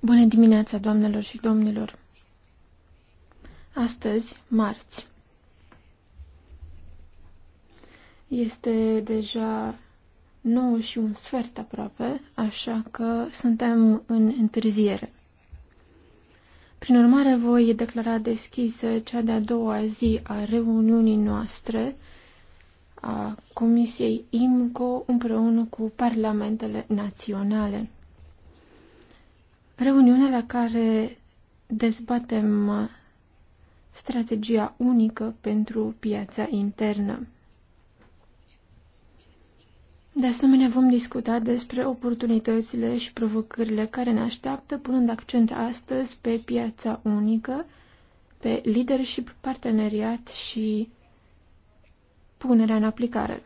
Bună dimineața, doamnelor și domnilor. Astăzi, marți, este deja nouă și un sfert aproape, așa că suntem în întârziere. Prin urmare, voi declara deschisă cea de-a doua zi a reuniunii noastre, a Comisiei IMCO împreună cu parlamentele naționale. Reuniunea la care dezbatem strategia unică pentru piața internă. De asemenea, vom discuta despre oportunitățile și provocările care ne așteaptă, punând accent astăzi pe piața unică, pe leadership, parteneriat și punerea în aplicare.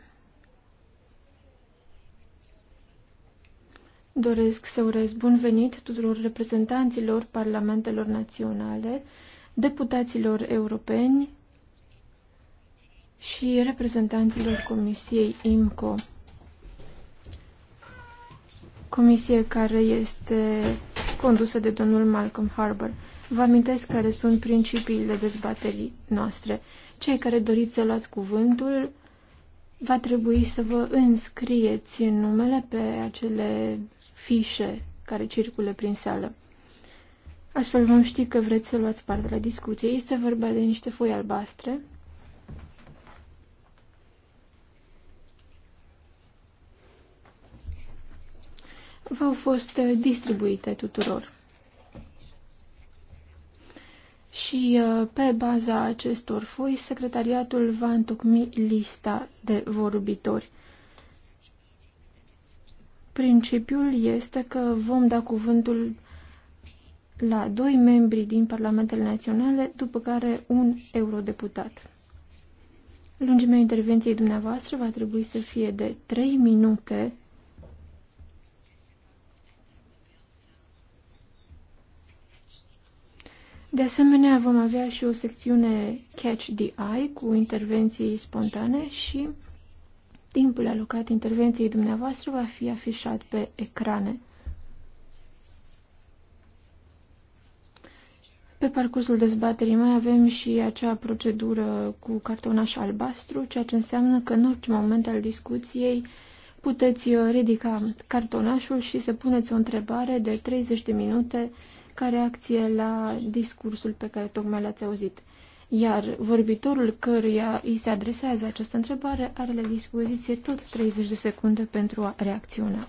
Doresc să urez bun venit tuturor reprezentanților parlamentelor naționale, deputaților europeni și reprezentanților Comisiei IMCO. Comisie care este condusă de domnul Malcolm Harbour. Vă amintesc care sunt principiile dezbaterii noastre. Cei care doriți să luați cuvântul, va trebui să vă înscrieți numele pe acele fișe care circulă prin sală. Astfel vom ști că vreți să luați parte la discuție. Este vorba de niște foi albastre. V-au fost uh, distribuite tuturor și uh, pe baza acestor foi, secretariatul va întocmi lista de vorbitori. Principiul este că vom da cuvântul la doi membri din Parlamentele Naționale, după care un eurodeputat. Lungimea intervenției dumneavoastră va trebui să fie de 3 minute De asemenea, vom avea și o secțiune Catch the Eye cu intervenții spontane și timpul alocat intervenției dumneavoastră va fi afișat pe ecrane. Pe parcursul dezbaterii mai avem și acea procedură cu cartonaș albastru, ceea ce înseamnă că în orice moment al discuției puteți uh, ridica cartonașul și să puneți o întrebare de 30 de minute ca reacție la discursul pe care tocmai l-ați auzit. Iar vorbitorul căruia îi se adresează această întrebare are la dispoziție tot 30 de secunde pentru a reacționa.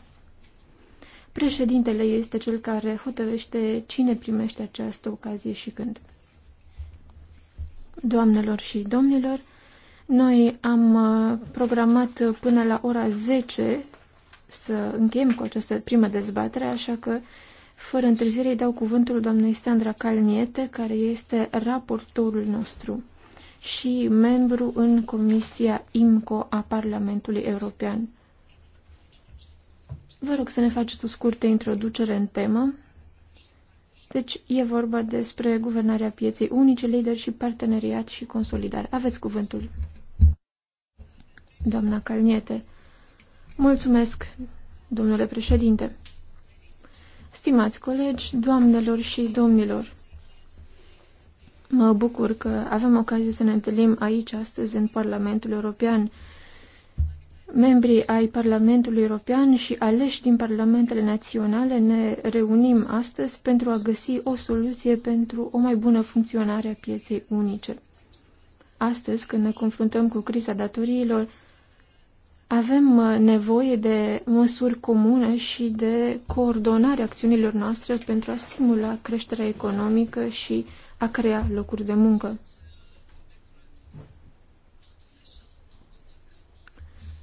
Președintele este cel care hotărăște cine primește această ocazie și când. Doamnelor și domnilor, noi am uh, programat până la ora 10 să încheiem cu această primă dezbatere, așa că fără întârziere îi dau cuvântul doamnei Sandra Calniete, care este raportorul nostru și membru în Comisia IMCO a Parlamentului European. Vă rog să ne faceți o scurtă introducere în temă. Deci e vorba despre guvernarea pieței unice, lider și parteneriat și consolidare. Aveți cuvântul. Doamna Calniete. Mulțumesc, domnule președinte. Stimați colegi, doamnelor și domnilor, mă bucur că avem ocazie să ne întâlnim aici astăzi în Parlamentul European. Membrii ai Parlamentului European și aleși din Parlamentele Naționale ne reunim astăzi pentru a găsi o soluție pentru o mai bună funcționare a pieței unice. Astăzi, când ne confruntăm cu criza datoriilor, avem uh, nevoie de măsuri comune și de coordonarea acțiunilor noastre pentru a stimula creșterea economică și a crea locuri de muncă.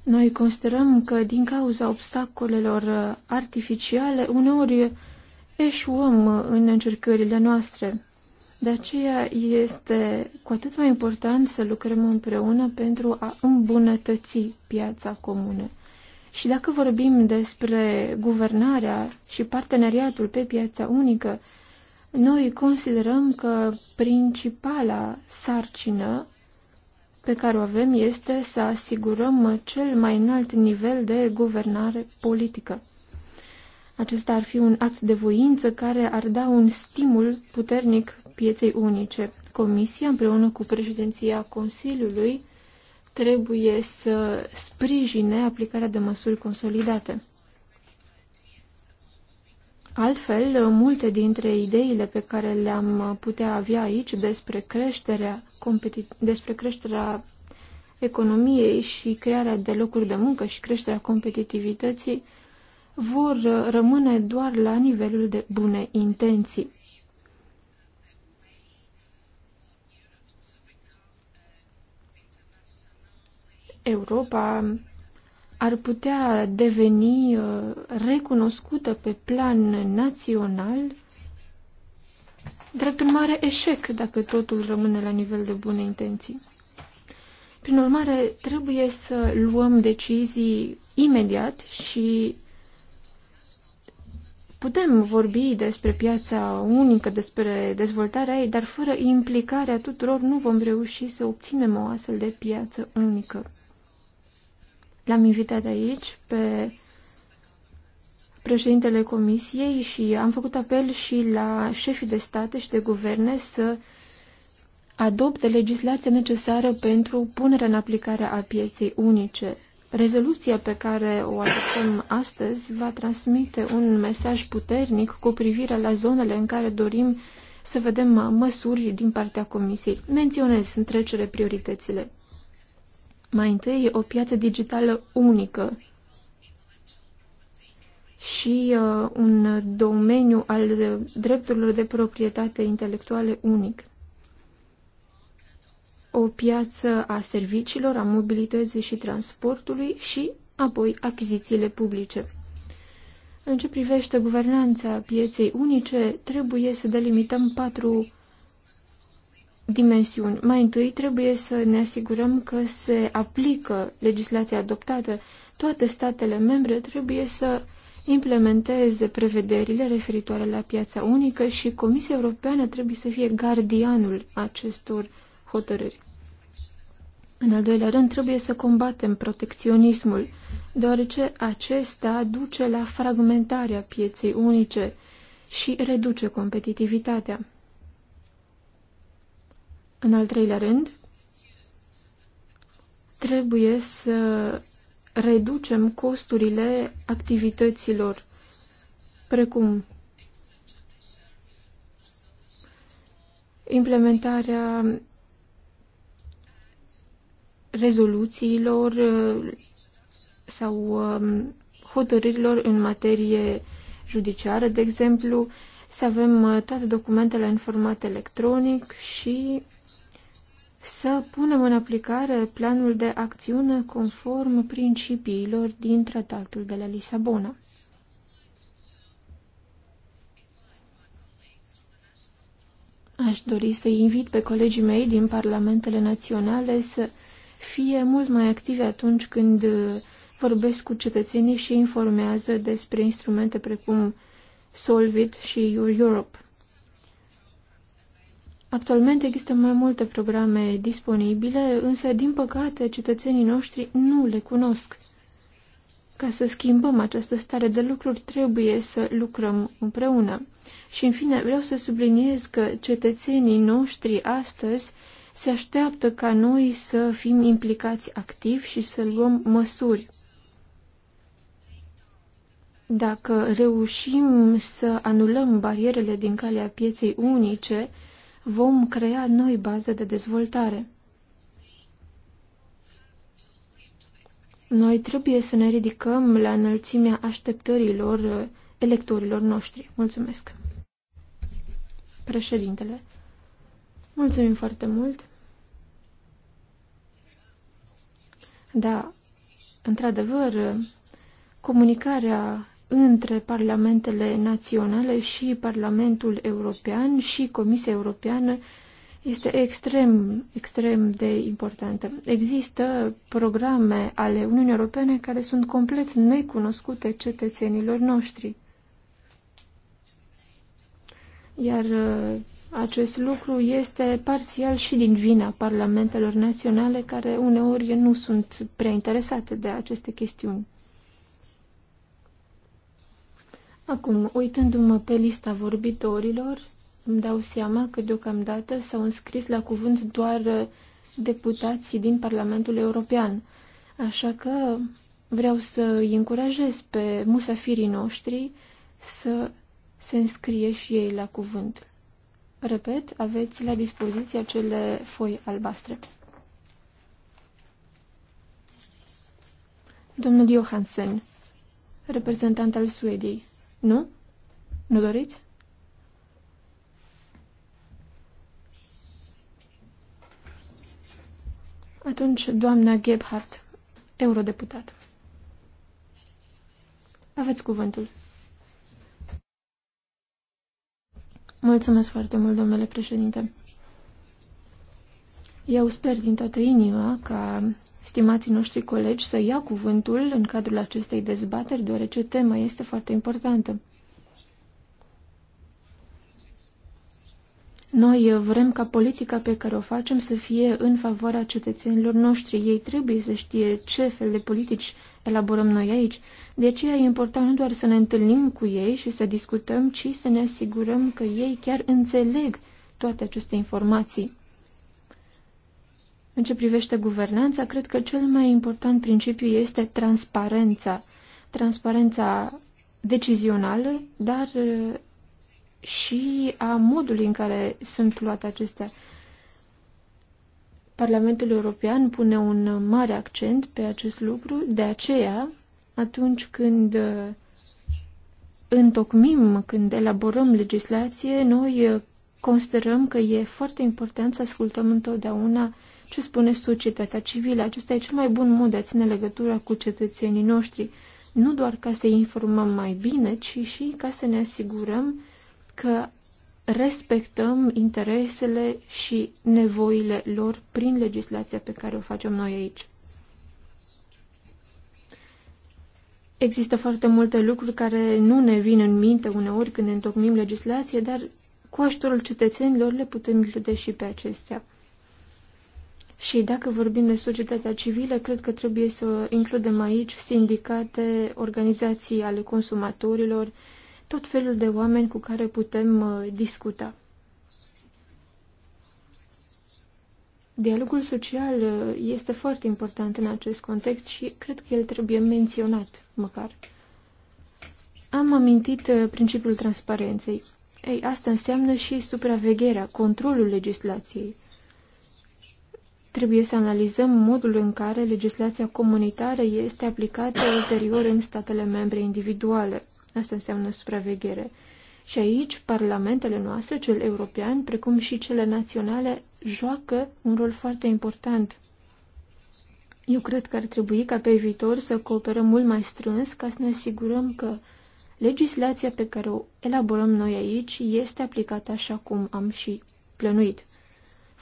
Noi considerăm că din cauza obstacolelor uh, artificiale uneori eșuăm uh, în încercările noastre. De aceea este cu atât mai important să lucrăm împreună pentru a îmbunătăți piața comună. Și dacă vorbim despre guvernarea și parteneriatul pe piața unică, noi considerăm că principala sarcină pe care o avem este să asigurăm cel mai înalt nivel de guvernare politică. Acesta ar fi un act de voință care ar da un stimul puternic pieței unice. Comisia, împreună cu președinția Consiliului, trebuie să sprijine aplicarea de măsuri consolidate. Altfel, multe dintre ideile pe care le-am putea avea aici despre creșterea, despre creșterea economiei și crearea de locuri de muncă și creșterea competitivității vor rămâne doar la nivelul de bune intenții. Europa ar putea deveni uh, recunoscută pe plan național drept un mare eșec dacă totul rămâne la nivel de bune intenții. Prin urmare, trebuie să luăm decizii imediat și putem vorbi despre piața unică, despre dezvoltarea ei, dar fără implicarea tuturor nu vom reuși să obținem o astfel de piață unică. L-am invitat aici pe președintele Comisiei și am făcut apel și la șefii de state și de guverne să adopte legislația necesară pentru punerea în aplicare a pieței unice. Rezoluția pe care o adoptăm astăzi va transmite un mesaj puternic cu privire la zonele în care dorim să vedem măsuri din partea Comisiei. Menționez în trecere prioritățile. Mai întâi, o piață digitală unică și uh, un domeniu al drepturilor de proprietate intelectuale unic. O piață a serviciilor, a mobilității și transportului și apoi achizițiile publice. În ce privește guvernanța pieței unice, trebuie să delimităm patru dimensiuni. Mai întâi trebuie să ne asigurăm că se aplică legislația adoptată. Toate statele membre trebuie să implementeze prevederile referitoare la piața unică și Comisia Europeană trebuie să fie gardianul acestor hotărâri. În al doilea rând, trebuie să combatem protecționismul, deoarece acesta duce la fragmentarea pieței unice și reduce competitivitatea. În al treilea rând, trebuie să reducem costurile activităților, precum implementarea rezoluțiilor uh, sau um, hotărârilor în materie judiciară, de exemplu, să avem uh, toate documentele în format electronic și să punem în aplicare planul de acțiune conform principiilor din Tratatul de la Lisabona. Aș dori să invit pe colegii mei din parlamentele naționale să fie mult mai active atunci când vorbesc cu cetățenii și informează despre instrumente precum Solvit și Your Europe. Actualmente există mai multe programe disponibile, însă, din păcate, cetățenii noștri nu le cunosc. Ca să schimbăm această stare de lucruri, trebuie să lucrăm împreună. Și, în fine, vreau să subliniez că cetățenii noștri astăzi se așteaptă ca noi să fim implicați activ și să luăm măsuri. Dacă reușim să anulăm barierele din calea pieței unice, vom crea noi baze de dezvoltare. Noi trebuie să ne ridicăm la înălțimea așteptărilor uh, electorilor noștri. Mulțumesc. Președintele, mulțumim foarte mult. Da, într-adevăr, uh, comunicarea între parlamentele naționale și Parlamentul European și Comisia Europeană este extrem, extrem de importantă. Există programe ale Uniunii Europene care sunt complet necunoscute cetățenilor noștri. Iar uh, acest lucru este parțial și din vina parlamentelor naționale care uneori nu sunt prea interesate de aceste chestiuni. Acum, uitându-mă pe lista vorbitorilor, îmi dau seama că deocamdată s-au înscris la cuvânt doar uh, deputații din Parlamentul European. Așa că vreau să îi încurajez pe musafirii noștri să se înscrie și ei la cuvânt. Repet, aveți la dispoziție acele foi albastre. Domnul Johansen, reprezentant al Suediei. Nu? Nu doriți? Atunci, doamna Gebhardt, eurodeputat. Aveți cuvântul. Mulțumesc foarte mult, domnule președinte. Eu sper din toată inima ca stimații noștri colegi să ia cuvântul în cadrul acestei dezbateri, deoarece tema este foarte importantă. Noi vrem ca politica pe care o facem să fie în favoarea cetățenilor noștri. Ei trebuie să știe ce fel de politici elaborăm noi aici. De aceea e important nu doar să ne întâlnim cu ei și să discutăm, ci să ne asigurăm că ei chiar înțeleg toate aceste informații. În ce privește guvernanța, cred că cel mai important principiu este transparența. Transparența decizională, dar eh, și a modului în care sunt luate acestea. Parlamentul European pune un mare accent pe acest lucru, de aceea, atunci când eh, întocmim, când elaborăm legislație, noi eh, considerăm că e foarte important să ascultăm întotdeauna uh, ce spune societatea civilă. Acesta e cel mai bun mod de a ține legătura cu cetățenii noștri, nu doar ca să informăm mai bine, ci și ca să ne asigurăm că respectăm interesele și nevoile lor prin legislația pe care o facem noi aici. Există foarte multe lucruri care nu ne vin în minte uneori când ne întocmim legislație, dar cu ajutorul cetățenilor le putem include și pe acestea. Și dacă vorbim de societatea civilă, cred că trebuie să includem aici sindicate, organizații ale consumatorilor, tot felul de oameni cu care putem uh, discuta. Dialogul social uh, este foarte important în acest context și cred că el trebuie menționat, măcar. Am amintit uh, principiul transparenței. Ei, asta înseamnă și supravegherea, controlul legislației. Trebuie să analizăm modul în care legislația comunitară este aplicată ulterior în statele membre individuale. Asta înseamnă supraveghere. Și aici, parlamentele noastre, cel european, precum și cele naționale, joacă un rol foarte important. Eu cred că ar trebui ca pe viitor să cooperăm mult mai strâns ca să ne asigurăm că legislația pe care o elaborăm noi aici este aplicată așa cum am și plănuit.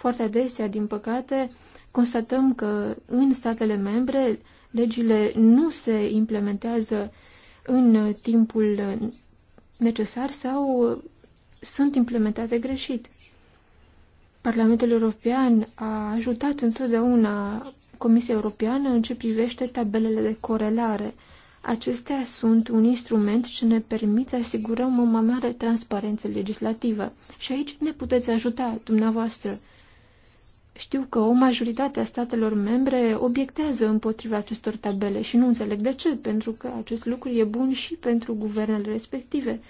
Foarte adesea, din păcate, constatăm că în statele membre legile nu se implementează în timpul necesar sau sunt implementate greșit. Parlamentul European a ajutat întotdeauna Comisia Europeană în ce privește tabelele de corelare. Acestea sunt un instrument ce ne permit să asigurăm o mai mare transparență legislativă. Și aici ne puteți ajuta, dumneavoastră. Știu că o majoritate a statelor membre obiectează împotriva acestor tabele și nu înțeleg de ce, pentru că acest lucru e bun și pentru guvernele respective.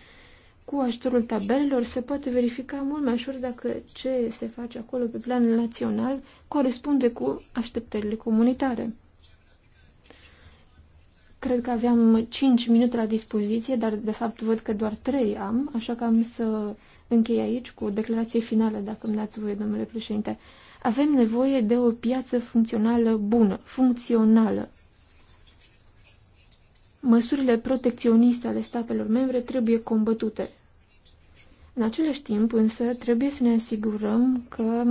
Cu ajutorul tabelelor se poate verifica mult mai ușor dacă ce se face acolo pe plan național corespunde cu așteptările comunitare. Cred că aveam 5 minute la dispoziție, dar de fapt văd că doar 3 am, așa că am să închei aici cu o declarație finală, dacă îmi dați voie, domnule președinte. Avem nevoie de o piață funcțională bună, funcțională. Măsurile protecționiste ale statelor membre trebuie combătute. În același timp, însă, trebuie să ne asigurăm că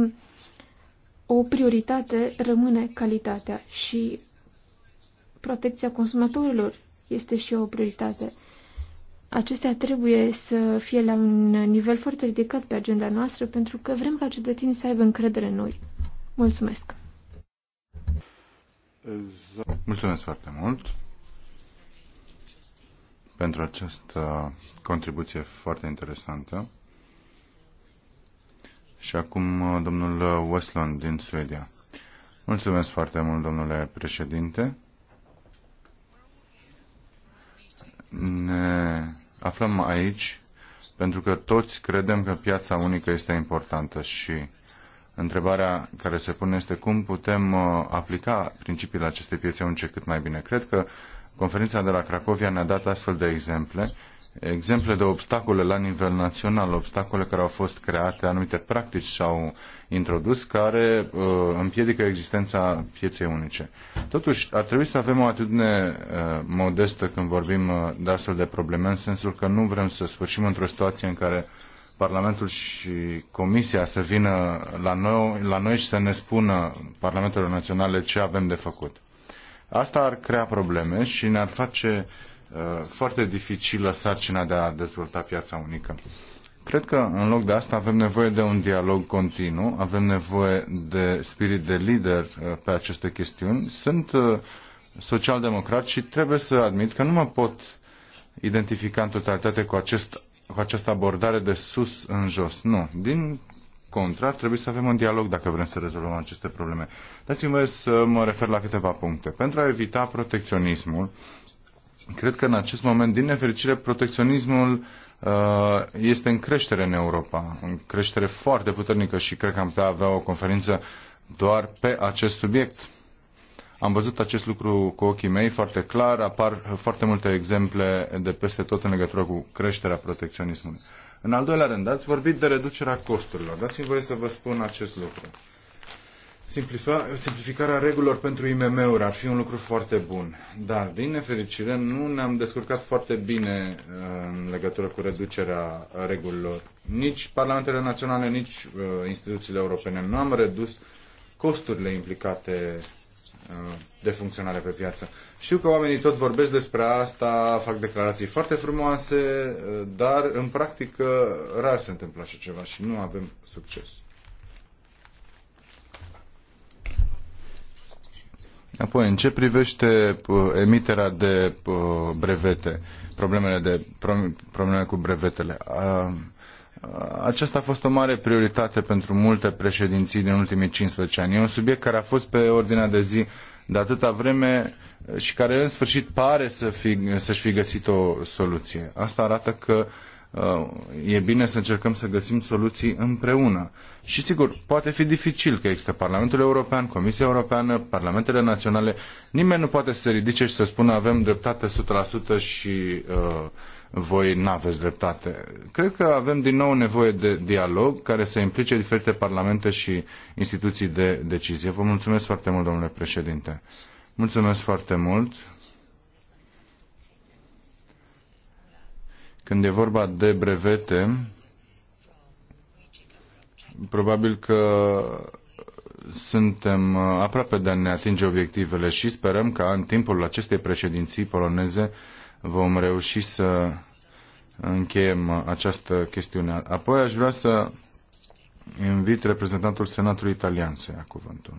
o prioritate rămâne calitatea și protecția consumatorilor este și o prioritate acestea trebuie să fie la un nivel foarte ridicat pe agenda noastră pentru că vrem ca cetățenii să aibă încredere în noi. Mulțumesc! Mulțumesc foarte mult pentru această contribuție foarte interesantă. Și acum domnul Westlund din Suedia. Mulțumesc foarte mult, domnule președinte. ne aflăm aici pentru că toți credem că piața unică este importantă și întrebarea care se pune este cum putem uh, aplica principiile acestei piețe unice cât mai bine. Cred că conferința de la Cracovia ne-a dat astfel de exemple exemple de obstacole la nivel național, obstacole care au fost create, anumite practici s au introdus, care uh, împiedică existența pieței unice. Totuși, ar trebui să avem o atitudine uh, modestă când vorbim uh, de astfel de probleme, în sensul că nu vrem să sfârșim într-o situație în care Parlamentul și Comisia să vină la noi, la noi și să ne spună Parlamentelor Naționale ce avem de făcut. Asta ar crea probleme și ne-ar face uh, Uh, foarte dificilă sarcina de a dezvolta piața unică. Cred că în loc de asta avem nevoie de un dialog continuu, avem nevoie de spirit de lider uh, pe aceste chestiuni. Sunt uh, social-democrat și trebuie să admit că nu mă pot identifica în totalitate cu, acest, cu această abordare de sus în jos. Nu. Din contra, trebuie să avem un dialog dacă vrem să rezolvăm aceste probleme. Dați-mi să mă refer la câteva puncte. Pentru a evita protecționismul, Cred că în acest moment, din nefericire, protecționismul uh, este în creștere în Europa, în creștere foarte puternică și cred că am putea avea o conferință doar pe acest subiect. Am văzut acest lucru cu ochii mei foarte clar, apar foarte multe exemple de peste tot în legătură cu creșterea protecționismului. În al doilea rând, ați vorbit de reducerea costurilor. Dați-mi voie să vă spun acest lucru simplificarea regulilor pentru IMM-uri ar fi un lucru foarte bun, dar din nefericire nu ne-am descurcat foarte bine uh, în legătură cu reducerea regulilor. Nici parlamentele naționale, nici uh, instituțiile europene nu am redus costurile implicate uh, de funcționare pe piață. Știu că oamenii tot vorbesc despre asta, fac declarații foarte frumoase, dar în practică rar se întâmplă așa ceva și nu avem succes. Apoi, în ce privește uh, emiterea de uh, brevete, problemele, de, problemele cu brevetele, uh, aceasta a fost o mare prioritate pentru multe președinții din ultimii 15 ani. E un subiect care a fost pe ordinea de zi de atâta vreme și care în sfârșit pare să fi, să-și fi găsit o soluție. Asta arată că uh, Uh, e bine să încercăm să găsim soluții împreună. Și sigur, poate fi dificil că există Parlamentul European, Comisia Europeană, Parlamentele Naționale. Nimeni nu poate să se ridice și să spună avem dreptate 100% și uh, voi nu aveți dreptate. Cred că avem din nou nevoie de dialog care să implice diferite parlamente și instituții de decizie. Vă mulțumesc foarte mult, domnule președinte. Mulțumesc foarte mult. Când e vorba de brevete, probabil că suntem uh, aproape de a ne atinge obiectivele și sperăm că în timpul acestei președinții poloneze vom reuși să încheiem uh, această chestiune. Apoi aș vrea să invit reprezentantul Senatului Italian să ia cuvântul.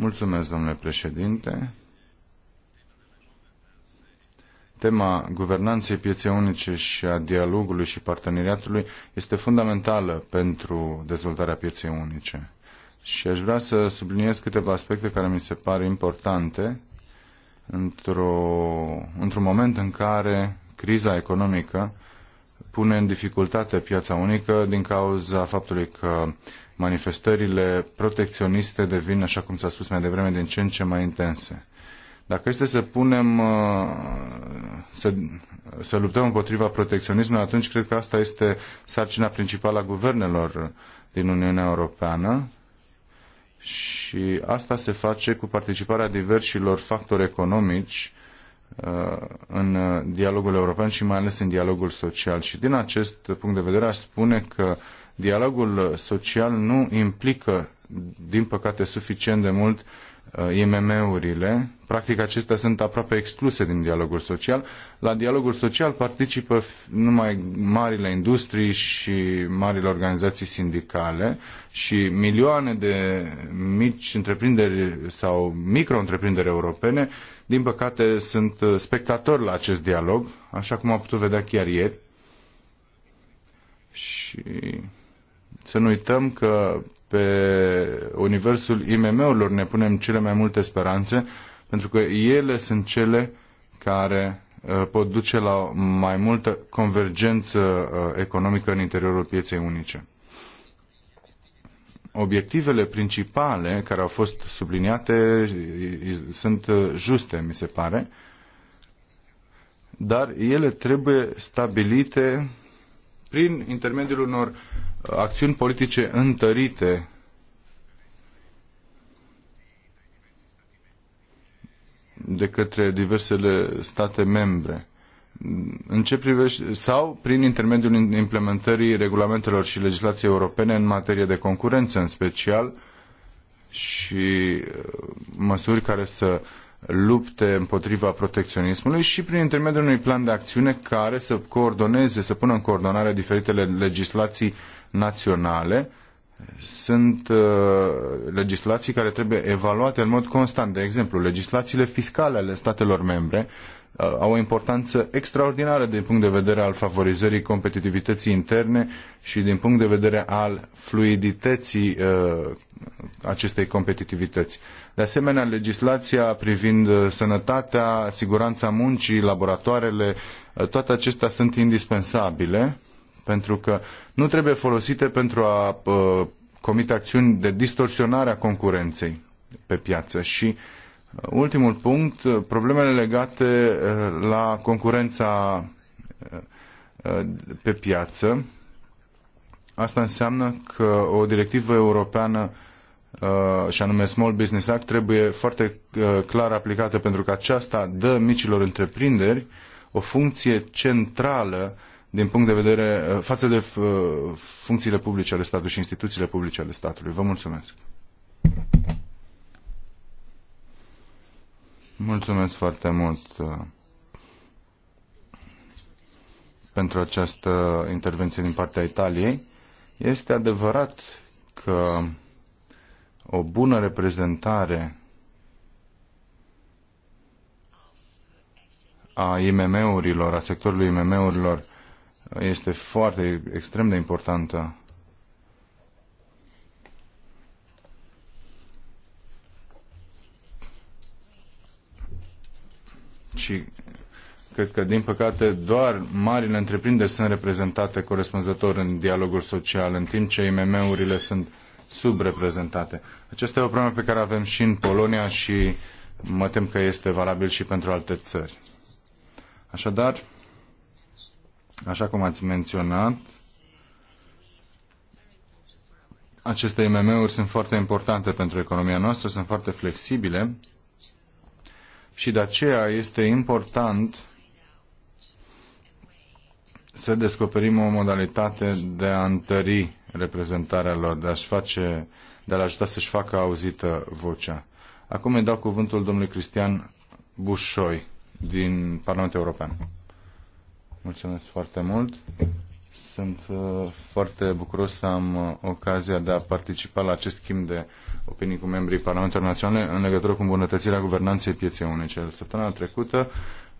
Mulțumesc, domnule președinte. Tema guvernanței pieței unice și a dialogului și parteneriatului este fundamentală pentru dezvoltarea pieței unice. Și aș vrea să subliniez câteva aspecte care mi se par importante într-o, într-un moment în care criza economică pune în dificultate piața unică din cauza faptului că manifestările protecționiste devin, așa cum s-a spus mai devreme, din ce în ce mai intense. Dacă este să punem, uh, să, să luptăm împotriva protecționismului, atunci cred că asta este sarcina principală a guvernelor din Uniunea Europeană și asta se face cu participarea diversilor factori economici uh, în dialogul european și mai ales în dialogul social. Și din acest punct de vedere aș spune că dialogul social nu implică, din păcate, suficient de mult uh, IMM-urile. Practic acestea sunt aproape excluse din dialogul social. La dialogul social participă numai marile industrii și marile organizații sindicale și milioane de mici întreprinderi sau micro-întreprinderi europene, din păcate, sunt uh, spectatori la acest dialog, așa cum am putut vedea chiar ieri. Și să nu uităm că pe universul IMM-urilor ne punem cele mai multe speranțe, pentru că ele sunt cele care uh, pot duce la mai multă convergență uh, economică în interiorul pieței unice. Obiectivele principale care au fost subliniate uh, sunt juste, mi se pare, dar ele trebuie stabilite prin intermediul unor acțiuni politice întărite de către diversele state membre în ce privește, sau prin intermediul implementării regulamentelor și legislației europene în materie de concurență în special și uh, măsuri care să lupte împotriva protecționismului și prin intermediul unui plan de acțiune care să coordoneze, să pună în coordonare diferitele legislații uh, naționale sunt uh, legislații care trebuie evaluate în mod constant. De exemplu, legislațiile fiscale ale statelor membre uh, au o importanță extraordinară din punct de vedere al favorizării competitivității interne și din punct de vedere al fluidității uh, acestei competitivități. De asemenea, legislația privind uh, sănătatea, siguranța muncii, laboratoarele, uh, toate acestea sunt indispensabile pentru că nu trebuie folosite pentru a uh, comite acțiuni de distorsionare a concurenței pe piață. Și uh, ultimul punct, uh, problemele legate la concurența pe piață. Asta înseamnă că o directivă europeană și anume Small Business Act trebuie foarte clar aplicată pentru că aceasta dă micilor întreprinderi o funcție centrală din punct de vedere uh, față de uh, funcțiile publice ale statului și instituțiile publice ale statului. Vă mulțumesc. Mulțumesc foarte mult uh, pentru această intervenție din partea Italiei. Este adevărat că o bună reprezentare a IMM-urilor, a sectorului IMM-urilor este foarte, extrem de importantă. Și cred că, din păcate, doar marile întreprinderi sunt reprezentate corespunzător în dialogul social, în timp ce IMM-urile sunt subreprezentate. Aceasta e o problemă pe care avem și în Polonia și mă tem că este valabil și pentru alte țări. Așadar, Așa cum ați menționat, aceste IMM-uri sunt foarte importante pentru economia noastră, sunt foarte flexibile și de aceea este important să descoperim o modalitate de a întări reprezentarea lor, de a-și face, de a-l ajuta să-și facă auzită vocea. Acum îi dau cuvântul domnului Cristian Bușoi din Parlamentul European. Mulțumesc foarte mult. Sunt uh, foarte bucuros să am uh, ocazia de a participa la acest schimb de opinii cu membrii Parlamentului Național în legătură cu îmbunătățirea guvernanței pieței unice. Săptămâna trecută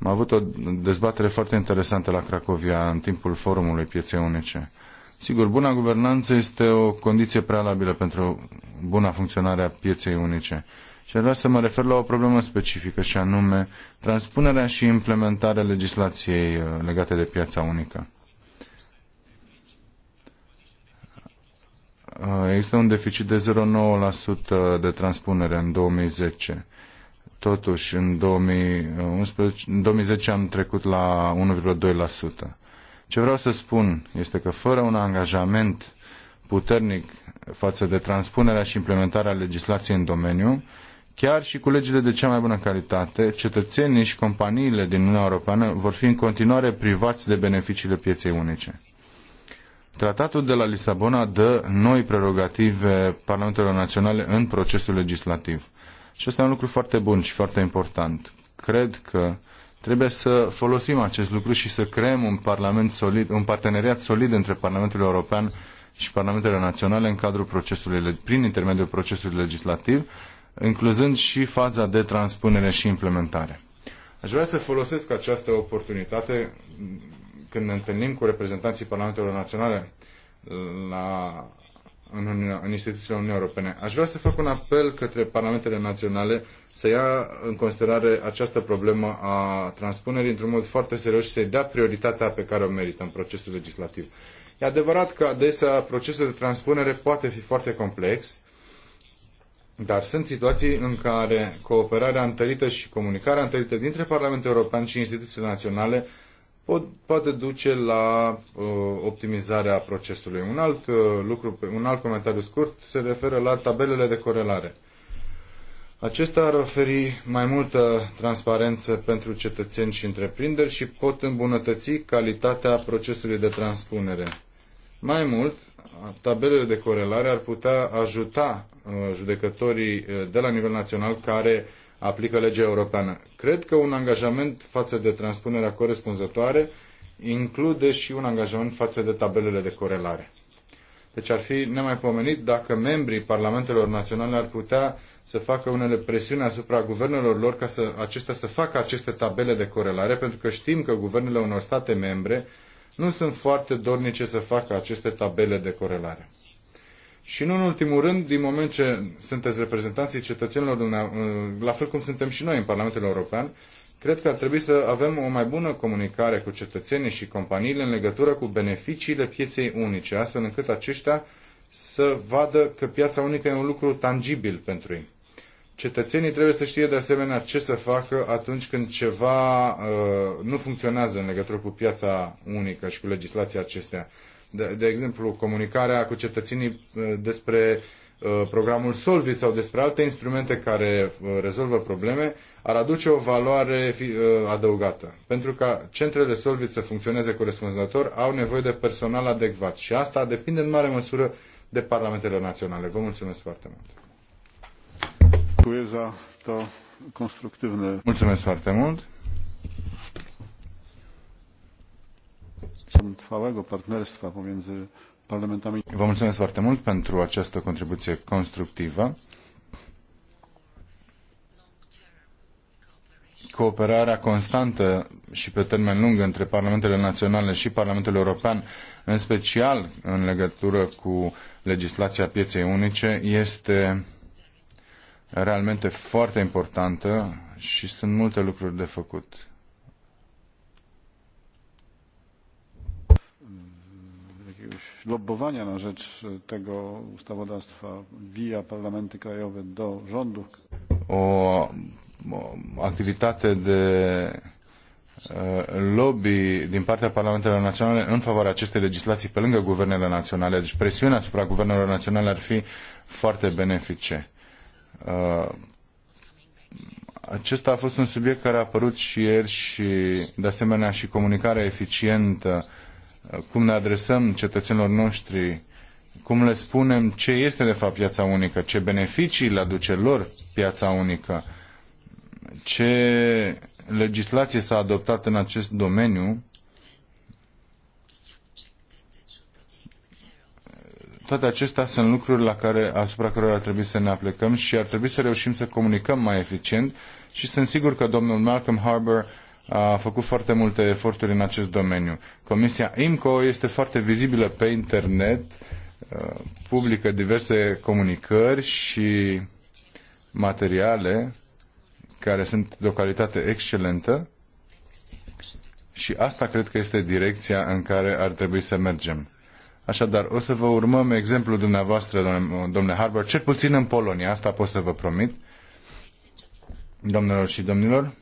am avut o dezbatere foarte interesantă la Cracovia în timpul forumului pieței unice. Sigur, buna guvernanță este o condiție prealabilă pentru buna funcționare a pieței unice. Și aș vrea să mă refer la o problemă specifică și anume transpunerea și implementarea legislației uh, legate de piața unică. Uh, există un deficit de 0,9% de transpunere în 2010. Totuși, în 2011, în 2010 am trecut la 1,2%. Ce vreau să spun este că fără un angajament puternic față de transpunerea și implementarea legislației în domeniu, Chiar și cu legile de cea mai bună calitate, cetățenii și companiile din Uniunea Europeană vor fi în continuare privați de beneficiile pieței unice. Tratatul de la Lisabona dă noi prerogative Parlamentelor Naționale în procesul legislativ. Și asta e un lucru foarte bun și foarte important. Cred că trebuie să folosim acest lucru și să creăm un, parlament solid, un parteneriat solid între Parlamentul European și Parlamentele Naționale în cadrul procesului, prin intermediul procesului legislativ incluzând și faza de transpunere și implementare. Aș vrea să folosesc această oportunitate când ne întâlnim cu reprezentanții Parlamentelor Naționale uh, la, în, în instituțiile Uniunii Europene. Aș vrea să fac un apel către Parlamentele Naționale să ia în considerare această problemă a transpunerii într-un mod foarte serios și să-i dea prioritatea pe care o merită în procesul legislativ. E adevărat că adesea procesul de transpunere poate fi foarte complex dar sunt situații în care cooperarea întărită și comunicarea întărită dintre Parlamentul European și instituțiile naționale pot, poate duce la uh, optimizarea procesului. Un alt, uh, lucru, un alt comentariu scurt se referă la tabelele de corelare. Acestea ar oferi mai multă transparență pentru cetățeni și întreprinderi și pot îmbunătăți calitatea procesului de transpunere. Mai mult, tabelele de corelare ar putea ajuta uh, judecătorii uh, de la nivel național care aplică legea europeană. Cred că un angajament față de transpunerea corespunzătoare include și un angajament față de tabelele de corelare. Deci ar fi nemaipomenit dacă membrii parlamentelor naționale ar putea să facă unele presiuni asupra guvernelor lor ca să acestea să facă aceste tabele de corelare, pentru că știm că guvernele unor state membre nu sunt foarte dornice să facă aceste tabele de corelare. Și nu în ultimul rând, din moment ce sunteți reprezentanții cetățenilor, ă, la fel cum suntem și noi în Parlamentul European, cred că ar trebui să avem o mai bună comunicare cu cetățenii și companiile în legătură cu beneficiile pieței unice, astfel încât aceștia să vadă că piața unică e un lucru tangibil pentru ei. Cetățenii trebuie să știe de asemenea ce să facă atunci când ceva uh, nu funcționează în legătură cu piața unică și cu legislația acestea. De, de exemplu, comunicarea cu cetățenii uh, despre uh, programul Solvit sau despre alte instrumente care uh, rezolvă probleme ar aduce o valoare uh, adăugată. Pentru ca centrele Solvit să funcționeze corespunzător, au nevoie de personal adecvat și asta depinde în mare măsură de parlamentele naționale. Vă mulțumesc foarte mult! Mulțumesc foarte mult. Vă mulțumesc foarte mult pentru această contribuție constructivă. Cooperarea constantă și pe termen lung între Parlamentele Naționale și Parlamentul European, în special în legătură cu legislația pieței unice, este realmente foarte importantă și sunt multe lucruri de făcut. lobbowania na rzecz tego ustawodawstwa via parlamenty krajowe do rządu. O, activitate de lobby din partea parlamentelor naționale în favoarea acestei legislații pe lângă guvernele naționale. Deci presiunea asupra guvernelor naționale ar fi foarte benefice. Uh, acesta a fost un subiect care a apărut și ieri și, de asemenea, și comunicarea eficientă, uh, cum ne adresăm cetățenilor noștri, cum le spunem ce este de fapt piața unică, ce beneficii le aduce lor piața unică, ce legislație s-a adoptat în acest domeniu Toate acestea sunt lucruri la care, asupra cărora ar trebui să ne aplicăm și ar trebui să reușim să comunicăm mai eficient și sunt sigur că domnul Malcolm Harbour a făcut foarte multe eforturi în acest domeniu. Comisia IMCO este foarte vizibilă pe internet, uh, publică diverse comunicări și materiale care sunt de o calitate excelentă și asta cred că este direcția în care ar trebui să mergem. Așadar, o să vă urmăm exemplul dumneavoastră, domnule Harbour, cel puțin în Polonia, asta pot să vă promit. Domnilor și domnilor,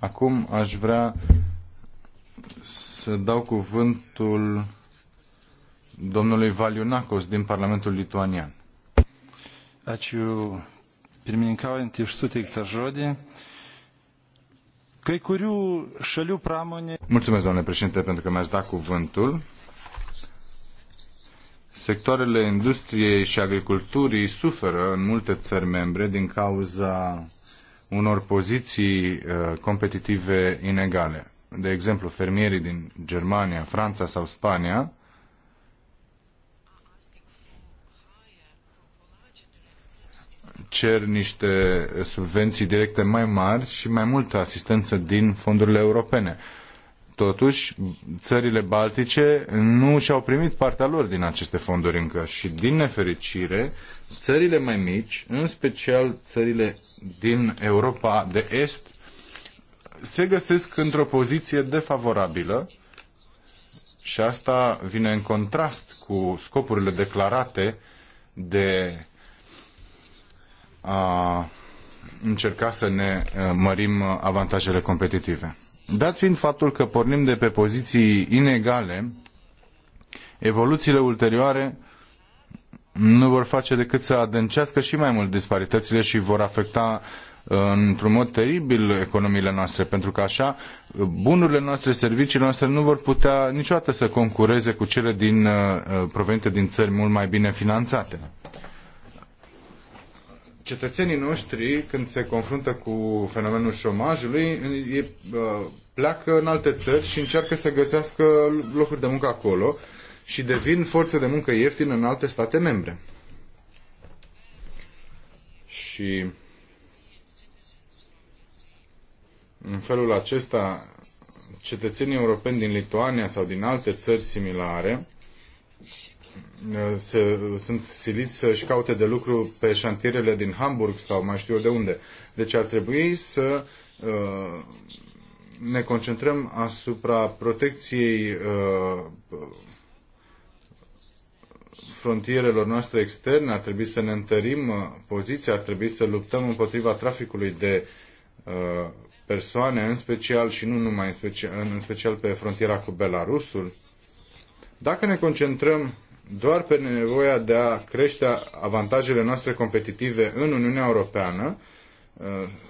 acum aș vrea să dau cuvântul domnului Valiunacos din Parlamentul Lituanian. Ačiū pirmininkaujanti iš suteiktą žodį. Kai kurių šalių pramonė. Mulțumesc, domnule președinte, pentru că mi-ați dat cuvântul. Sectoarele industriei și agriculturii suferă în multe țări membre din cauza unor poziții uh, competitive inegale. De exemplu, fermierii din Germania, Franța sau Spania cer niște subvenții directe mai mari și mai multă asistență din fondurile europene. Totuși, țările baltice nu și-au primit partea lor din aceste fonduri încă și, din nefericire, țările mai mici, în special țările din Europa de Est, se găsesc într-o poziție defavorabilă și asta vine în contrast cu scopurile declarate de a încerca să ne uh, mărim uh, avantajele competitive. Dat fiind faptul că pornim de pe poziții inegale, evoluțiile ulterioare nu vor face decât să adâncească și mai mult disparitățile și vor afecta uh, într-un mod teribil economiile noastre, pentru că așa bunurile noastre, serviciile noastre nu vor putea niciodată să concureze cu cele din, provenite din țări mult mai bine finanțate cetățenii noștri, când se confruntă cu fenomenul șomajului, pleacă în alte țări și încearcă să găsească locuri de muncă acolo și devin forțe de muncă ieftină în alte state membre. Și în felul acesta, cetățenii europeni din Lituania sau din alte țări similare se, sunt siliți să-și caute de lucru pe șantierele din Hamburg sau mai știu eu de unde. Deci ar trebui să uh, ne concentrăm asupra protecției uh, frontierelor noastre externe, ar trebui să ne întărim uh, poziția, ar trebui să luptăm împotriva traficului de uh, persoane, în special și nu numai, în special, în special pe frontiera cu Belarusul. Dacă ne concentrăm doar pe nevoia de a crește avantajele noastre competitive în Uniunea Europeană, uh,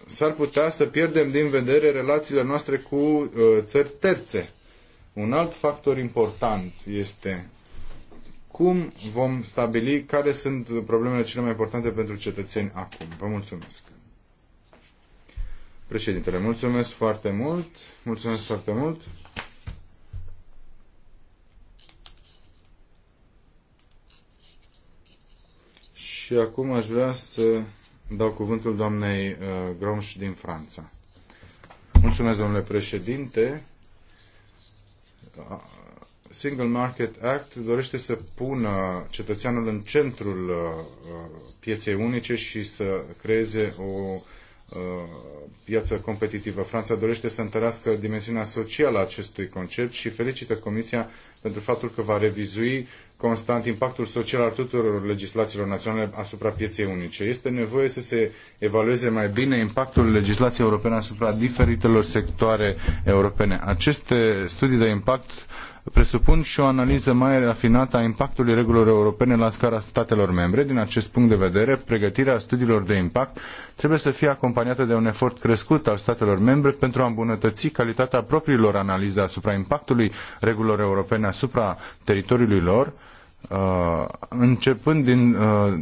s-ar putea să pierdem din vedere relațiile noastre cu uh, țări terțe. Un alt factor important este cum vom stabili care sunt problemele cele mai importante pentru cetățeni acum. Vă mulțumesc. Președintele, mulțumesc foarte mult. Mulțumesc foarte mult. Și acum aș vrea să dau cuvântul doamnei uh, Gromș din Franța. Mulțumesc, domnule președinte. Single Market Act dorește să pună cetățeanul în centrul uh, uh, pieței unice și să creeze o Uh, piață competitivă. Franța dorește să întărească dimensiunea socială a acestui concept și felicită Comisia pentru faptul că va revizui constant impactul social al tuturor legislațiilor naționale asupra pieței unice. Este nevoie să se evalueze mai bine impactul legislației europene asupra diferitelor sectoare europene. Aceste studii de impact presupun și o analiză mai rafinată a impactului regulilor europene la scara statelor membre. Din acest punct de vedere, pregătirea studiilor de impact trebuie să fie acompaniată de un efort crescut al statelor membre pentru a îmbunătăți calitatea propriilor analize asupra impactului regulilor europene asupra teritoriului lor Uh, începând din uh,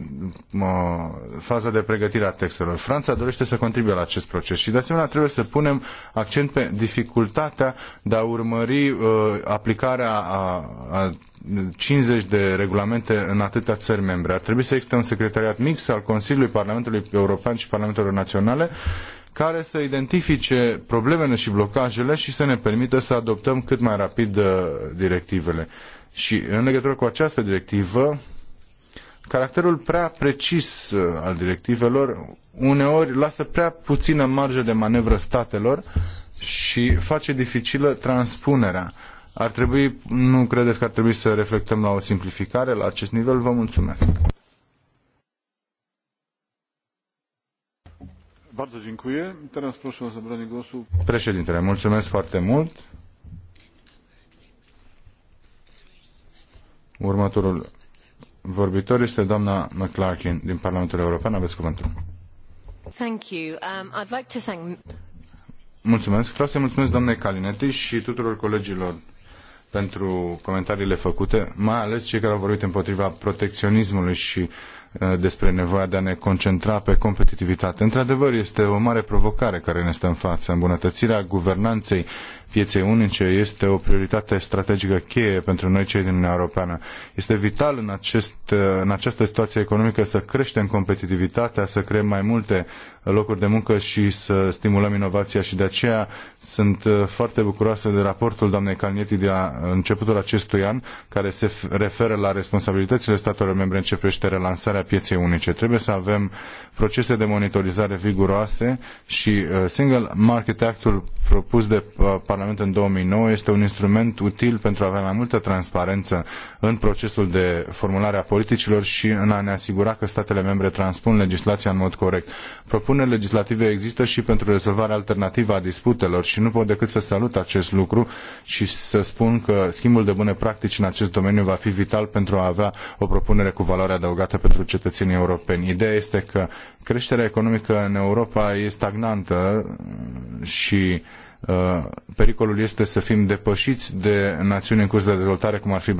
uh, faza de pregătire a textelor. Franța dorește să contribuie la acest proces și de asemenea trebuie să punem accent pe dificultatea de a urmări uh, aplicarea a, a 50 de regulamente în atâtea țări membre. Ar trebui să existe un secretariat mix al Consiliului Parlamentului European și Parlamentelor Naționale care să identifice problemele și blocajele și să ne permită să adoptăm cât mai rapid uh, directivele. Și în legătură cu această directivă, caracterul prea precis uh, al directivelor uneori lasă prea puțină marjă de manevră statelor și face dificilă transpunerea. Ar trebui, nu credeți că ar trebui să reflectăm la o simplificare la acest nivel? Vă mulțumesc. Bardzo dziękuję. Teraz proszę o zabranie głosu. Președintele, mulțumesc foarte mult. Următorul vorbitor este doamna McClarkin din Parlamentul European. Aveți cuvântul. Thank you. Um, I'd like to thank... Mulțumesc. Vreau să mulțumesc doamnei Calinetti și tuturor colegilor pentru comentariile făcute, mai ales cei care au vorbit împotriva protecționismului și uh, despre nevoia de a ne concentra pe competitivitate. Într-adevăr, este o mare provocare care ne stă în față. Îmbunătățirea guvernanței pieței unice este o prioritate strategică cheie pentru noi cei din Uniunea Europeană. Este vital în, acest, în această situație economică să creștem competitivitatea, să creăm mai multe locuri de muncă și să stimulăm inovația și de aceea sunt uh, foarte bucuroasă de raportul doamnei Calnieti de la uh, începutul acestui an care se referă la responsabilitățile statelor membre în ce privește relansarea pieței unice. Trebuie să avem procese de monitorizare viguroase și uh, Single Market Act-ul propus de Parlament în 2009 este un instrument util pentru a avea mai multă transparență în procesul de formulare a politicilor și în a ne asigura că statele membre transpun legislația în mod corect. Propun propuneri legislative există și pentru rezolvarea alternativă a disputelor și nu pot decât să salut acest lucru și să spun că schimbul de bune practici în acest domeniu va fi vital pentru a avea o propunere cu valoare adăugată pentru cetățenii europeni. Ideea este că creșterea economică în Europa e stagnantă și Uh, pericolul este să fim depășiți de națiuni în curs de dezvoltare, cum ar fi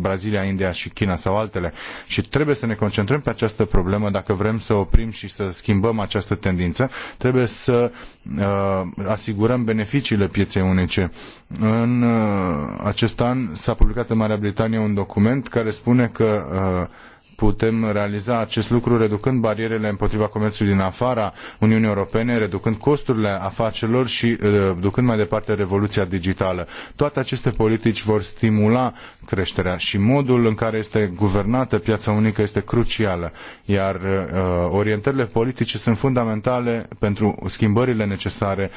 Brazilia, India și China sau altele. Și trebuie să ne concentrăm pe această problemă dacă vrem să oprim și să schimbăm această tendință. Trebuie să uh, asigurăm beneficiile pieței unice. În uh, acest an s-a publicat în Marea Britanie un document care spune că uh, putem realiza acest lucru reducând barierele împotriva comerțului din afara Uniunii Europene, reducând costurile afacerilor și uh, ducând mai departe revoluția digitală. Toate aceste politici vor stimula creșterea și modul în care este guvernată piața unică este crucială, iar uh, orientările politice sunt fundamentale pentru schimbările necesare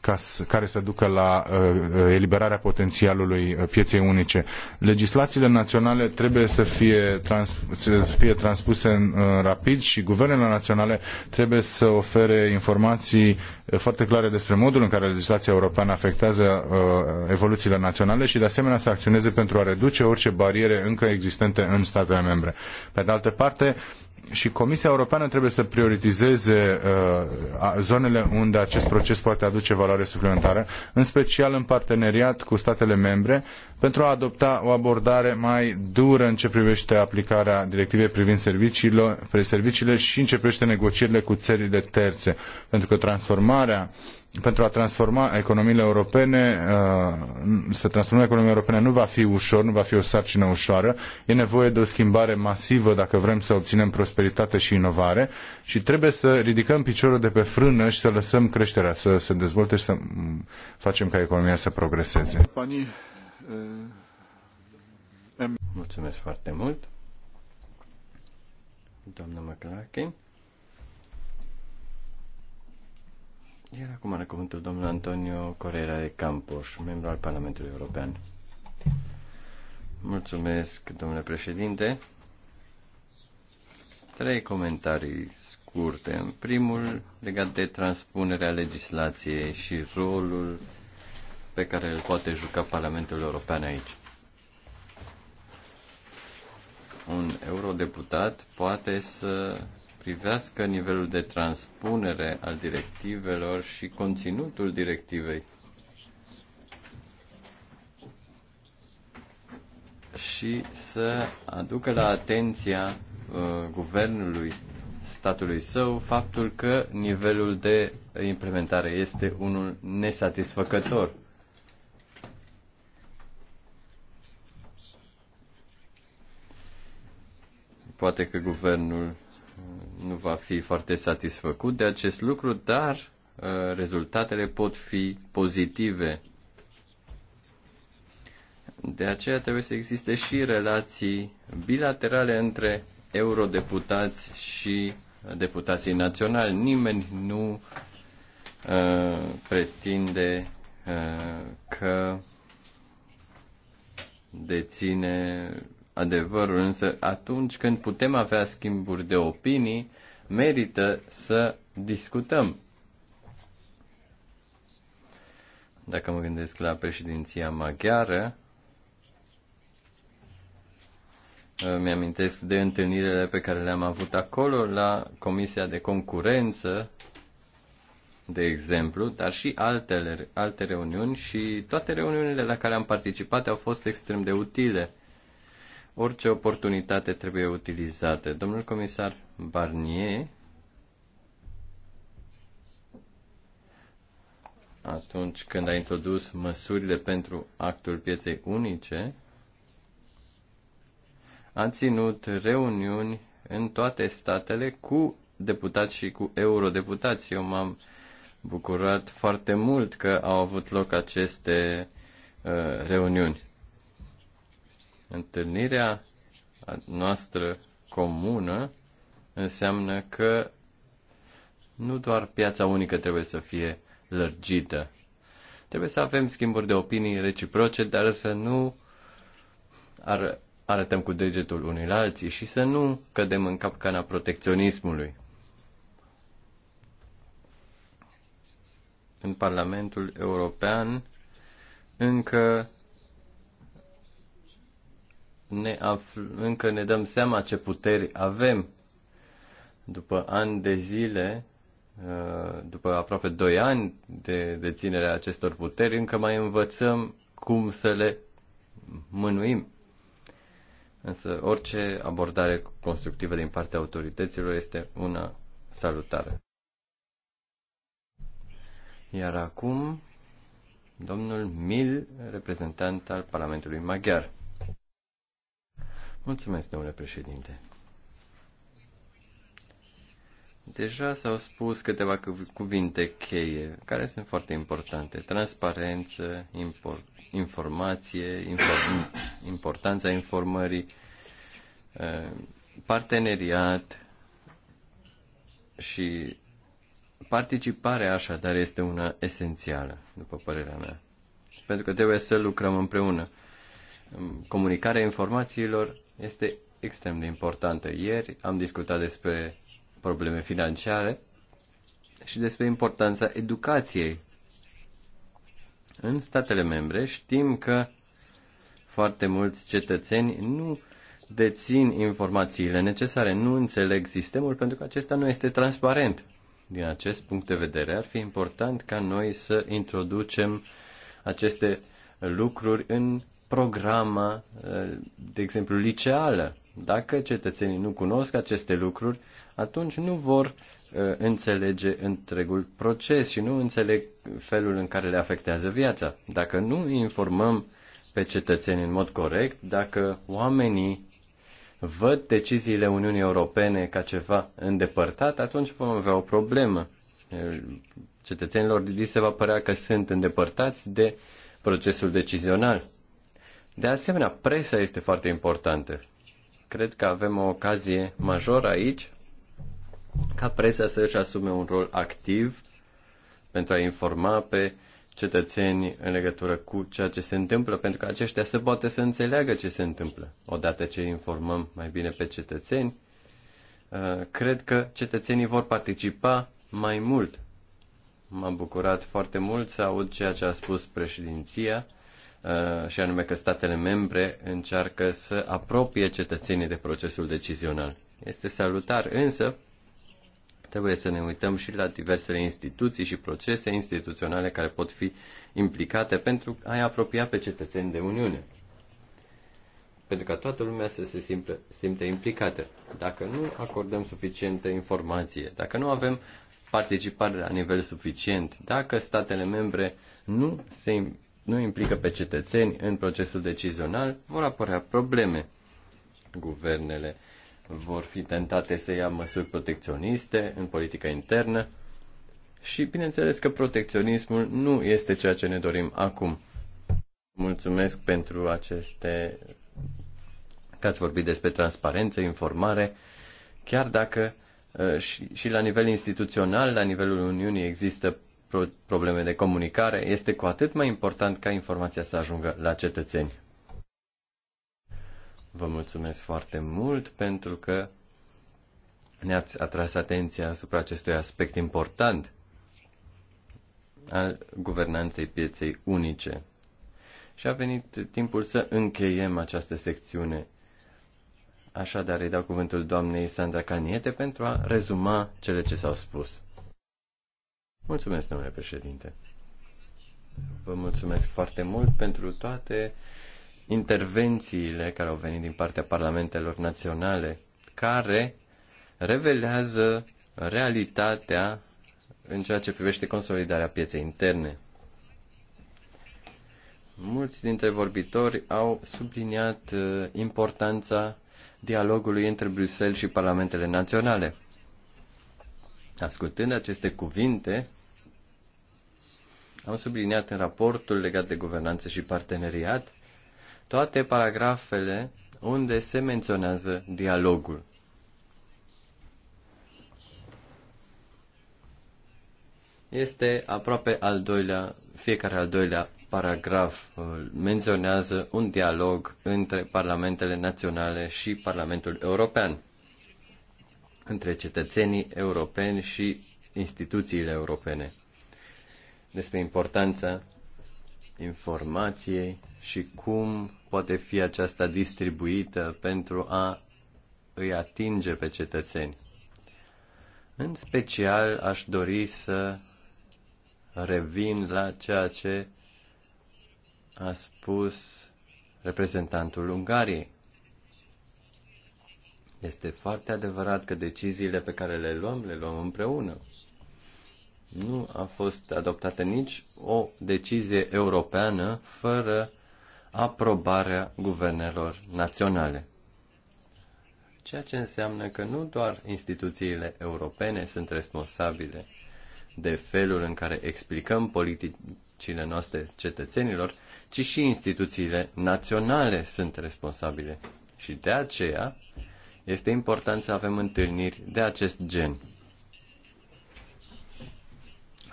ca, care să ducă la uh, uh, eliberarea potențialului uh, pieței unice. Legislațiile naționale trebuie să fie, trans, să fie transpuse în, rapid și guvernele naționale trebuie să ofere informații foarte clare despre modul în care legislația europeană afectează evoluțiile naționale și de asemenea să acționeze pentru a reduce orice bariere încă existente în statele membre. Pe de altă parte, și Comisia Europeană trebuie să prioritizeze uh, zonele unde acest proces poate aduce valoare suplimentară, în special în parteneriat cu statele membre, pentru a adopta o abordare mai dură în ce privește aplicarea directivei privind serviciile, serviciile și în ce privește negocierile cu țările terțe, pentru că transformarea uh, pentru a transforma economiile europene, uh, să transformăm economia europeană nu va fi ușor, nu va fi o sarcină ușoară. E nevoie de o schimbare masivă dacă vrem să obținem prosperitate și inovare și trebuie să ridicăm piciorul de pe frână și să lăsăm creșterea să se dezvolte și să facem ca economia să progreseze. Eh, Mulțumesc foarte mult. Doamna McLaren. Iar acum are cuvântul domnul Antonio Correa de Campos, membru al Parlamentului European. Mulțumesc, domnule președinte. Trei comentarii scurte. În primul, legat de transpunerea legislației și rolul pe care îl poate juca Parlamentul European aici. Un eurodeputat poate să privească nivelul de transpunere al directivelor și conținutul directivei. și să aducă la atenția uh, guvernului statului său faptul că nivelul de implementare este unul nesatisfăcător. Poate că guvernul nu va fi foarte satisfăcut de acest lucru, dar uh, rezultatele pot fi pozitive. De aceea trebuie să existe și relații bilaterale între eurodeputați și uh, deputații naționali. Nimeni nu uh, pretinde uh, că deține adevărul, însă atunci când putem avea schimburi de opinii, merită să discutăm. Dacă mă gândesc la președinția maghiară, mi-amintesc de întâlnirile pe care le-am avut acolo la Comisia de Concurență, de exemplu, dar și altele, alte reuniuni și toate reuniunile la care am participat au fost extrem de utile. Orice oportunitate trebuie utilizată. Domnul comisar Barnier atunci când a introdus măsurile pentru actul pieței unice, a ținut reuniuni în toate statele cu deputați și cu eurodeputați. Eu m-am bucurat foarte mult că au avut loc aceste uh, reuniuni. Întâlnirea noastră comună înseamnă că nu doar piața unică trebuie să fie lărgită. Trebuie să avem schimburi de opinii reciproce, dar să nu ar, arătăm cu degetul unii la alții și să nu cădem în capcana protecționismului. În Parlamentul European încă ne afl- încă ne dăm seama ce puteri avem. După ani de zile, uh, după aproape 2 ani de deținerea acestor puteri, încă mai învățăm cum să le mânuim. Însă orice abordare constructivă din partea autorităților este una salutară. Iar acum, domnul Mil, reprezentant al Parlamentului Maghiar. Mulțumesc, domnule președinte. Deja s-au spus câteva cuvinte cheie, care sunt foarte importante. Transparență, import, informație, inform, importanța informării, eh, parteneriat și participarea așadar este una esențială, după părerea mea. Pentru că trebuie să lucrăm împreună. Comunicarea informațiilor este extrem de importantă. Ieri am discutat despre probleme financiare și despre importanța educației. În statele membre știm că foarte mulți cetățeni nu dețin informațiile necesare, nu înțeleg sistemul pentru că acesta nu este transparent. Din acest punct de vedere, ar fi important ca noi să introducem aceste lucruri în programa, eh, de exemplu, liceală. Dacă cetățenii nu cunosc aceste lucruri, atunci nu vor eh, înțelege întregul proces și nu înțeleg felul în care le afectează viața. Dacă nu informăm pe cetățeni în mod corect, dacă oamenii văd deciziile Uniunii Europene ca ceva îndepărtat, atunci vom avea o problemă. Eh, cetățenilor li se va părea că sunt îndepărtați de procesul decizional. De asemenea, presa este foarte importantă. Cred că avem o ocazie majoră aici ca presa să își asume un rol activ pentru a informa pe cetățeni în legătură cu ceea ce se întâmplă, pentru că aceștia se poate să înțeleagă ce se întâmplă. Odată ce informăm mai bine pe cetățeni, uh, cred că cetățenii vor participa mai mult. M-am bucurat foarte mult să aud ceea ce a spus președinția Uh, și anume că statele membre încearcă să apropie cetățenii de procesul decizional. Este salutar, însă trebuie să ne uităm și la diversele instituții și procese instituționale care pot fi implicate pentru a-i apropia pe cetățeni de Uniune. Pentru ca toată lumea să se simple, simte implicată. Dacă nu acordăm suficientă informație, dacă nu avem participare la nivel suficient, dacă statele membre nu se nu implică pe cetățeni în procesul decizional, vor apărea probleme. Guvernele vor fi tentate să ia măsuri protecționiste în politica internă și bineînțeles că protecționismul nu este ceea ce ne dorim acum. Mulțumesc pentru aceste că ați vorbit despre transparență, informare, chiar dacă uh, și, și la nivel instituțional, la nivelul Uniunii există probleme de comunicare, este cu atât mai important ca informația să ajungă la cetățeni. Vă mulțumesc foarte mult pentru că ne-ați atras atenția asupra acestui aspect important al guvernanței pieței unice. Și a venit timpul să încheiem această secțiune. Așadar, îi dau cuvântul doamnei Sandra Caniete pentru a rezuma cele ce s-au spus. Mulțumesc, domnule președinte. Vă mulțumesc foarte mult pentru toate intervențiile care au venit din partea parlamentelor naționale, care revelează realitatea în ceea ce privește consolidarea pieței interne. Mulți dintre vorbitori au subliniat uh, importanța dialogului între Bruxelles și parlamentele naționale. Ascultând aceste cuvinte, am subliniat în raportul legat de guvernanță și parteneriat toate paragrafele unde se menționează dialogul. Este aproape al doilea, fiecare al doilea paragraf uh, menționează un dialog între parlamentele naționale și Parlamentul European între cetățenii europeni și instituțiile europene, despre importanța informației și cum poate fi aceasta distribuită pentru a îi atinge pe cetățeni. În special aș dori să revin la ceea ce a spus reprezentantul Ungariei. Este foarte adevărat că deciziile pe care le luăm, le luăm împreună. Nu a fost adoptată nici o decizie europeană fără aprobarea guvernelor naționale. Ceea ce înseamnă că nu doar instituțiile europene sunt responsabile de felul în care explicăm politicile noastre cetățenilor, ci și instituțiile naționale sunt responsabile. Și de aceea este important să avem întâlniri de acest gen.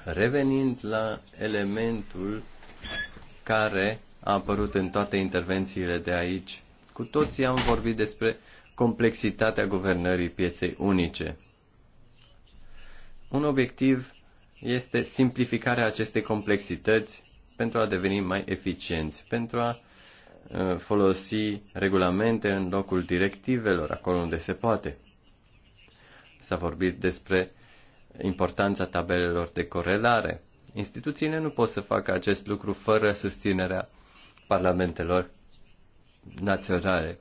Revenind la elementul care a apărut în toate intervențiile de aici, cu toții am vorbit despre complexitatea guvernării pieței unice. Un obiectiv este simplificarea acestei complexități pentru a deveni mai eficienți, pentru a Uh, folosi regulamente în locul directivelor, acolo unde se poate. S-a vorbit despre importanța tabelelor de corelare. Instituțiile nu pot să facă acest lucru fără susținerea parlamentelor naționale.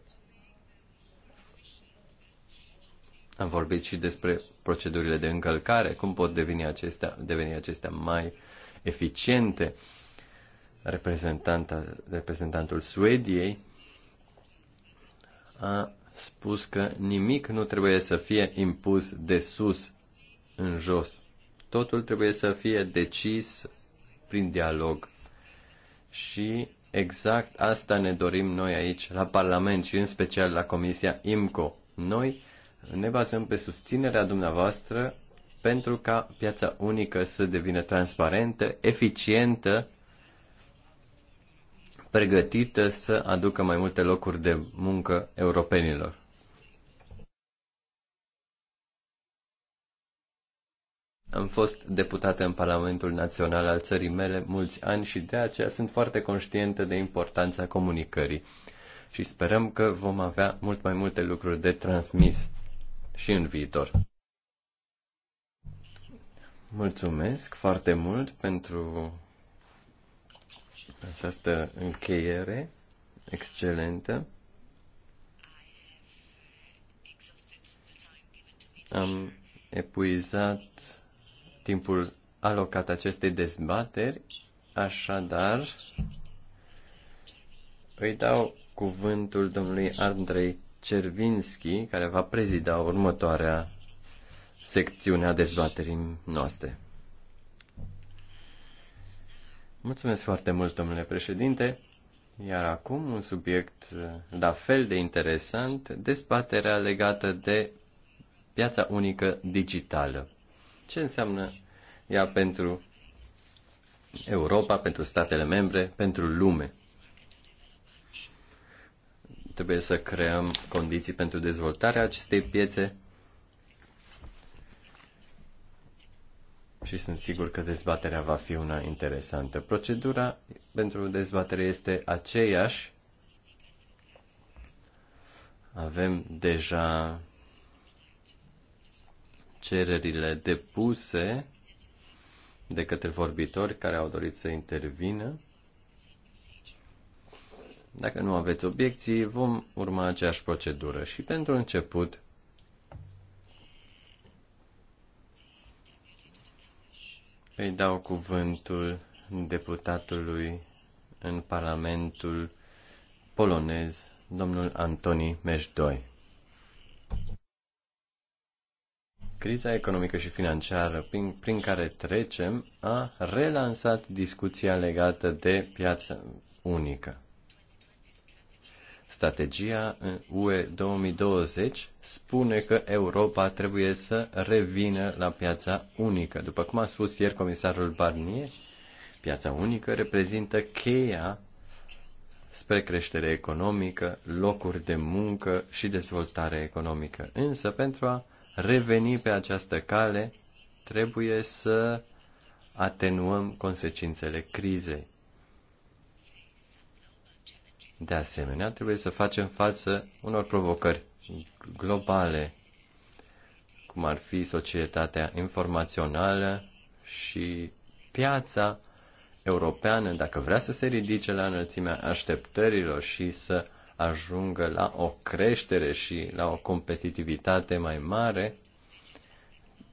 Am vorbit și despre procedurile de încălcare, cum pot deveni acestea, deveni acestea mai eficiente. Uh, reprezentantul Suediei a spus că nimic nu trebuie să fie impus de sus în jos. Totul trebuie să fie decis prin dialog. Și exact asta ne dorim noi aici, la Parlament și în special la Comisia IMCO. Noi ne bazăm pe susținerea dumneavoastră pentru ca piața unică să devină transparentă, eficientă pregătită să aducă mai multe locuri de muncă europenilor. Am fost deputată în Parlamentul Național al țării mele mulți ani și de aceea sunt foarte conștientă de importanța comunicării și sperăm că vom avea mult mai multe lucruri de transmis și în viitor. Mulțumesc foarte mult pentru această încheiere excelentă. Am epuizat timpul alocat acestei dezbateri, așadar îi dau cuvântul domnului Andrei Cervinski, care va prezida următoarea secțiune a dezbaterii noastre. Mulțumesc foarte mult, domnule președinte. Iar acum un subiect uh, la fel de interesant, dezbaterea legată de piața unică digitală. Ce înseamnă ea pentru Europa, pentru statele membre, pentru lume? Trebuie să creăm condiții pentru dezvoltarea acestei piețe și sunt sigur că dezbaterea va fi una interesantă. Procedura pentru dezbatere este aceeași. Avem deja cererile depuse de către vorbitori care au dorit să intervină. Dacă nu aveți obiecții, vom urma aceeași procedură și pentru început Îi dau cuvântul deputatului în Parlamentul polonez, domnul Antoni Mejdoi. Criza economică și financiară prin, prin care trecem a relansat discuția legată de piața unică. Strategia UE 2020 spune că Europa trebuie să revină la piața unică. După cum a spus ieri comisarul Barnier, piața unică reprezintă cheia spre creștere economică, locuri de muncă și dezvoltare economică. Însă, pentru a reveni pe această cale, trebuie să atenuăm consecințele crizei. De asemenea, trebuie să facem față unor provocări globale, cum ar fi societatea informațională și piața europeană, dacă vrea să se ridice la înălțimea așteptărilor și să ajungă la o creștere și la o competitivitate mai mare,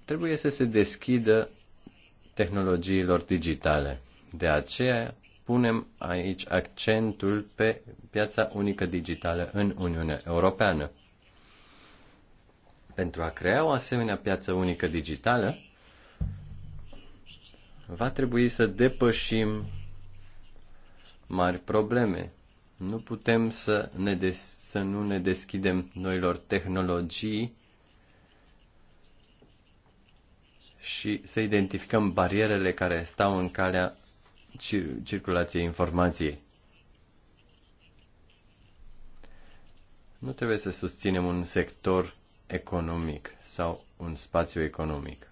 trebuie să se deschidă tehnologiilor digitale. De aceea, punem aici accentul pe piața unică digitală în Uniunea Europeană. Pentru a crea o asemenea piață unică digitală, va trebui să depășim mari probleme. Nu putem să, ne des- să nu ne deschidem noilor tehnologii și să identificăm barierele care stau în calea circulației informației. Nu trebuie să susținem un sector economic sau un spațiu economic.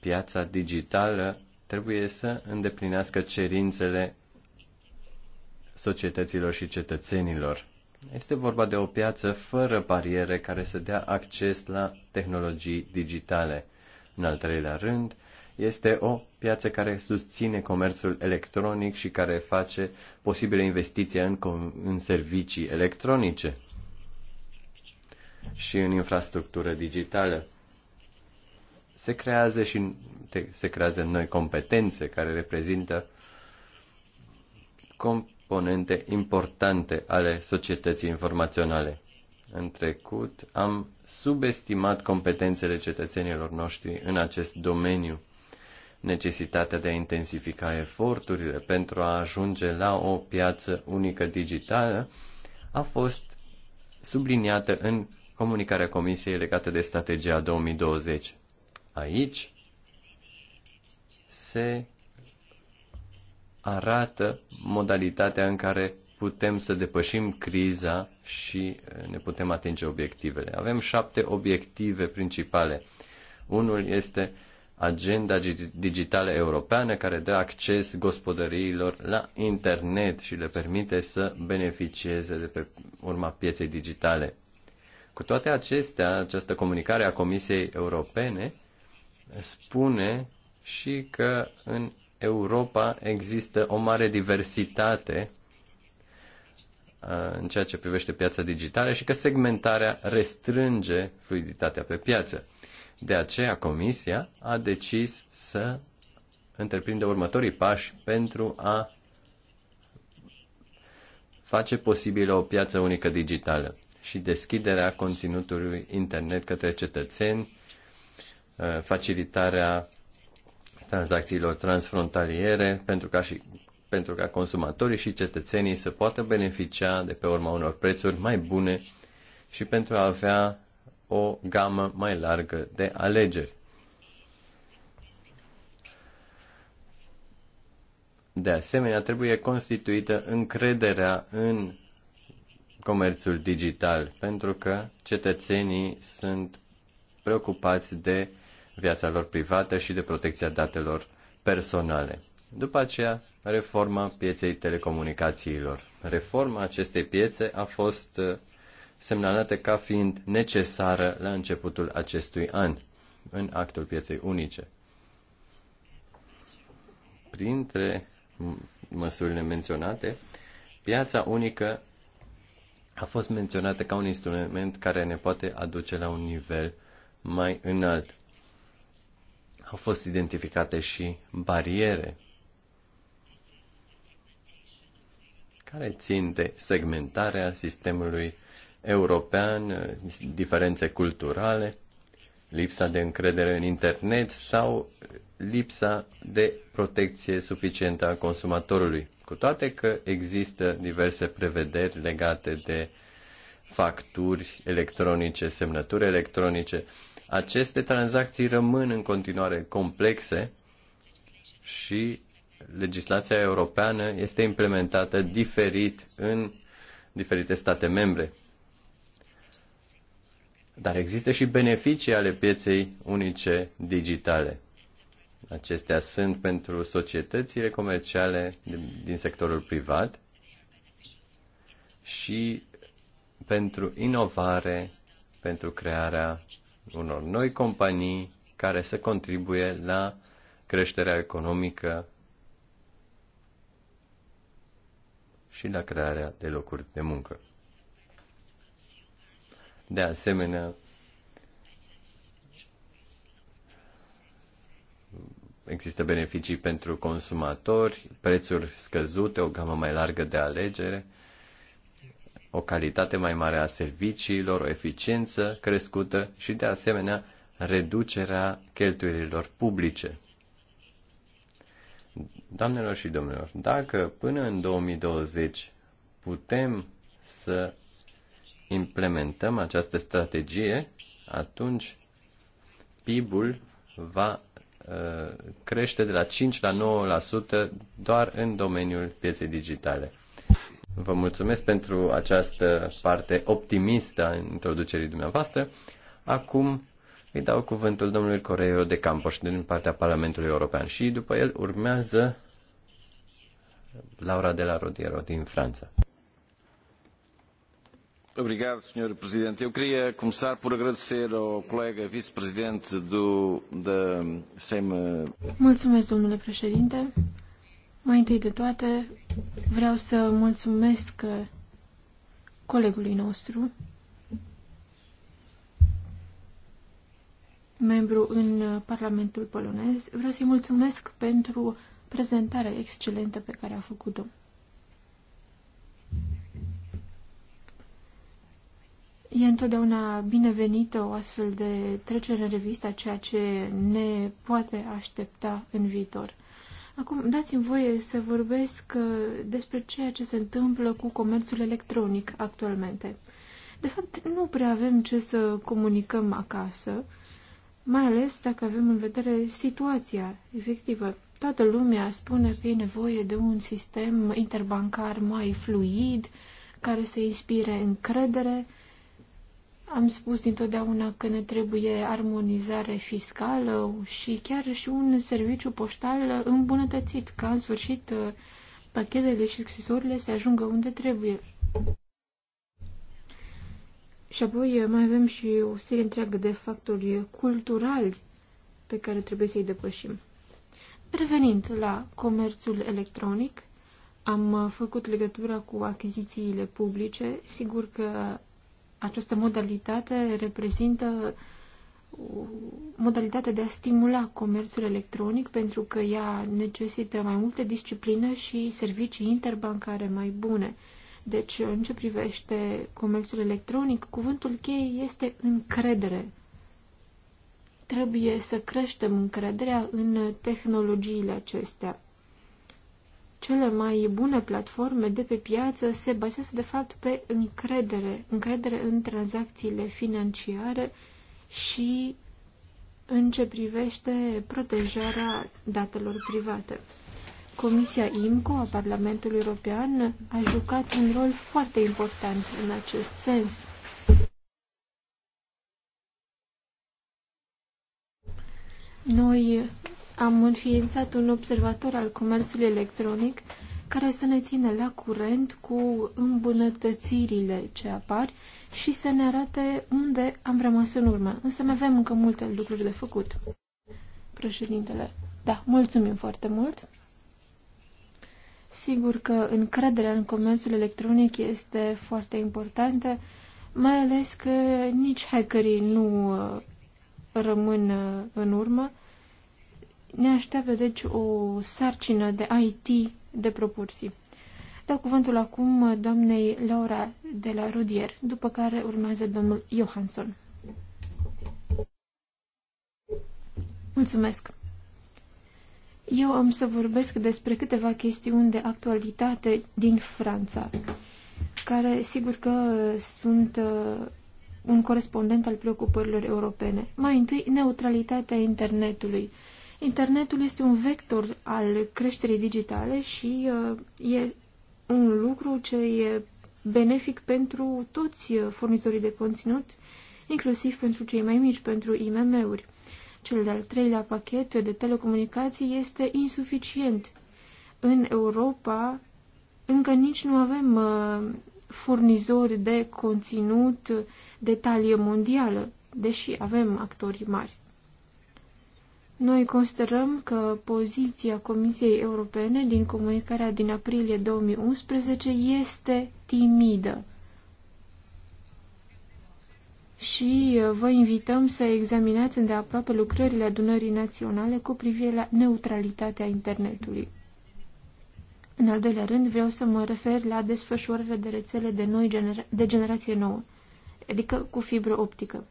Piața digitală trebuie să îndeplinească cerințele societăților și cetățenilor. Este vorba de o piață fără bariere care să dea acces la tehnologii digitale. În al treilea rând, este o piață care susține comerțul electronic și care face posibile investiții în, în servicii electronice și în infrastructură digitală. Se creează și se creează noi competențe care reprezintă componente importante ale societății informaționale. În trecut am subestimat competențele cetățenilor noștri în acest domeniu necesitatea de a intensifica eforturile pentru a ajunge la o piață unică digitală a fost subliniată în comunicarea Comisiei legată de strategia 2020. Aici se arată modalitatea în care putem să depășim criza și uh, ne putem atinge obiectivele. Avem șapte obiective principale. Unul este uh, agenda digitală europeană care dă acces gospodăriilor la internet și le permite să beneficieze de pe urma pieței digitale. Cu toate acestea, această comunicare a Comisiei Europene spune și că în Europa există o mare diversitate uh, în ceea ce privește piața digitală și că segmentarea restrânge fluiditatea pe piață. De aceea, Comisia a decis să întreprinde următorii pași pentru a face posibilă o piață unică digitală și deschiderea conținutului internet către cetățeni, uh, facilitarea tranzacțiilor transfrontaliere pentru ca, și, pentru ca consumatorii și cetățenii să poată beneficia de pe urma unor prețuri mai bune și pentru a avea o gamă mai largă de alegeri. De asemenea, trebuie constituită încrederea în comerțul digital, pentru că cetățenii sunt preocupați de viața lor privată și de protecția datelor personale. După aceea, reforma pieței telecomunicațiilor. Reforma acestei piețe a fost uh, semnalată ca fiind necesară la începutul acestui an, în actul pieței unice. Printre măsurile menționate, piața unică a fost menționată ca un instrument care ne poate aduce la un nivel mai înalt. Au fost identificate și bariere care țin de segmentarea sistemului european, diferențe culturale, lipsa de încredere în internet sau lipsa de protecție suficientă a consumatorului. Cu toate că există diverse prevederi legate de facturi electronice, semnături electronice, aceste tranzacții rămân în continuare complexe și legislația europeană este implementată diferit în diferite state membre. Dar există și beneficii ale pieței unice digitale. Acestea sunt pentru societățile comerciale din sectorul privat și pentru inovare, pentru crearea unor noi companii care să contribuie la creșterea economică și la crearea de locuri de muncă. De asemenea, există beneficii pentru consumatori, prețuri scăzute, o gamă mai largă de alegere, o calitate mai mare a serviciilor, o eficiență crescută și, de asemenea, reducerea cheltuielilor publice. Doamnelor și domnilor, dacă până în 2020 putem să implementăm această strategie, atunci PIB-ul va uh, crește de la 5 la 9% doar în domeniul pieței digitale. Vă mulțumesc pentru această parte optimistă a introducerii dumneavoastră. Acum îi dau cuvântul domnului Correio de Campos din partea Parlamentului European și după el urmează Laura de la Rodiero din Franța. Obrigado, Sr. Presidente. Eu queria começar por agradecer ao colega vice-presidente do da SEM. Mulțumesc, domnule președinte. Mai întâi de toate, vreau să mulțumesc colegului nostru, membru în Parlamentul polonez. Vreau să-i mulțumesc pentru prezentarea excelentă pe care a făcut-o. E întotdeauna binevenită o astfel de trecere în revistă ceea ce ne poate aștepta în viitor. Acum, dați-mi voie să vorbesc uh, despre ceea ce se întâmplă cu comerțul electronic actualmente. De fapt, nu prea avem ce să comunicăm acasă, mai ales dacă avem în vedere situația efectivă. Toată lumea spune că e nevoie de un sistem interbancar mai fluid, care să inspire încredere, am spus dintotdeauna că ne trebuie armonizare fiscală și chiar și un serviciu poștal îmbunătățit, ca în sfârșit uh, pachetele și scrisorile să ajungă unde trebuie. Și apoi uh, mai avem și o serie întreagă de factori culturali pe care trebuie să-i depășim. Revenind la comerțul electronic, am uh, făcut legătura cu achizițiile publice. Sigur că această modalitate reprezintă o modalitate de a stimula comerțul electronic pentru că ea necesită mai multe discipline și servicii interbancare mai bune. Deci, în ce privește comerțul electronic, cuvântul cheie este încredere. Trebuie să creștem încrederea în tehnologiile acestea. Cele mai bune platforme de pe piață se bazează de fapt pe încredere, încredere în tranzacțiile financiare și în ce privește protejarea datelor private. Comisia IMCO a Parlamentului European a jucat un rol foarte important în acest sens. Noi am înființat un observator al comerțului electronic care să ne ține la curent cu îmbunătățirile ce apar și să ne arate unde am rămas în urmă. Însă mai avem încă multe lucruri de făcut. Președintele, da, mulțumim foarte mult. Sigur că încrederea în comerțul electronic este foarte importantă, mai ales că nici hackerii nu uh, rămân uh, în urmă ne așteaptă, deci, o sarcină de IT de proporții. Dau cuvântul acum doamnei Laura de la Rudier, după care urmează domnul Johansson. Mulțumesc! Eu am să vorbesc despre câteva chestiuni de actualitate din Franța, care sigur că sunt uh, un corespondent al preocupărilor europene. Mai întâi, neutralitatea internetului. Internetul este un vector al creșterii digitale și uh, e un lucru ce e benefic pentru toți uh, furnizorii de conținut, inclusiv pentru cei mai mici, pentru IMM-uri. Cel de-al treilea pachet de telecomunicații este insuficient. În Europa încă nici nu avem uh, furnizori de conținut de talie mondială, deși avem actori mari. Noi considerăm că poziția Comisiei Europene din comunicarea din aprilie 2011 este timidă. Și uh, vă invităm să examinați îndeaproape lucrările adunării naționale cu privire la neutralitatea internetului. În al doilea rând, vreau să mă refer la desfășurarea de rețele de, noi genera- de generație nouă, adică cu fibră optică.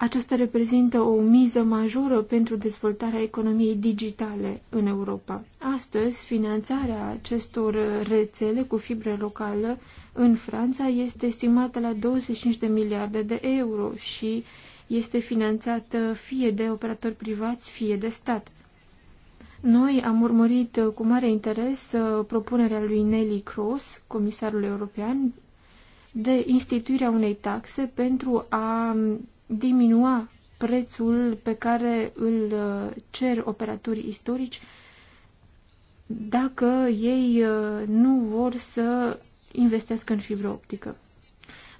Aceasta reprezintă o miză majoră pentru dezvoltarea economiei digitale în Europa. Astăzi, finanțarea acestor rețele cu fibre locală în Franța este estimată la 25 de miliarde de euro și este finanțată fie de operatori privați, fie de stat. Noi am urmărit cu mare interes propunerea lui Nelly Cross, comisarul european, de instituirea unei taxe pentru a diminua prețul pe care îl uh, cer operatorii istorici dacă ei uh, nu vor să investească în fibră optică.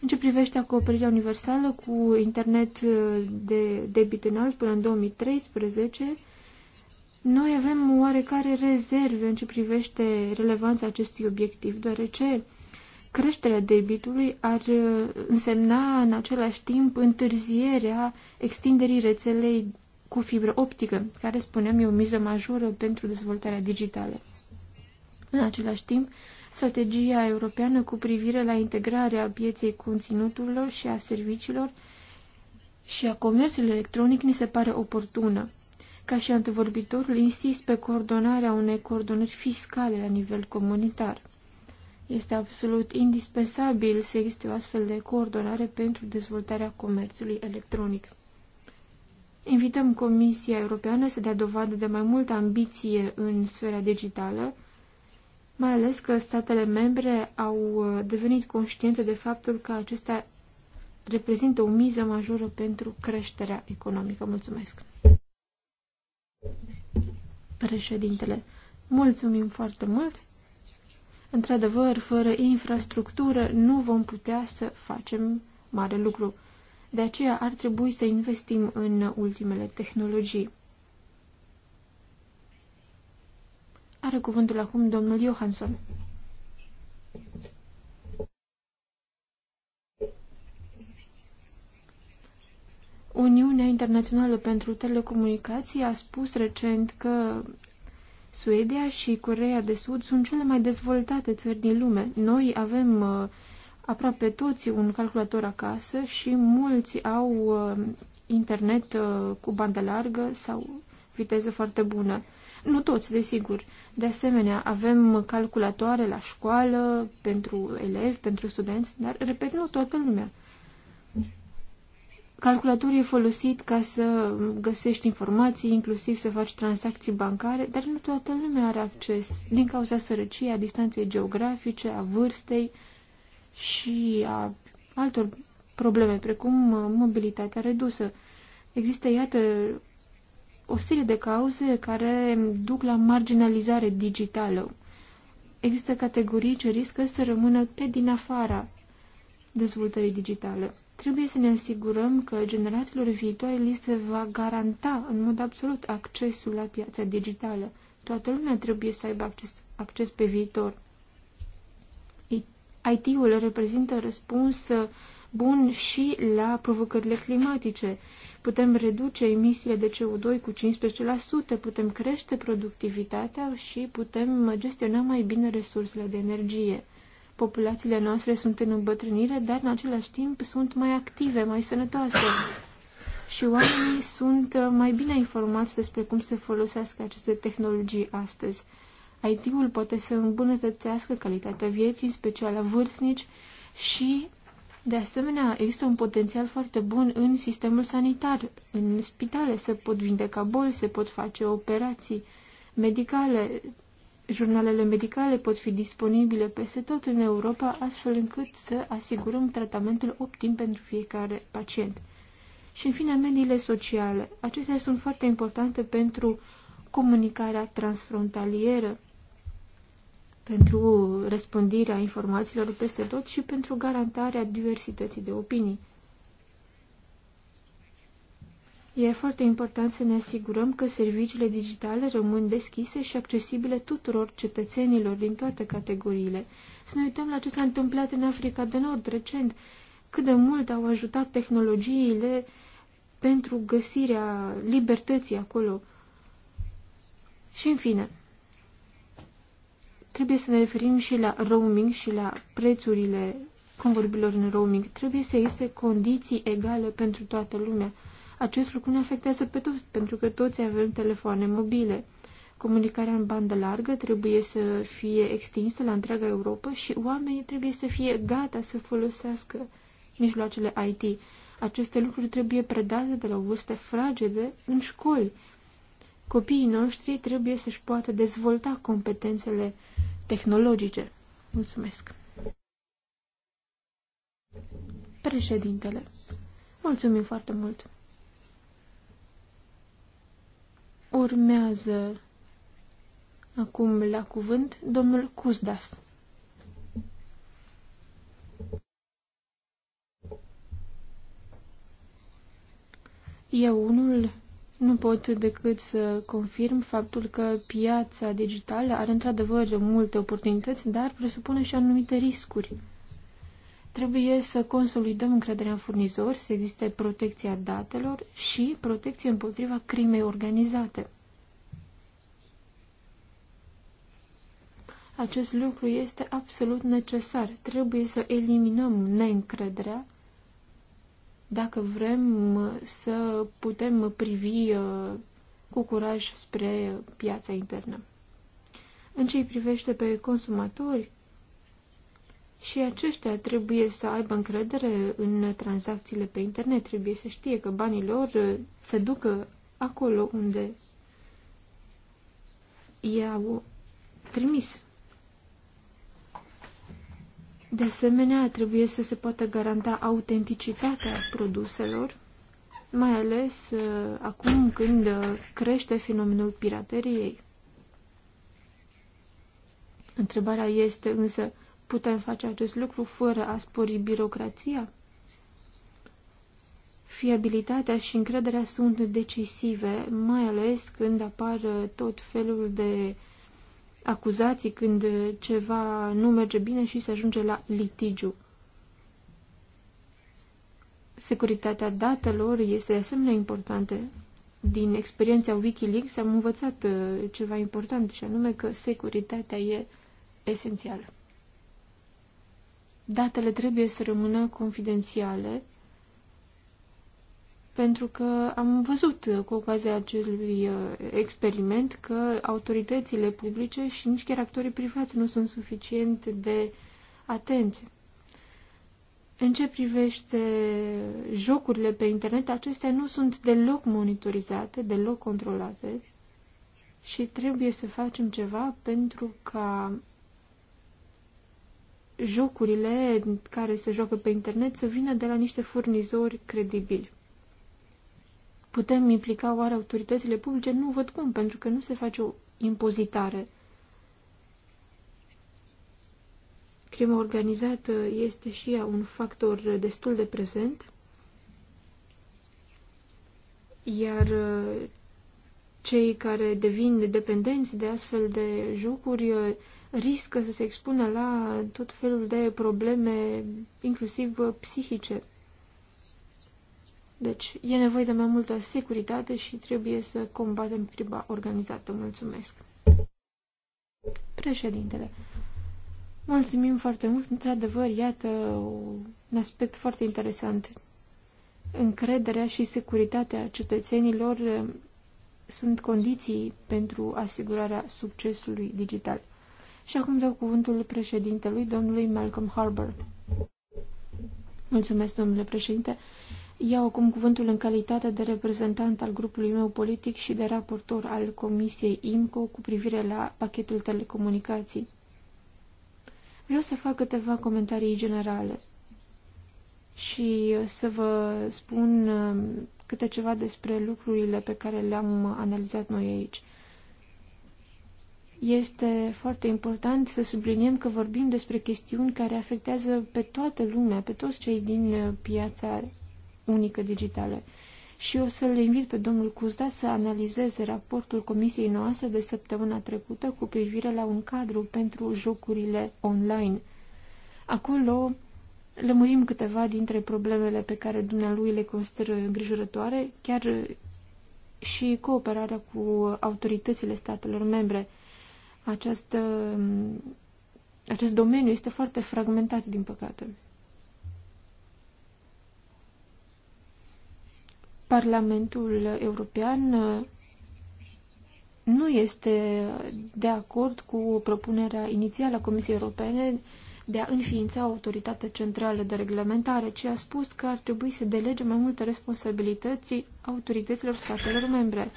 În ce privește acoperirea universală cu internet uh, de debit înalt până în 2013, noi avem oarecare rezerve în ce privește relevanța acestui obiectiv, deoarece creșterea debitului ar uh, însemna în același timp întârzierea extinderii rețelei cu fibră optică, care, spuneam, e o miză majoră pentru dezvoltarea digitală. În același timp, strategia europeană cu privire la integrarea pieței conținuturilor și a serviciilor și a comerțului electronic ni se pare oportună. Ca și antevorbitorul, insist pe coordonarea unei coordonări fiscale la nivel comunitar. Este absolut indispensabil să existe o astfel de coordonare pentru dezvoltarea comerțului electronic. Invităm Comisia Europeană să dea dovadă de mai multă ambiție în sfera digitală, mai ales că statele membre au uh, devenit conștiente de faptul că acestea reprezintă o miză majoră pentru creșterea economică. Mulțumesc! Președintele, mulțumim foarte mult! Într-adevăr, fără infrastructură nu vom putea să facem mare lucru. De aceea ar trebui să investim în ultimele tehnologii. Are cuvântul acum domnul Johansson. Uniunea Internațională pentru Telecomunicații a spus recent că Suedia și Coreea de Sud sunt cele mai dezvoltate țări din lume. Noi avem uh, aproape toți un calculator acasă și mulți au uh, internet uh, cu bandă largă sau viteză foarte bună. Nu toți, desigur. De asemenea, avem calculatoare la școală pentru elevi, pentru studenți, dar, repet, nu toată lumea. Calculatorul e folosit ca să găsești informații, inclusiv să faci tranzacții bancare, dar nu toată lumea are acces din cauza sărăciei, a distanței geografice, a vârstei și a altor probleme, precum uh, mobilitatea redusă. Există, iată, o serie de cauze care duc la marginalizare digitală. Există categorii ce riscă să rămână pe din afara dezvoltării digitale. Trebuie să ne asigurăm că generațiilor viitoare li se va garanta în mod absolut accesul la piața digitală. Toată lumea trebuie să aibă acces, acces pe viitor. IT-ul reprezintă răspuns uh, bun și la provocările climatice. Putem reduce emisiile de CO2 cu 15%, putem crește productivitatea și putem gestiona mai bine resursele de energie populațiile noastre sunt în îmbătrânire, dar în același timp sunt mai active, mai sănătoase. Și oamenii sunt uh, mai bine informați despre cum se folosească aceste tehnologii astăzi. IT-ul poate să îmbunătățească calitatea vieții, în special a vârstnici, și, de asemenea, există un potențial foarte bun în sistemul sanitar. În spitale se pot vindeca boli, se pot face operații medicale, Jurnalele medicale pot fi disponibile peste tot în Europa, astfel încât să asigurăm tratamentul optim pentru fiecare pacient. Și, în fine, mediile sociale. Acestea sunt foarte importante pentru comunicarea transfrontalieră, pentru răspândirea informațiilor peste tot și pentru garantarea diversității de opinii. E foarte important să ne asigurăm că serviciile digitale rămân deschise și accesibile tuturor cetățenilor din toate categoriile. Să ne uităm la ce s-a întâmplat în Africa de Nord recent, cât de mult au ajutat tehnologiile pentru găsirea libertății acolo. Și în fine, trebuie să ne referim și la roaming și la prețurile convorbilor în roaming. Trebuie să existe condiții egale pentru toată lumea. Acest lucru ne afectează pe toți, pentru că toți avem telefoane mobile. Comunicarea în bandă largă trebuie să fie extinsă la întreaga Europa și oamenii trebuie să fie gata să folosească mijloacele IT. Aceste lucruri trebuie predate de la vârste fragede în școli. Copiii noștri trebuie să-și poată dezvolta competențele tehnologice. Mulțumesc! Președintele, mulțumim foarte mult! Urmează acum la cuvânt domnul Cusdas. Eu unul nu pot decât să confirm faptul că piața digitală are într-adevăr multe oportunități, dar presupune și anumite riscuri. Trebuie să consolidăm încrederea în furnizori, să existe protecția datelor și protecție împotriva crimei organizate. Acest lucru este absolut necesar. Trebuie să eliminăm neîncrederea dacă vrem să putem privi uh, cu curaj spre piața internă. În ce îi privește pe consumatori, și aceștia trebuie să aibă încredere în tranzacțiile pe internet, trebuie să știe că banii lor uh, se ducă acolo unde i-au trimis. De asemenea, trebuie să se poată garanta autenticitatea produselor, mai ales uh, acum când uh, crește fenomenul pirateriei. Întrebarea este însă, Putem face acest lucru fără a spori birocrația? Fiabilitatea și încrederea sunt decisive, mai ales când apar tot felul de acuzații, când ceva nu merge bine și se ajunge la litigiu. Securitatea datelor este de asemenea importantă. Din experiența Wikileaks am învățat uh, ceva important și anume că securitatea e esențială datele trebuie să rămână confidențiale, pentru că am văzut cu ocazia acelui uh, experiment că autoritățile publice și nici chiar actorii privați nu sunt suficient de atenți. În ce privește jocurile pe internet, acestea nu sunt deloc monitorizate, deloc controlate și trebuie să facem ceva pentru ca jocurile care se joacă pe internet să vină de la niște furnizori credibili. Putem implica oare autoritățile publice? Nu văd cum, pentru că nu se face o impozitare. Crima organizată este și ea un factor destul de prezent, iar uh, cei care devin dependenți de astfel de jocuri uh, riscă să se expună la tot felul de probleme, inclusiv uh, psihice. Deci e nevoie de mai multă securitate și trebuie să combatem criba organizată. Mulțumesc. Președintele. Mulțumim foarte mult. Într-adevăr, iată un aspect foarte interesant. Încrederea și securitatea cetățenilor uh, sunt condiții pentru asigurarea succesului digital. Și acum dau cuvântul președintelui, domnului Malcolm Harbour. Mulțumesc, domnule președinte. Iau acum cuvântul în calitate de reprezentant al grupului meu politic și de raportor al Comisiei IMCO cu privire la pachetul telecomunicații. Vreau să fac câteva comentarii generale și să vă spun um, câte ceva despre lucrurile pe care le-am analizat noi aici. Este foarte important să subliniem că vorbim despre chestiuni care afectează pe toată lumea, pe toți cei din uh, piața unică digitală. Și o să le invit pe domnul Cuzda să analizeze raportul comisiei noastre de săptămâna trecută cu privire la un cadru pentru jocurile online. Acolo lămurim câteva dintre problemele pe care dumnealui le consideră îngrijorătoare, chiar și cooperarea cu autoritățile statelor membre – acest, um, acest domeniu este foarte fragmentat, din păcate. Parlamentul European uh, nu este de acord cu propunerea inițială a Comisiei Europene de a înființa o autoritate centrală de reglementare, ci a spus că ar trebui să delege mai multe responsabilități autorităților statelor membre.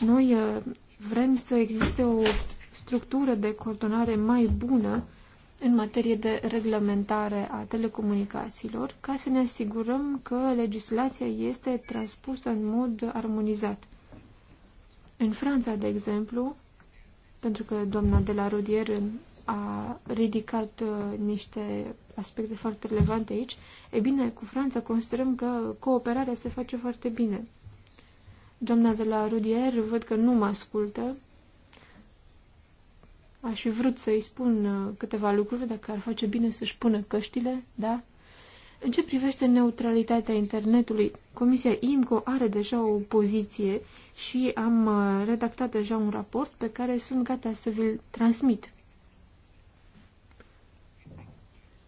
Noi uh, vrem să existe o structură de coordonare mai bună în materie de reglementare a telecomunicațiilor, ca să ne asigurăm că legislația este transpusă în mod armonizat. În Franța, de exemplu, pentru că doamna de la Rodier a ridicat uh, niște aspecte foarte relevante aici, e bine, cu Franța considerăm că cooperarea se face foarte bine. Doamna de la Rudier, văd că nu mă ascultă, Aș fi vrut să-i spun uh, câteva lucruri, dacă ar face bine să-și pună căștile, da? În ce privește neutralitatea internetului, Comisia IMCO are deja o poziție și am uh, redactat deja un raport pe care sunt gata să vi-l transmit.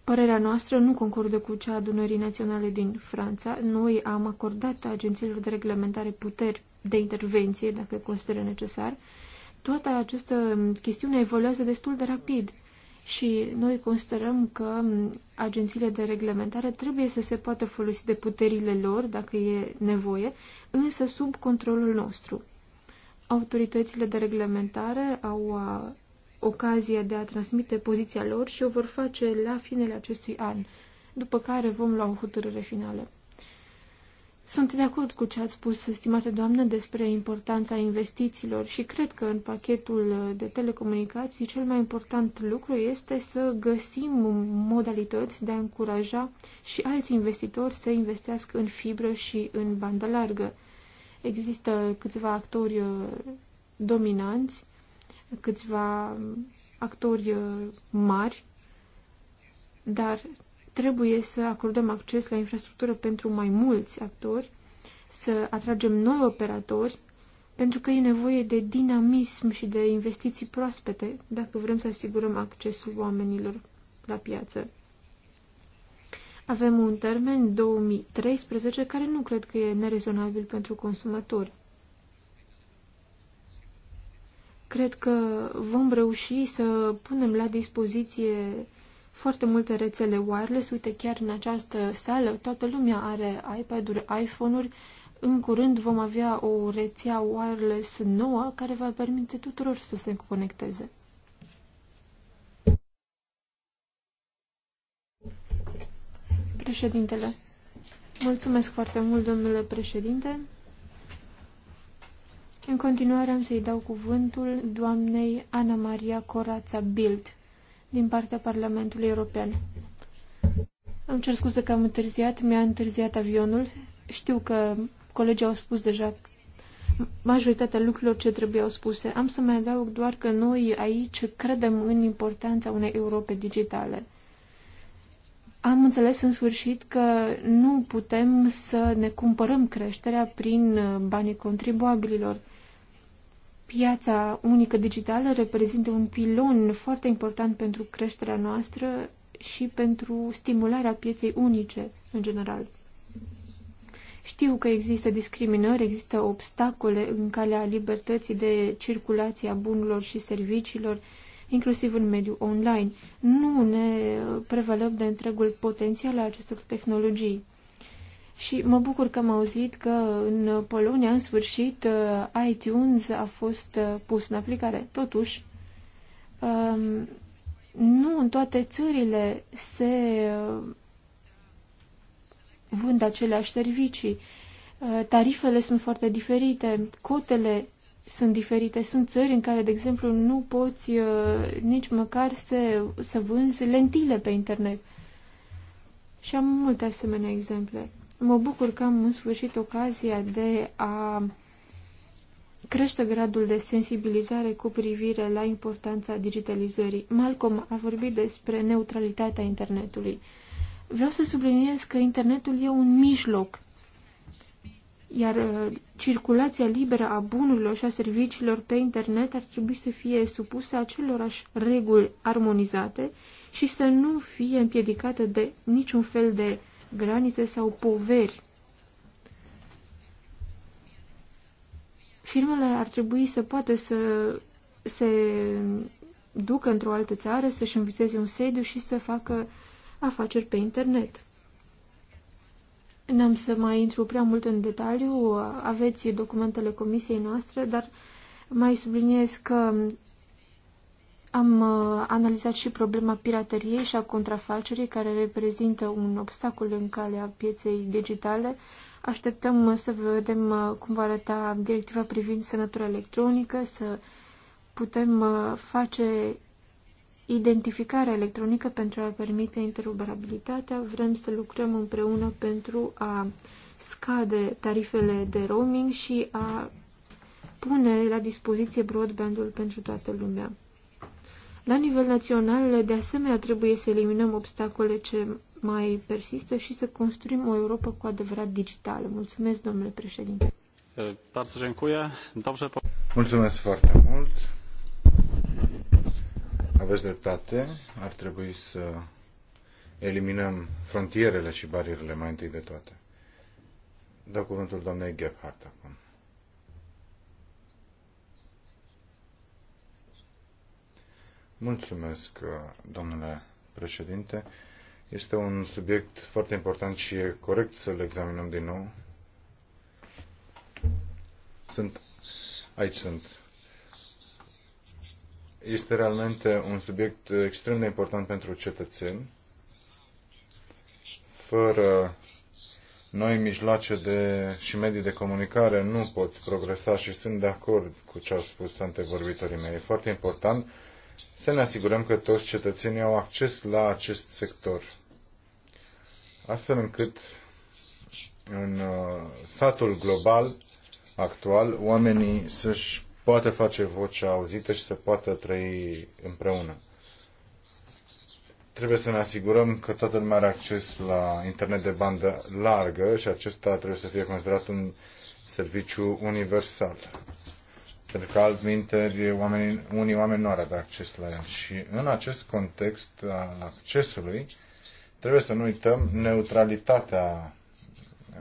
Părerea noastră nu concordă cu cea a adunării naționale din Franța. Noi am acordat agențiilor de reglementare puteri de intervenție, dacă consideră necesar, toată această chestiune evoluează destul de rapid și noi considerăm că agențiile de reglementare trebuie să se poată folosi de puterile lor, dacă e nevoie, însă sub controlul nostru. Autoritățile de reglementare au a, uh, ocazia de a transmite poziția lor și o vor face la finele acestui an, după care vom lua o hotărâre finală. Sunt de acord cu ce ați spus, stimată doamnă, despre importanța investițiilor și cred că în pachetul de telecomunicații cel mai important lucru este să găsim modalități de a încuraja și alți investitori să investească în fibră și în bandă largă. Există câțiva actori uh, dominanți, câțiva actori uh, mari, dar Trebuie să acordăm acces la infrastructură pentru mai mulți actori, să atragem noi operatori, pentru că e nevoie de dinamism și de investiții proaspete dacă vrem să asigurăm accesul oamenilor la piață. Avem un termen 2013 care nu cred că e nerezonabil pentru consumatori. Cred că vom reuși să punem la dispoziție foarte multe rețele wireless. Uite, chiar în această sală toată lumea are iPad-uri, iPhone-uri. În curând vom avea o rețea wireless nouă care va permite tuturor să se conecteze. Președintele. Mulțumesc foarte mult, domnule președinte. În continuare am să-i dau cuvântul doamnei Ana Maria Corața Bild din partea Parlamentului European. Am cer scuze că am întârziat, mi-a întârziat avionul. Știu că colegii au spus deja majoritatea lucrurilor ce trebuiau spuse. Am să mai adaug doar că noi aici credem în importanța unei Europe digitale. Am înțeles în sfârșit că nu putem să ne cumpărăm creșterea prin banii contribuabililor. Piața unică digitală reprezintă un pilon foarte important pentru creșterea noastră și pentru stimularea pieței unice în general. Știu că există discriminări, există obstacole în calea libertății de circulație a bunurilor și serviciilor, inclusiv în mediul online. Nu ne prevalăm de întregul potențial al acestor tehnologii. Și mă bucur că am auzit că în Polonia, în sfârșit, uh, iTunes a fost uh, pus în aplicare. Totuși, um, nu în toate țările se uh, vând aceleași servicii. Tarifele sunt foarte diferite, cotele sunt diferite. Sunt țări în care, de exemplu, nu poți nici măcar să, să vânzi lentile pe internet. Și am multe asemenea exemple. Mă bucur că am în sfârșit ocazia de a crește gradul de sensibilizare cu privire la importanța digitalizării. Malcolm a vorbit despre neutralitatea internetului. Vreau să subliniez că internetul e un mijloc, iar uh, circulația liberă a bunurilor și a serviciilor pe internet ar trebui să fie supusă acelorași reguli armonizate și să nu fie împiedicată de niciun fel de granițe sau poveri. Firmele ar trebui să poată să se ducă într-o altă țară, să-și înviteze un sediu și să facă afaceri pe internet. N-am să mai intru prea mult în detaliu, aveți documentele comisiei noastre, dar mai subliniez că am uh, analizat și problema pirateriei și a contrafacerii, care reprezintă un obstacol în calea pieței digitale. Așteptăm uh, să vedem uh, cum va arăta directiva privind sănătura electronică, să putem face identificarea electronică pentru a permite interoperabilitatea. Vrem să lucrăm împreună pentru a scade tarifele de roaming și a pune la dispoziție broadbandul pentru toată lumea. La nivel național, de asemenea, trebuie să eliminăm obstacole ce mai persistă și să construim o Europa cu adevărat digitală. Mulțumesc, domnule președinte. Mulțumesc foarte mult. Aveți dreptate. Ar trebui să eliminăm frontierele și barierele mai întâi de toate. Dau cuvântul doamnei Gebhardt acum. Mulțumesc, domnule președinte. Este un subiect foarte important și e corect să-l examinăm din nou. Sunt, aici sunt. Este realmente un subiect extrem de important pentru cetățeni. Fără noi mijloace de, și medii de comunicare nu poți progresa și sunt de acord cu ce au spus antevorbitorii mei. E foarte important să ne asigurăm că toți cetățenii au acces la acest sector. Astfel încât în uh, satul global actual oamenii să-și poată face vocea auzită și să poată trăi împreună. Trebuie să ne asigurăm că toată lumea are acces la internet de bandă largă și acesta trebuie să fie considerat un serviciu universal pentru că altminteri oamenii, unii oameni nu ar avea acces la el. Și în acest context al accesului, trebuie să nu uităm neutralitatea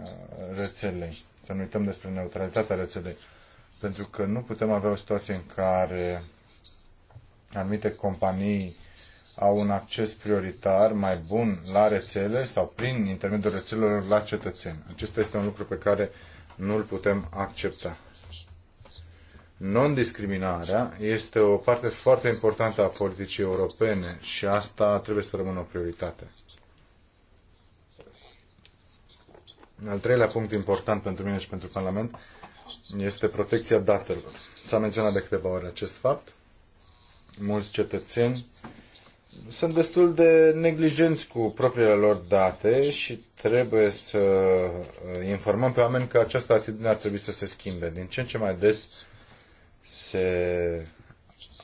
uh, rețelei, să nu uităm despre neutralitatea rețelei, pentru că nu putem avea o situație în care anumite companii au un acces prioritar mai bun la rețele sau prin intermediul rețelelor la cetățeni. Acesta este un lucru pe care nu-l putem accepta. Non-discriminarea este o parte foarte importantă a politicii europene și asta trebuie să rămână o prioritate. Al treilea punct important pentru mine și pentru Parlament este protecția datelor. S-a menționat de câteva ori acest fapt. Mulți cetățeni sunt destul de neglijenți cu propriile lor date și trebuie să uh, informăm pe oameni că această atitudine ar trebui să se schimbe. Din ce în ce mai des se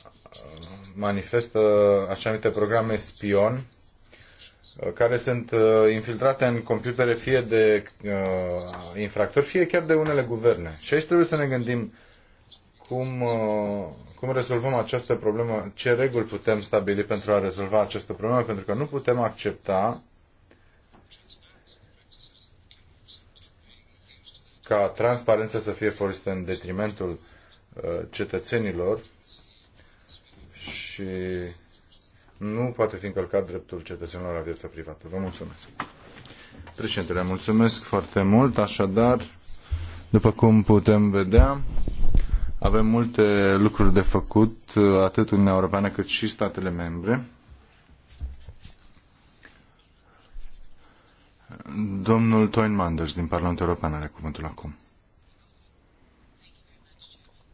uh, manifestă așa numite programe spion uh, care sunt uh, infiltrate în computere fie de uh, infractori, fie chiar de unele guverne. Și aici trebuie să ne gândim cum, uh, cum rezolvăm această problemă, ce reguli putem stabili pentru a rezolva această problemă, pentru că nu putem accepta ca transparența să fie folosită în detrimentul Uh, cetățenilor și nu poate fi încălcat dreptul cetățenilor la viața privată. Vă mulțumesc. Președintele, mulțumesc foarte mult. Așadar, după cum putem vedea, avem multe lucruri de făcut, uh, atât Uniunea Europeană cât și statele membre. Domnul Toin Manders din Parlamentul European are cuvântul acum.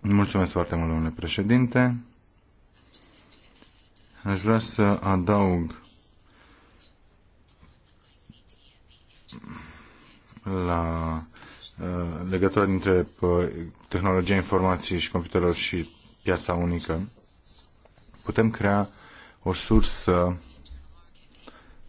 Mulțumesc foarte mult, domnule președinte. Aș vrea să adaug la uh, legătura dintre uh, tehnologia informației și computerelor și piața unică. Putem crea o sursă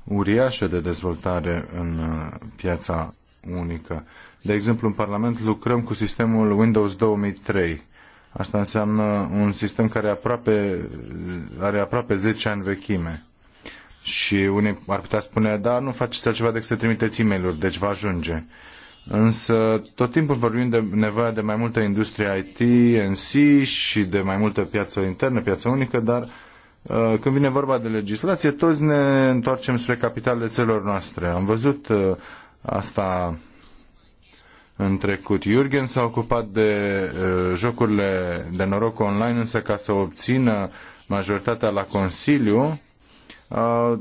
uriașă de dezvoltare în uh, piața unică. De exemplu, în Parlament lucrăm cu sistemul Windows 2003 Asta înseamnă un sistem care aproape, are aproape 10 ani vechime. Și unii ar putea spune, da, nu faceți altceva decât să trimiteți e mail deci va ajunge. Însă tot timpul vorbim de nevoia de mai multă industrie IT NC și de mai multă piață internă, piață unică, dar uh, când vine vorba de legislație, toți ne întoarcem spre capitalele țelor noastre. Am văzut uh, asta în trecut. Jürgen s-a ocupat de uh, jocurile de noroc online, însă ca să obțină majoritatea la Consiliu, uh,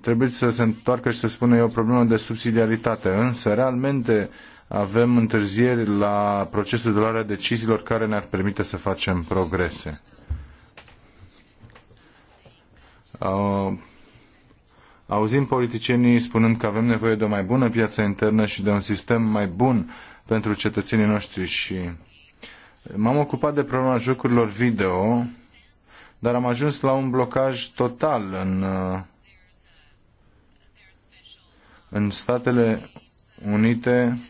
trebuie să se întoarcă și să spună e o problemă de subsidiaritate. Însă, realmente, avem întârzieri la procesul de luare a deciziilor care ne-ar permite să facem progrese. Uh, auzim politicienii spunând că avem nevoie de o mai bună piață internă și de un sistem mai bun pentru cetățenii noștri și m-am ocupat de problema jocurilor video, dar am ajuns la un blocaj total în, în Statele Unite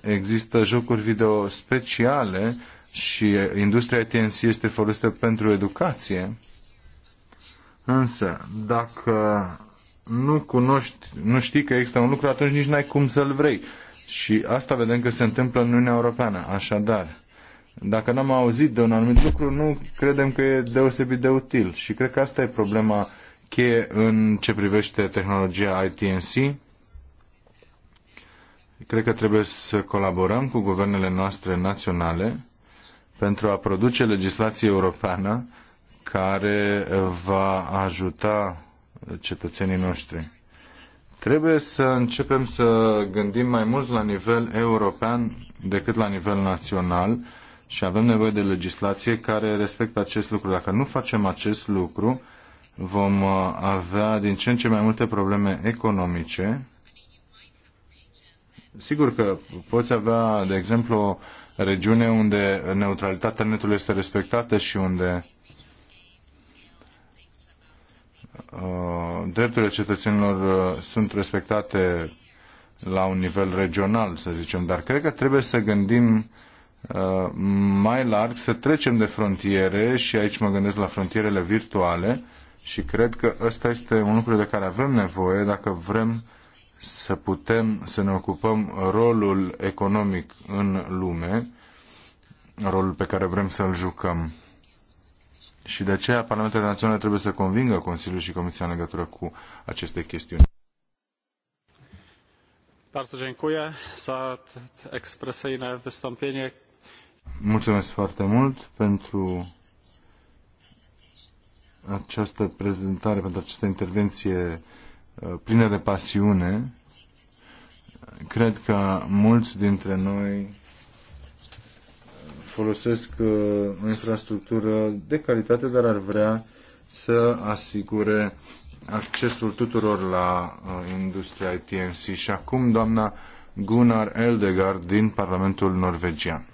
există jocuri video speciale și industria TNC este folosită pentru educație. Însă, dacă nu cunoști, nu știi că există un lucru, atunci nici n-ai cum să-l vrei. Și asta vedem că se întâmplă în Uniunea Europeană. Așadar, dacă n-am auzit de un anumit lucru, nu credem că e deosebit de util. Și cred că asta e problema cheie în ce privește tehnologia ITNC. Cred că trebuie să colaborăm cu guvernele noastre naționale pentru a produce legislație europeană care va ajuta cetățenii noștri. Trebuie să începem să gândim mai mult la nivel european decât la nivel național și avem nevoie de legislație care respectă acest lucru. Dacă nu facem acest lucru, vom uh, avea din ce în ce mai multe probleme economice. Sigur că poți avea, de exemplu, o regiune unde neutralitatea netului este respectată și unde Uh, drepturile cetățenilor uh, sunt respectate la un nivel regional, să zicem, dar cred că trebuie să gândim uh, mai larg, să trecem de frontiere și aici mă gândesc la frontierele virtuale și cred că ăsta este un lucru de care avem nevoie dacă vrem să putem să ne ocupăm rolul economic în lume, rolul pe care vrem să-l jucăm și de aceea Parlamentele Naționale trebuie să convingă Consiliul și Comisia în legătură cu aceste chestiuni. Mulțumesc foarte mult pentru această prezentare, pentru această intervenție uh, plină de pasiune. Cred că mulți dintre noi folosesc uh, infrastructură de calitate, dar ar vrea să asigure accesul tuturor la uh, industria ITNC. Și acum, doamna Gunnar Eldegard din Parlamentul Norvegian.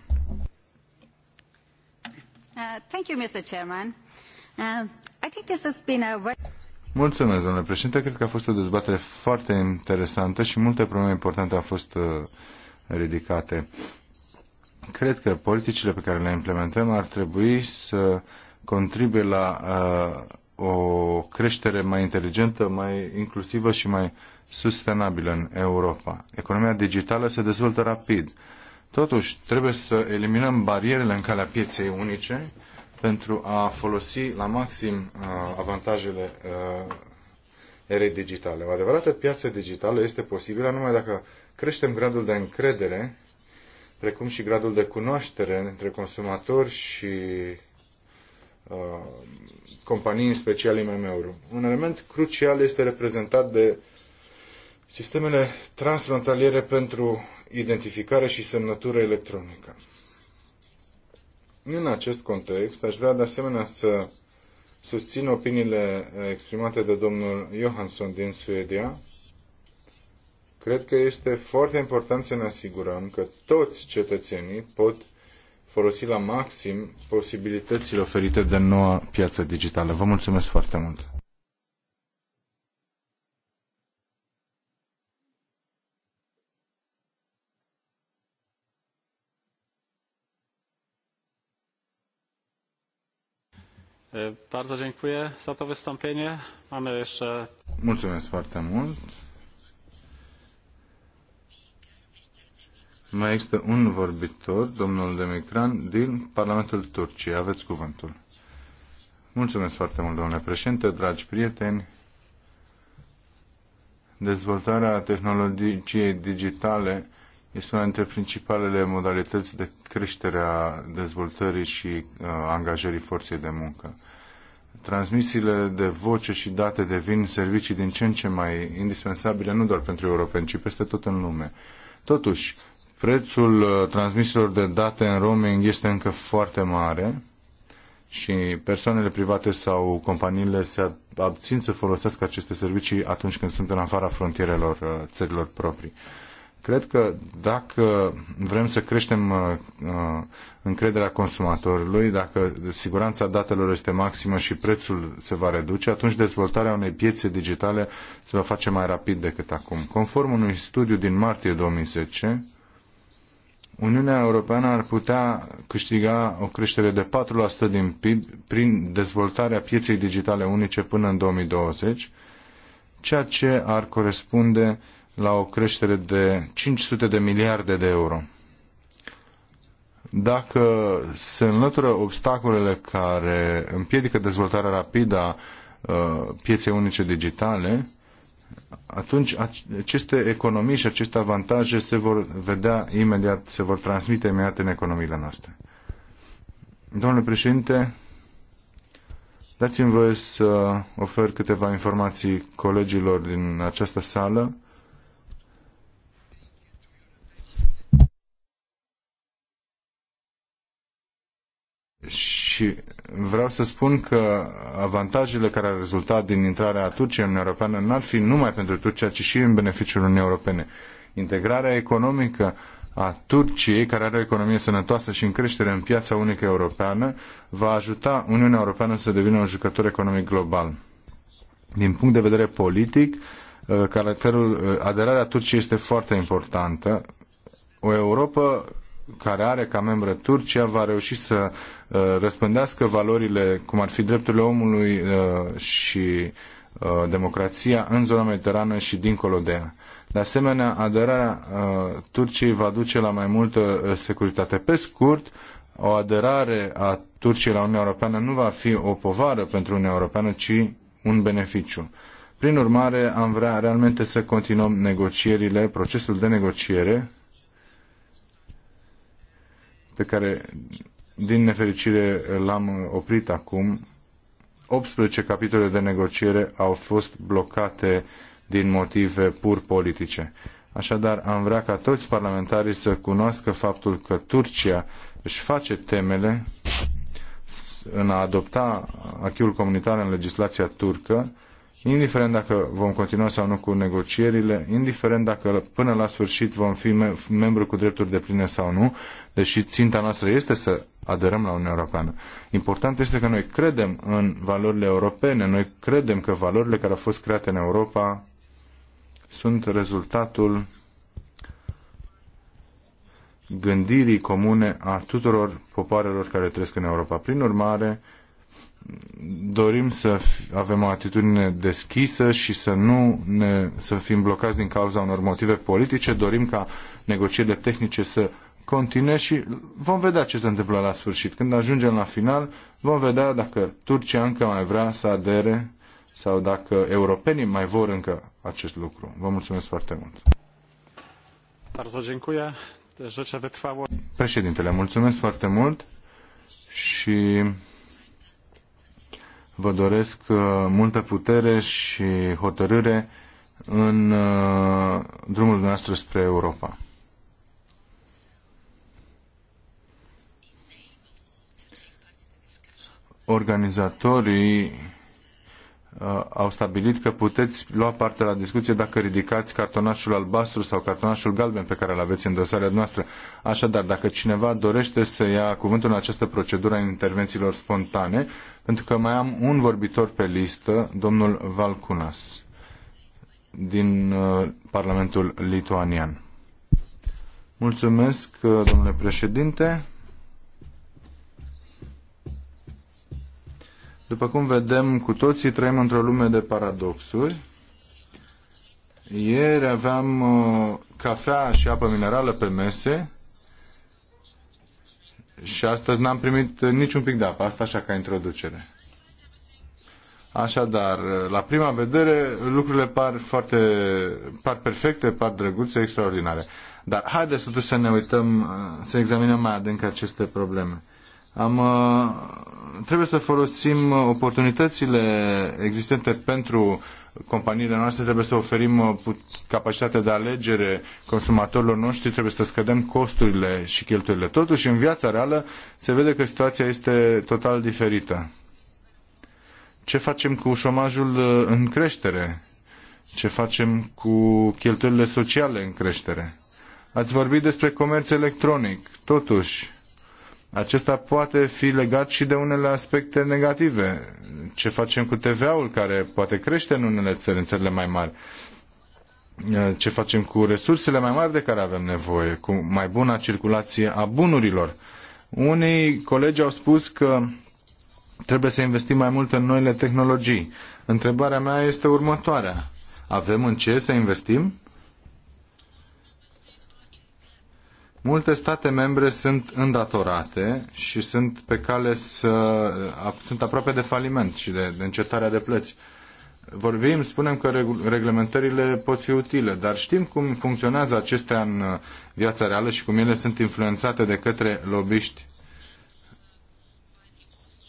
Mulțumesc, domnule președinte. Cred că a fost o dezbatere foarte interesantă și multe probleme importante au fost uh, ridicate cred că politicile pe care le implementăm ar trebui să contribuie la uh, o creștere mai inteligentă, mai inclusivă și mai sustenabilă în Europa. Economia digitală se dezvoltă rapid. Totuși, trebuie să eliminăm barierele în calea pieței unice pentru a folosi la maxim uh, avantajele uh, erei digitale. O adevărată piață digitală este posibilă numai dacă creștem gradul de încredere precum și gradul de cunoaștere între consumatori și uh, companii, în special IMM-uri. Un element crucial este reprezentat de sistemele transfrontaliere pentru identificare și semnătură electronică. În acest context, aș vrea de asemenea să susțin opiniile exprimate de domnul Johansson din Suedia, Cred că este foarte important să ne asigurăm că toți cetățenii pot folosi la maxim posibilitățile oferite de noua piață digitală. Vă mulțumesc foarte mult! Bardzo dziękuję za to wystąpienie. Mamy jeszcze... Mulțumesc foarte mult. Mai există un vorbitor, domnul Demicran, din Parlamentul Turciei. Aveți cuvântul. Mulțumesc foarte mult, domnule președinte, dragi prieteni. Dezvoltarea tehnologiei digitale este una dintre principalele modalități de creștere a dezvoltării și uh, angajării forței de muncă. Transmisiile de voce și date devin servicii din ce în ce mai indispensabile, nu doar pentru europeni, ci peste tot în lume. Totuși, prețul uh, transmisiilor de date în roaming este încă foarte mare și persoanele private sau companiile se abțin să folosească aceste servicii atunci când sunt în afara frontierelor uh, țărilor proprii. Cred că dacă vrem să creștem uh, încrederea consumatorului, dacă siguranța datelor este maximă și prețul se va reduce, atunci dezvoltarea unei piețe digitale se va face mai rapid decât acum. Conform unui studiu din martie 2010, Uniunea Europeană ar putea câștiga o creștere de 4% din PIB prin dezvoltarea pieței digitale unice până în 2020, ceea ce ar corespunde la o creștere de 500 de miliarde de euro. Dacă se înlătură obstacolele care împiedică dezvoltarea rapidă a uh, pieței unice digitale, atunci aceste economii și aceste avantaje se vor vedea imediat, se vor transmite imediat în economiile noastre. Domnule președinte, dați-mi voie să ofer câteva informații colegilor din această sală. Și și vreau să spun că avantajele care ar rezulta din intrarea Turciei în Uniunea Europeană n-ar fi numai pentru Turcia, ci și în beneficiul Uniunii Europene. Integrarea economică a Turciei, care are o economie sănătoasă și în creștere în piața unică europeană, va ajuta Uniunea Europeană să devină un jucător economic global. Din punct de vedere politic, eh, caracterul, eh, aderarea Turciei este foarte importantă. O Europa care are ca membră Turcia va reuși să uh, răspândească valorile cum ar fi drepturile omului uh, și uh, democrația în zona mediterană și dincolo de ea. De asemenea, aderarea Turciei va duce la mai multă securitate. Pe scurt, o aderare a Turciei la Uniunea Europeană nu va fi o povară pentru Uniunea Europeană, ci un beneficiu. Prin urmare, am vrea realmente să continuăm negocierile, procesul de negociere pe care, din nefericire, l-am oprit acum. 18 capitole de negociere au fost blocate din motive pur politice. Așadar, am vrea ca toți parlamentarii să cunoască faptul că Turcia își face temele în a adopta achiul comunitar în legislația turcă, indiferent dacă vom continua sau nu cu negocierile, indiferent dacă până la sfârșit vom fi membru cu drepturi de pline sau nu, deși ținta noastră este să aderăm la Uniunea Europeană. Important este că noi credem în valorile europene, noi credem că valorile care au fost create în Europa sunt rezultatul gândirii comune a tuturor popoarelor care trăiesc în Europa. Prin urmare, dorim să avem o atitudine deschisă și să nu ne, să fim blocați din cauza unor motive politice. Dorim ca negocierile tehnice să continue și vom vedea ce se întâmplă la sfârșit. Când ajungem la final, vom vedea dacă Turcia încă mai vrea să adere sau dacă europenii mai vor încă acest lucru. Vă mulțumesc foarte mult. Președintele, mulțumesc foarte mult și vă doresc uh, multă putere și hotărâre în uh, drumul nostru spre Europa. organizatorii uh, au stabilit că puteți lua parte la discuție dacă ridicați cartonașul albastru sau cartonașul galben pe care îl aveți în dosarea noastră. Așadar, dacă cineva dorește să ia cuvântul în această procedură a intervențiilor spontane, pentru că mai am un vorbitor pe listă, domnul Valcunas, din uh, Parlamentul Lituanian. Mulțumesc, uh, domnule președinte. După cum vedem cu toții, trăim într-o lume de paradoxuri. Ieri aveam uh, cafea și apă minerală pe mese și astăzi n-am primit uh, niciun pic de apă. Asta așa ca introducere. Așadar, uh, la prima vedere, lucrurile par foarte, par perfecte, par drăguțe, extraordinare. Dar haideți totuși să ne uităm, uh, să examinăm mai adânc aceste probleme. Am, uh, trebuie să folosim oportunitățile existente pentru companiile noastre, trebuie să oferim uh, capacitatea de alegere consumatorilor noștri, trebuie să scădem costurile și cheltuielile. Totuși, în viața reală se vede că situația este total diferită. Ce facem cu șomajul uh, în creștere? Ce facem cu cheltuielile sociale în creștere? Ați vorbit despre comerț electronic. Totuși, acesta poate fi legat și de unele aspecte negative. Ce facem cu TVA-ul, care poate crește în unele țări, în țările mai mari? Ce facem cu resursele mai mari de care avem nevoie, cu mai buna circulație a bunurilor? Unii colegi au spus că trebuie să investim mai mult în noile tehnologii. Întrebarea mea este următoarea. Avem în ce să investim? Multe state membre sunt îndatorate și sunt pe cale să... sunt aproape de faliment și de, de încetarea de plăți. Vorbim, spunem că reglementările pot fi utile, dar știm cum funcționează acestea în uh, viața reală și cum ele sunt influențate de către lobiști.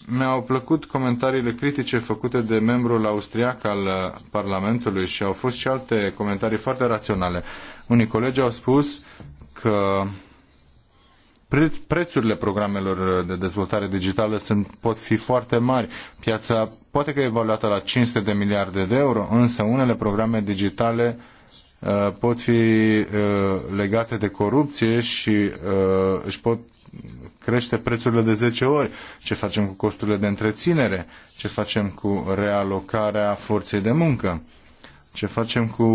Mi-au plăcut comentariile critice făcute de membrul austriac al uh, Parlamentului și au fost și alte comentarii foarte raționale. Unii colegi au spus că prețurile programelor de dezvoltare digitală sunt, pot fi foarte mari. Piața poate că e evaluată la 500 de miliarde de euro, însă unele programe digitale uh, pot fi uh, legate de corupție și uh, își pot crește prețurile de 10 ori, ce facem cu costurile de întreținere, ce facem cu realocarea forței de muncă, ce facem cu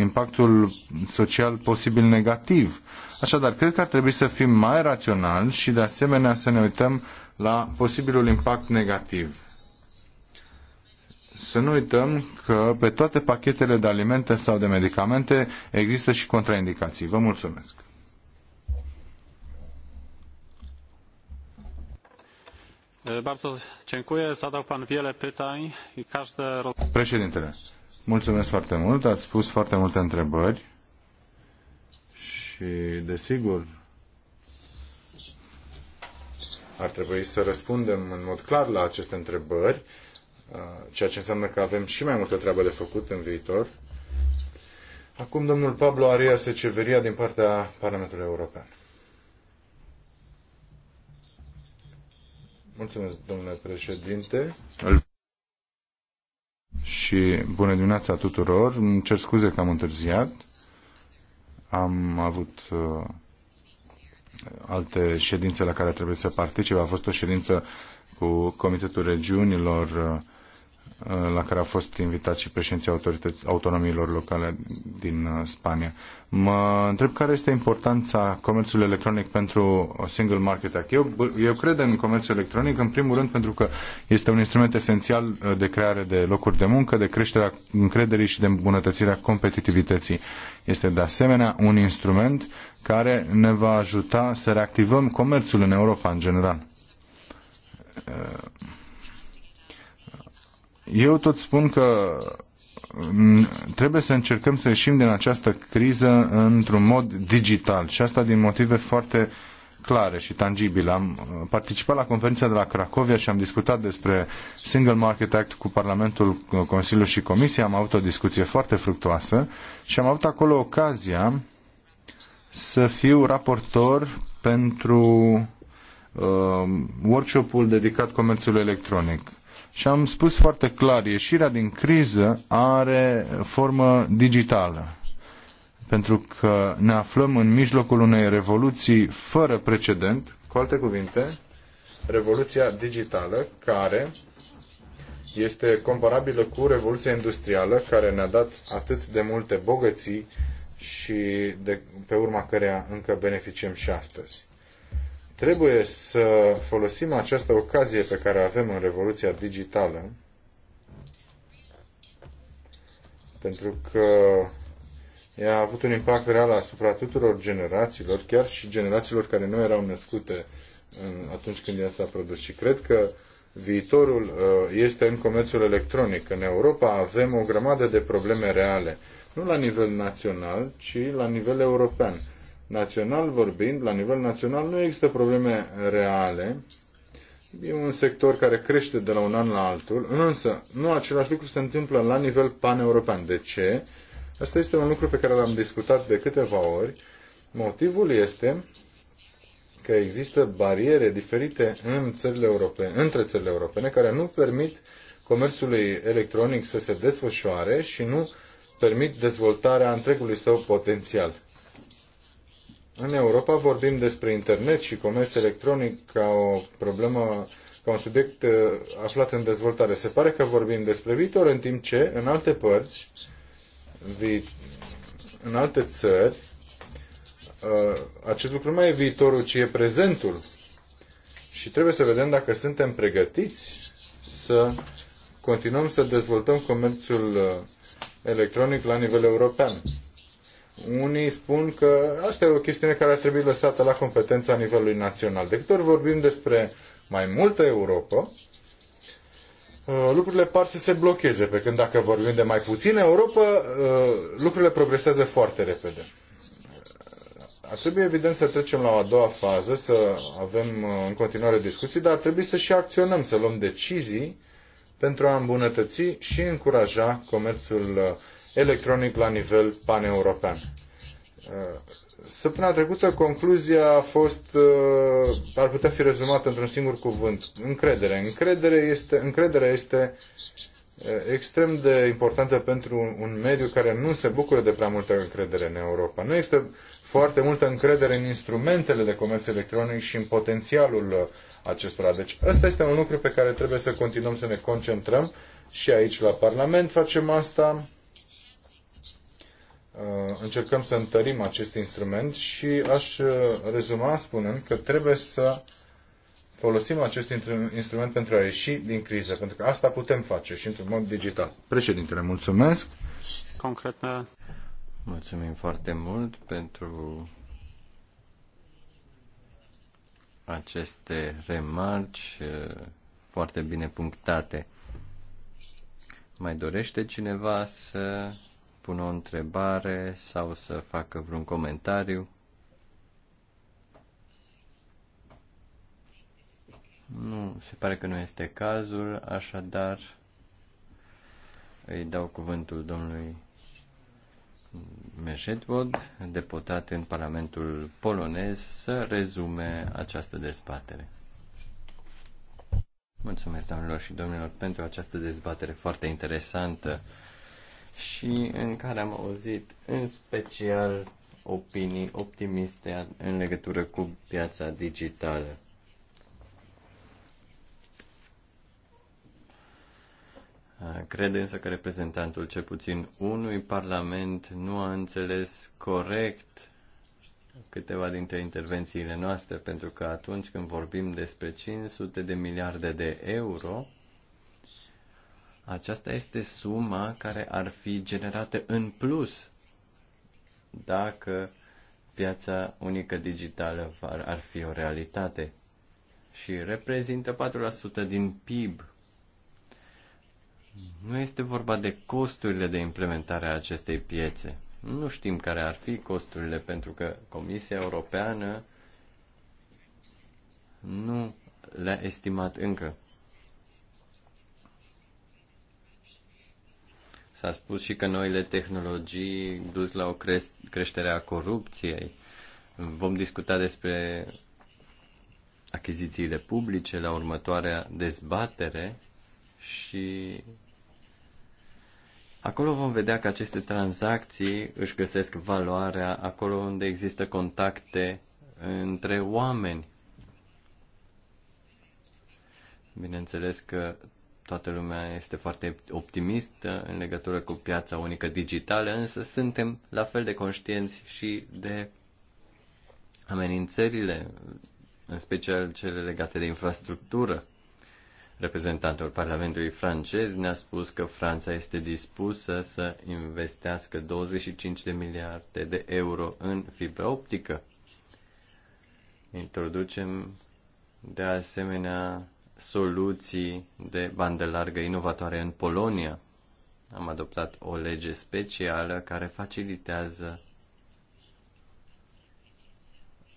impactul social posibil negativ Așadar, cred că ar trebui să fim mai raționali și, de asemenea, să ne uităm la posibilul impact negativ. Să nu uităm că pe toate pachetele de alimente sau de medicamente există și contraindicații. Vă mulțumesc! Bardzo dziękuję. Zadał pan wiele pytań i każde... Președintele, mulțumesc foarte mult. Ați spus foarte multe întrebări și, desigur, ar trebui să răspundem în mod clar la aceste întrebări, uh, ceea ce înseamnă că avem și mai multă treabă de făcut în viitor. Acum domnul Pablo Aria Seceveria din partea Parlamentului European. Mulțumesc, domnule președinte. Și bună dimineața tuturor. Îmi cer scuze că am întârziat. Am avut uh, alte ședințe la care trebuie să participe. A fost o ședință cu Comitetul Regiunilor uh, la care a fost invitat și președinția autonomiilor locale din uh, Spania. Mă întreb care este importanța comerțului electronic pentru Single Market Act. Eu, eu cred în comerțul electronic, în primul rând, pentru că este un instrument esențial uh, de creare de locuri de muncă, de creșterea încrederii și de îmbunătățirea competitivității. Este, de asemenea, un instrument care ne va ajuta să reactivăm comerțul în Europa, în general. Uh eu tot spun că mm, trebuie să încercăm să ieșim din această criză într-un mod digital și asta din motive foarte clare și tangibile. Am uh, participat la conferința de la Cracovia și am discutat despre Single Market Act cu Parlamentul, Consiliul și Comisia. Am avut o discuție foarte fructoasă și am avut acolo ocazia să fiu raportor pentru uh, workshop-ul dedicat comerțului electronic și am spus foarte clar, ieșirea din criză are formă digitală. Pentru că ne aflăm în mijlocul unei revoluții fără precedent, cu alte cuvinte, revoluția digitală, care este comparabilă cu revoluția industrială, care ne-a dat atât de multe bogății și de, pe urma căreia încă beneficiem și astăzi. Trebuie să folosim această ocazie pe care o avem în revoluția digitală, pentru că ea a avut un impact real asupra tuturor generațiilor, chiar și generațiilor care nu erau născute atunci când ea s-a produs. Și cred că viitorul uh, este în comerțul electronic. În Europa avem o grămadă de probleme reale, nu la nivel național, ci la nivel european național vorbind, la nivel național, nu există probleme reale. E un sector care crește de la un an la altul, însă nu același lucru se întâmplă la nivel paneuropean. De ce? Asta este un lucru pe care l-am discutat de câteva ori. Motivul este că există bariere diferite în țările europene, între țările europene care nu permit comerțului electronic să se desfășoare și nu permit dezvoltarea întregului său potențial. În Europa vorbim despre internet și comerț electronic ca o problemă, ca un subiect uh, aflat în dezvoltare. Se pare că vorbim despre viitor, în timp ce în alte părți, vi, în alte țări, uh, acest lucru nu mai e viitorul, ci e prezentul. Și trebuie să vedem dacă suntem pregătiți să continuăm să dezvoltăm comerțul uh, electronic la nivel european. Unii spun că asta e o chestiune care ar trebui lăsată la competența nivelului național. De câte ori vorbim despre mai multă Europa, uh, lucrurile par să se blocheze, pe când dacă vorbim de mai puțină Europa, uh, lucrurile progresează foarte repede. Ar trebui, evident, să trecem la o a doua fază, să avem uh, în continuare discuții, dar ar trebui să și acționăm, să luăm decizii pentru a îmbunătăți și încuraja comerțul electronic la nivel paneuropean. Uh, săptămâna trecută concluzia a fost, uh, ar putea fi rezumată într-un singur cuvânt, încredere. Încredere este, încrederea este uh, extrem de importantă pentru un mediu care nu se bucură de prea multă încredere în Europa. Nu este foarte multă încredere în instrumentele de comerț electronic și în potențialul acestora. Deci ăsta este un lucru pe care trebuie să continuăm să ne concentrăm și aici la Parlament facem asta Uh, încercăm să întărim acest instrument și aș uh, rezuma spunând că trebuie să folosim acest instrument pentru a ieși din criză, pentru că asta putem face și într-un mod digital. Președintele, mulțumesc. Concret, mulțumim foarte mult pentru aceste remarci uh, foarte bine punctate. Mai dorește cineva să pună o întrebare sau să facă vreun comentariu. Nu, se pare că nu este cazul, așadar îi dau cuvântul domnului Meșetvod, deputat în Parlamentul polonez, să rezume această dezbatere. Mulțumesc, doamnelor și domnilor, pentru această dezbatere foarte interesantă și în care am auzit în special opinii optimiste în legătură cu piața digitală. Cred însă că reprezentantul cel puțin unui parlament nu a înțeles corect câteva dintre intervențiile noastre, pentru că atunci când vorbim despre 500 de miliarde de euro, aceasta este suma care ar fi generată în plus dacă piața unică digitală ar fi o realitate și reprezintă 4% din PIB. Nu este vorba de costurile de implementare a acestei piețe. Nu știm care ar fi costurile pentru că Comisia Europeană nu le-a estimat încă. S-a spus și că noile tehnologii duc la o creștere a corupției. Vom discuta despre achizițiile publice la următoarea dezbatere și acolo vom vedea că aceste tranzacții își găsesc valoarea acolo unde există contacte între oameni. Bineînțeles că Toată lumea este foarte optimistă în legătură cu piața unică digitală, însă suntem la fel de conștienți și de amenințările, în special cele legate de infrastructură. Reprezentantul Parlamentului francez ne-a spus că Franța este dispusă să investească 25 de miliarde de euro în fibra optică. Introducem de asemenea soluții de bandă largă inovatoare în Polonia. Am adoptat o lege specială care facilitează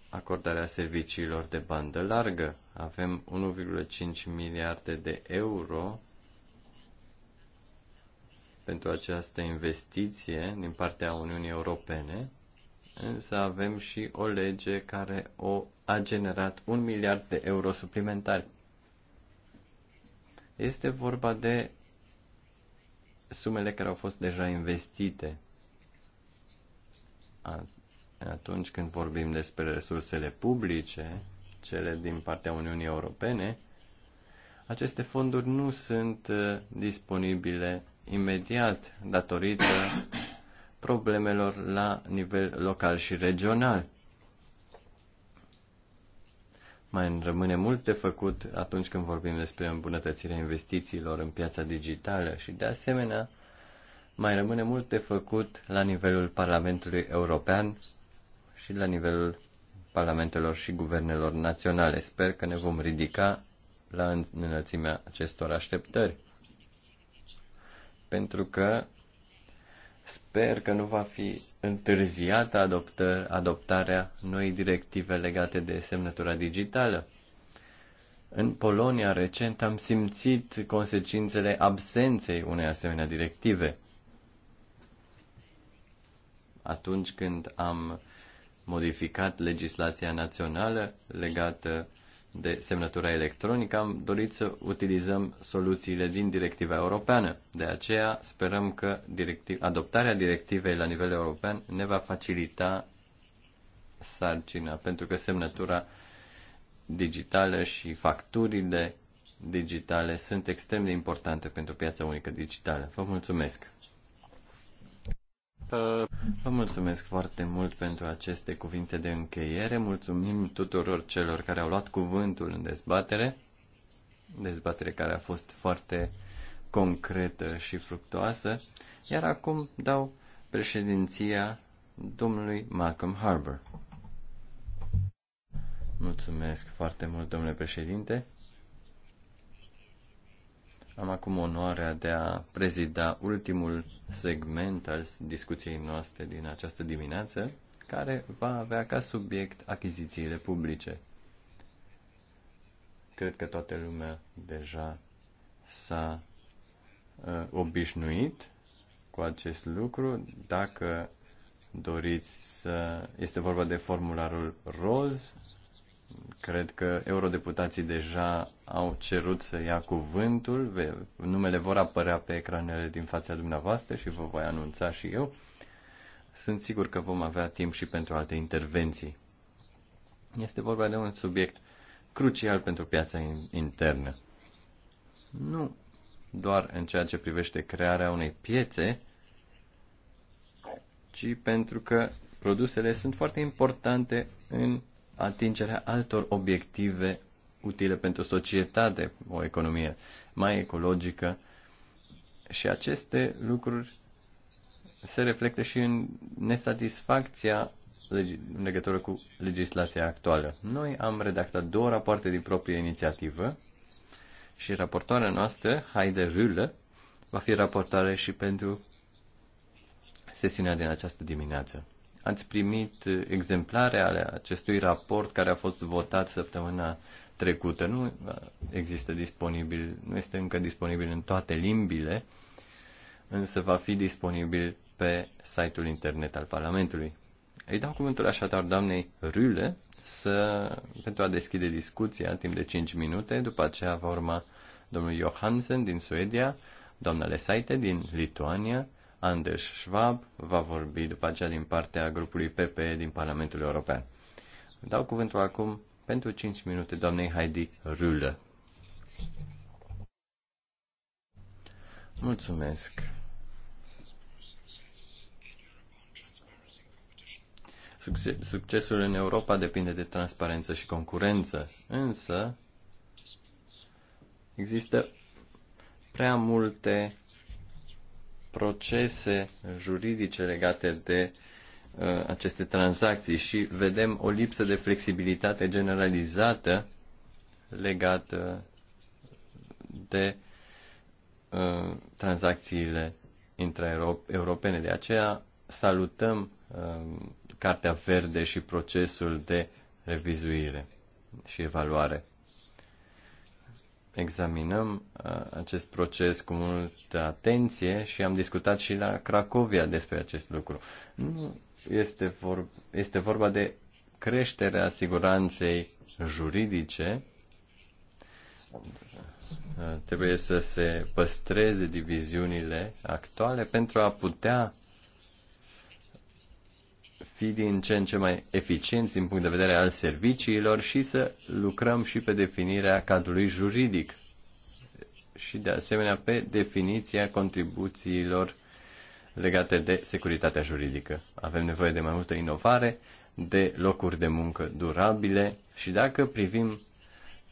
acordarea serviciilor de bandă largă. Avem 1,5 miliarde de euro pentru această investiție din partea Uniunii Europene, însă avem și o lege care o a generat un miliard de euro suplimentari. Este vorba de sumele care au fost deja investite atunci când vorbim despre resursele publice, cele din partea Uniunii Europene, aceste fonduri nu sunt uh, disponibile imediat datorită problemelor la nivel local și regional. Mai rămâne mult de făcut atunci când vorbim despre îmbunătățirea investițiilor în piața digitală și, de asemenea, mai rămâne mult de făcut la nivelul Parlamentului European și la nivelul parlamentelor și guvernelor naționale. Sper că ne vom ridica la înălțimea acestor așteptări. Pentru că Sper că nu va fi întârziată adoptă, adoptarea noii directive legate de semnătura digitală. În Polonia recent am simțit consecințele absenței unei asemenea directive. Atunci când am modificat legislația națională legată uh, de semnătura electronică, am dorit să utilizăm soluțiile din directiva europeană. De aceea sperăm că directiv, adoptarea directivei la nivel european ne va facilita sarcina, pentru că semnătura digitală și facturile digitale sunt extrem de importante pentru piața unică digitală. Vă mulțumesc! Vă mulțumesc foarte mult pentru aceste cuvinte de încheiere. Mulțumim tuturor celor care au luat cuvântul în dezbatere. Dezbatere care a fost foarte concretă și fructoasă. Iar acum dau președinția domnului Malcolm Harbour. Mulțumesc foarte mult, domnule președinte. Am acum onoarea de a prezida ultimul segment al discuției noastre din această dimineață, care va avea ca subiect achizițiile publice. Cred că toată lumea deja s-a uh, obișnuit cu acest lucru. Dacă doriți să... Este vorba de formularul roz Cred că eurodeputații deja au cerut să ia cuvântul, numele vor apărea pe ecranele din fața dumneavoastră și vă voi anunța și eu. Sunt sigur că vom avea timp și pentru alte intervenții. Este vorba de un subiect crucial pentru piața internă. Nu doar în ceea ce privește crearea unei piețe, ci pentru că produsele sunt foarte importante în atingerea altor obiective utile pentru societate, o economie mai ecologică. Și aceste lucruri se reflectă și în nesatisfacția în legătură cu legislația actuală. Noi am redactat două rapoarte din proprie inițiativă și raportoarea noastră, haide rulă, va fi raportare și pentru sesiunea din această dimineață. Ați primit exemplare ale acestui raport care a fost votat săptămâna trecută. Nu există disponibil, nu este încă disponibil în toate limbile, însă va fi disponibil pe site-ul internet al Parlamentului. Îi dau cuvântul așadar doamnei Rüle să, pentru a deschide discuția timp de 5 minute, după aceea va urma domnul Johansen din Suedia, doamna Lesaite din Lituania, Anders Schwab va vorbi după aceea din partea grupului PPE din Parlamentul European. Dau cuvântul acum pentru 5 minute doamnei Heidi Rühle. Mulțumesc. Succesul în Europa depinde de transparență și concurență, însă există prea multe procese juridice legate de uh, aceste tranzacții și vedem o lipsă de flexibilitate generalizată legată de uh, tranzacțiile intraeuropene. De aceea salutăm uh, Cartea Verde și procesul de revizuire și evaluare examinăm uh, acest proces cu multă atenție și am discutat și la Cracovia despre acest lucru. Nu este, vor, este vorba de creșterea siguranței juridice. Uh, trebuie să se păstreze diviziunile actuale pentru a putea fi din ce în ce mai eficienți din punct de vedere al serviciilor și să lucrăm și pe definirea cadrului juridic și de asemenea pe definiția contribuțiilor legate de securitatea juridică. Avem nevoie de mai multă inovare, de locuri de muncă durabile și dacă privim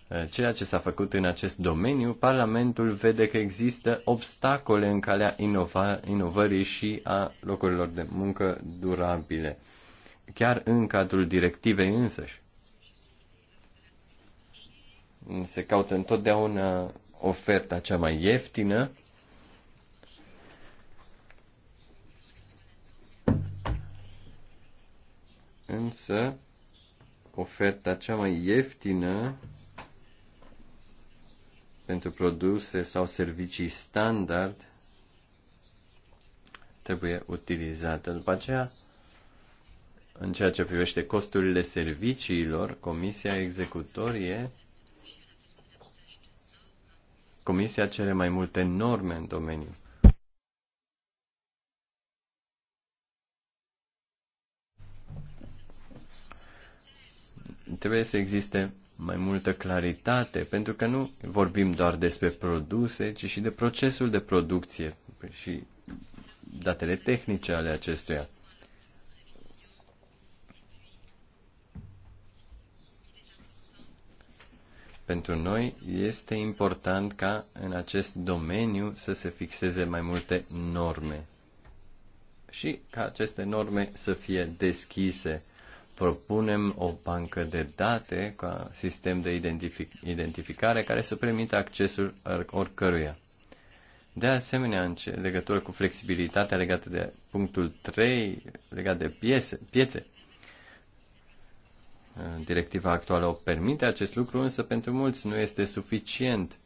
Eh, ceea ce s-a făcut în acest domeniu, Parlamentul vede că există obstacole în calea inova, inovării și a locurilor de muncă durabile, chiar în cadrul directivei însăși. Se caută întotdeauna oferta cea mai ieftină însă oferta cea mai ieftină pentru produse sau servicii standard trebuie utilizată. După aceea, în ceea ce privește costurile serviciilor, Comisia Executorie Comisia cere mai multe norme în domeniu. Trebuie să existe mai multă claritate, pentru că nu vorbim doar despre produse, ci și de procesul de producție și datele tehnice ale acestuia. Pentru noi este important ca în acest domeniu să se fixeze mai multe norme și ca aceste norme să fie deschise propunem o bancă de date ca sistem de identific- identificare care să permită accesul oricăruia. De asemenea, în legătură cu flexibilitatea legată de punctul 3, legat de piese, piețe, directiva actuală o permite acest lucru, însă pentru mulți nu este suficient.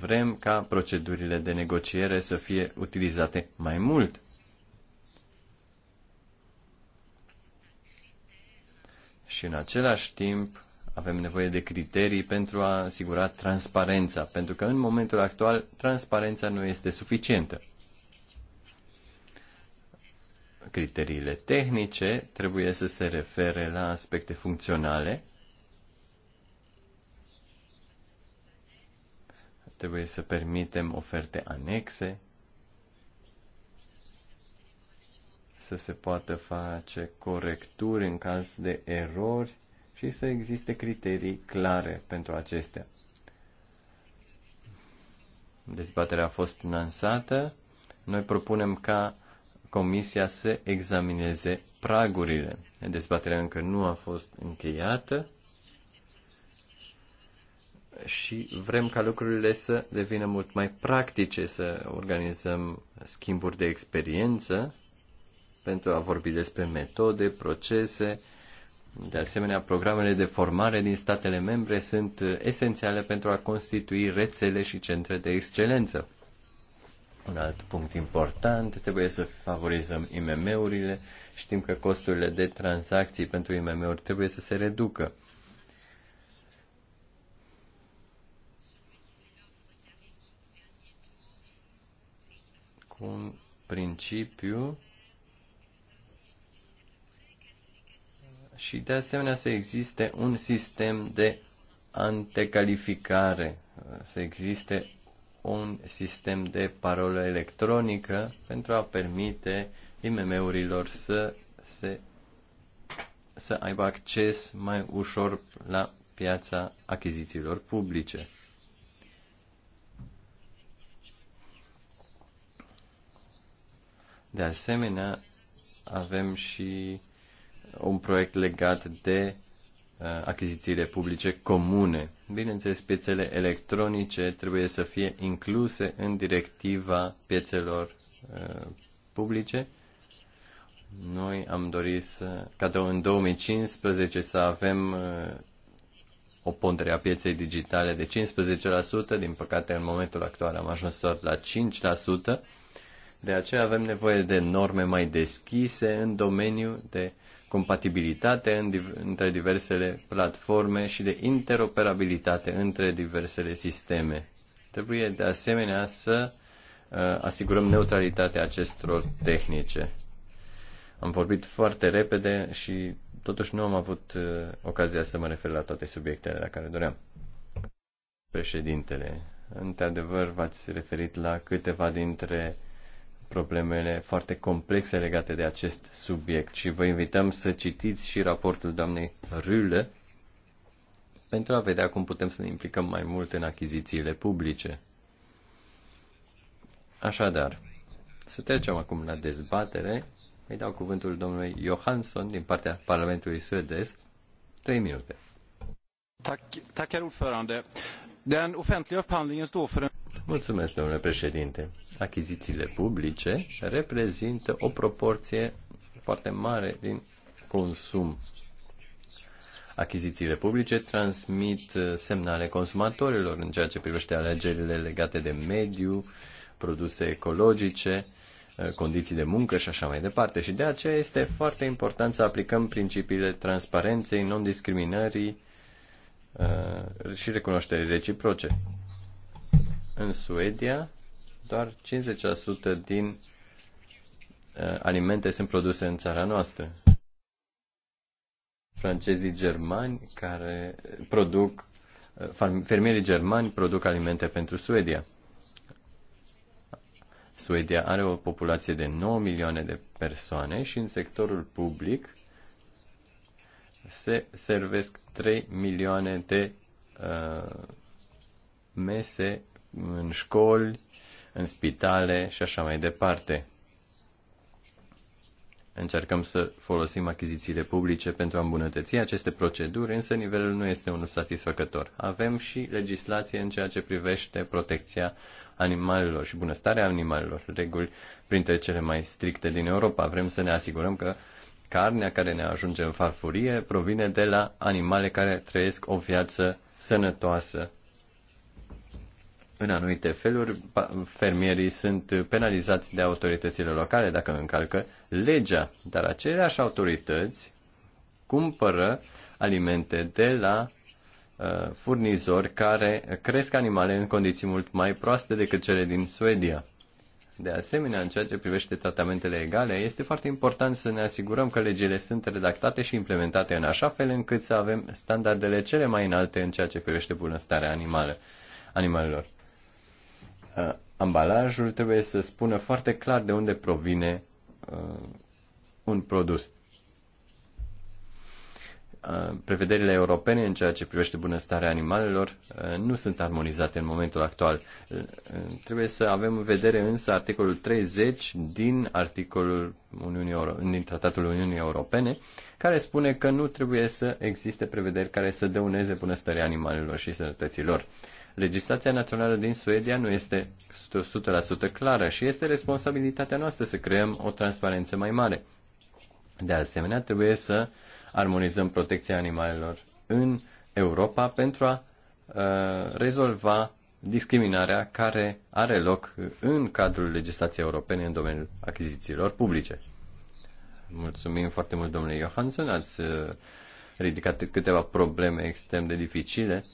Vrem ca procedurile de negociere să fie utilizate mai mult și în același timp avem nevoie de criterii pentru a asigura transparența, pentru că în momentul actual transparența nu este suficientă. Criteriile tehnice trebuie să se refere la aspecte funcționale. Trebuie să permitem oferte anexe să se poată face corecturi în caz de erori și să existe criterii clare pentru acestea. Dezbaterea a fost lansată. Noi propunem ca Comisia să examineze pragurile. Dezbaterea încă nu a fost încheiată și vrem ca lucrurile să devină mult mai practice, să organizăm schimburi de experiență pentru a vorbi despre metode, procese. De asemenea, programele de formare din statele membre sunt esențiale pentru a constitui rețele și centre de excelență. Un alt punct important, trebuie să favorizăm IMM-urile. Știm că costurile de tranzacții pentru IMM-uri trebuie să se reducă. Cu un principiu și de asemenea să existe un sistem de antecalificare, să existe un sistem de parolă electronică pentru a permite IMM-urilor să, se, să aibă acces mai ușor la piața achizițiilor publice. De asemenea, avem și un proiect legat de uh, achizițiile publice comune. Bineînțeles, piețele electronice trebuie să fie incluse în directiva piețelor uh, publice. Noi am dorit să, ca de, în 2015 să avem uh, o pondere a pieței digitale de 15%, din păcate în momentul actual am ajuns doar la 5%, de aceea avem nevoie de norme mai deschise în domeniu de compatibilitate între diversele platforme și de interoperabilitate între diversele sisteme. Trebuie de asemenea să uh, asigurăm neutralitatea acestor tehnice. Am vorbit foarte repede și totuși nu am avut uh, ocazia să mă refer la toate subiectele la care doream. Președintele, într-adevăr v-ați referit la câteva dintre problemele foarte complexe legate de acest subiect și vă invităm să citiți și raportul doamnei Rüle pentru a vedea cum putem să ne implicăm mai mult în achizițiile publice. Așadar, să trecem acum la dezbatere. Îi dau cuvântul domnului Johansson din partea Parlamentului suedez. Trei minute. Tack, tack herr ordförande. Den upphandlingen står en... Mulțumesc, domnule președinte. Achizițiile publice reprezintă o proporție foarte mare din consum. Achizițiile publice transmit uh, semnale consumatorilor în ceea ce privește alegerile legate de mediu, produse ecologice, uh, condiții de muncă și așa mai departe. Și de aceea este foarte important să aplicăm principiile transparenței, non-discriminării, Uh, și recunoșterii reciproce. În Suedia, doar 50% din uh, alimente sunt produse în țara noastră. Francezii germani care produc, uh, fermierii germani produc alimente pentru Suedia. Suedia are o populație de 9 milioane de persoane și în sectorul public se servesc 3 milioane de uh, mese în școli, în spitale și așa mai departe. Încercăm să folosim achizițiile publice pentru a îmbunătăți aceste proceduri, însă nivelul nu este unul satisfăcător. Avem și legislație în ceea ce privește protecția animalelor și bunăstarea animalelor, reguli printre cele mai stricte din Europa. Vrem să ne asigurăm că uh, Carnea care ne ajunge în farfurie provine de la animale care trăiesc o viață sănătoasă. În anumite feluri, fermierii sunt penalizați de autoritățile locale dacă încalcă legea, dar aceleași autorități cumpără alimente de la uh, furnizori care cresc animale în condiții mult mai proaste decât cele din Suedia. De asemenea, în ceea ce privește tratamentele egale, este foarte important să ne asigurăm că legile sunt redactate și implementate în așa fel încât să avem standardele cele mai înalte în ceea ce privește bunăstarea animală, animalelor. Uh, ambalajul trebuie să spună foarte clar de unde provine uh, un produs prevederile europene în ceea ce privește bunăstarea animalelor nu sunt armonizate în momentul actual. Trebuie să avem în vedere însă articolul 30 din articolul Uniunii Euro- din Tratatul Uniunii Europene, care spune că nu trebuie să existe prevederi care să dăuneze bunăstarea animalelor și lor. Legislația națională din Suedia nu este 100% clară și este responsabilitatea noastră să creăm o transparență mai mare. De asemenea, trebuie să uh, armonizăm protecția animalelor în Europa pentru a uh, rezolva discriminarea care are loc în cadrul legislației europene în domeniul achizițiilor publice. Mulțumim foarte mult, domnule Johansson, ați uh, ridicat câteva probleme extrem de dificile.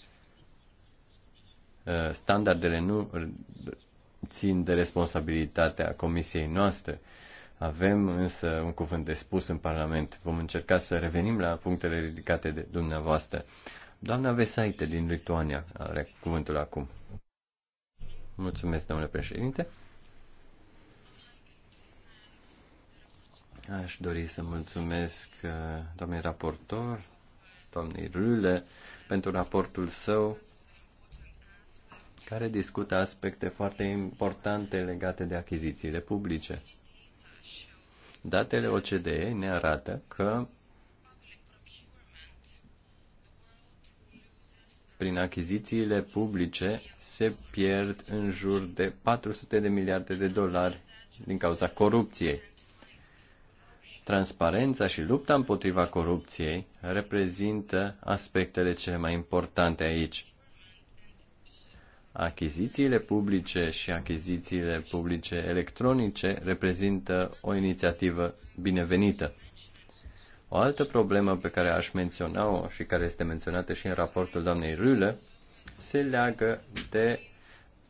Uh, standardele nu țin de responsabilitatea comisiei noastre. Avem însă un cuvânt de spus în Parlament. Vom încerca să revenim la punctele ridicate de dumneavoastră. Doamna Vesaite din Lituania are cuvântul acum. Mulțumesc, domnule președinte. Aș dori să mulțumesc uh, domnului raportor, domnului Rule, pentru raportul său, care discută aspecte foarte importante legate de achizițiile publice. Datele OCDE ne arată că prin achizițiile publice se pierd în jur de 400 de miliarde de dolari din cauza corupției. Transparența și lupta împotriva corupției reprezintă aspectele cele mai importante aici. Achizițiile publice și achizițiile publice electronice reprezintă o inițiativă binevenită. O altă problemă pe care aș menționa-o și care este menționată și în raportul doamnei Rüle se leagă de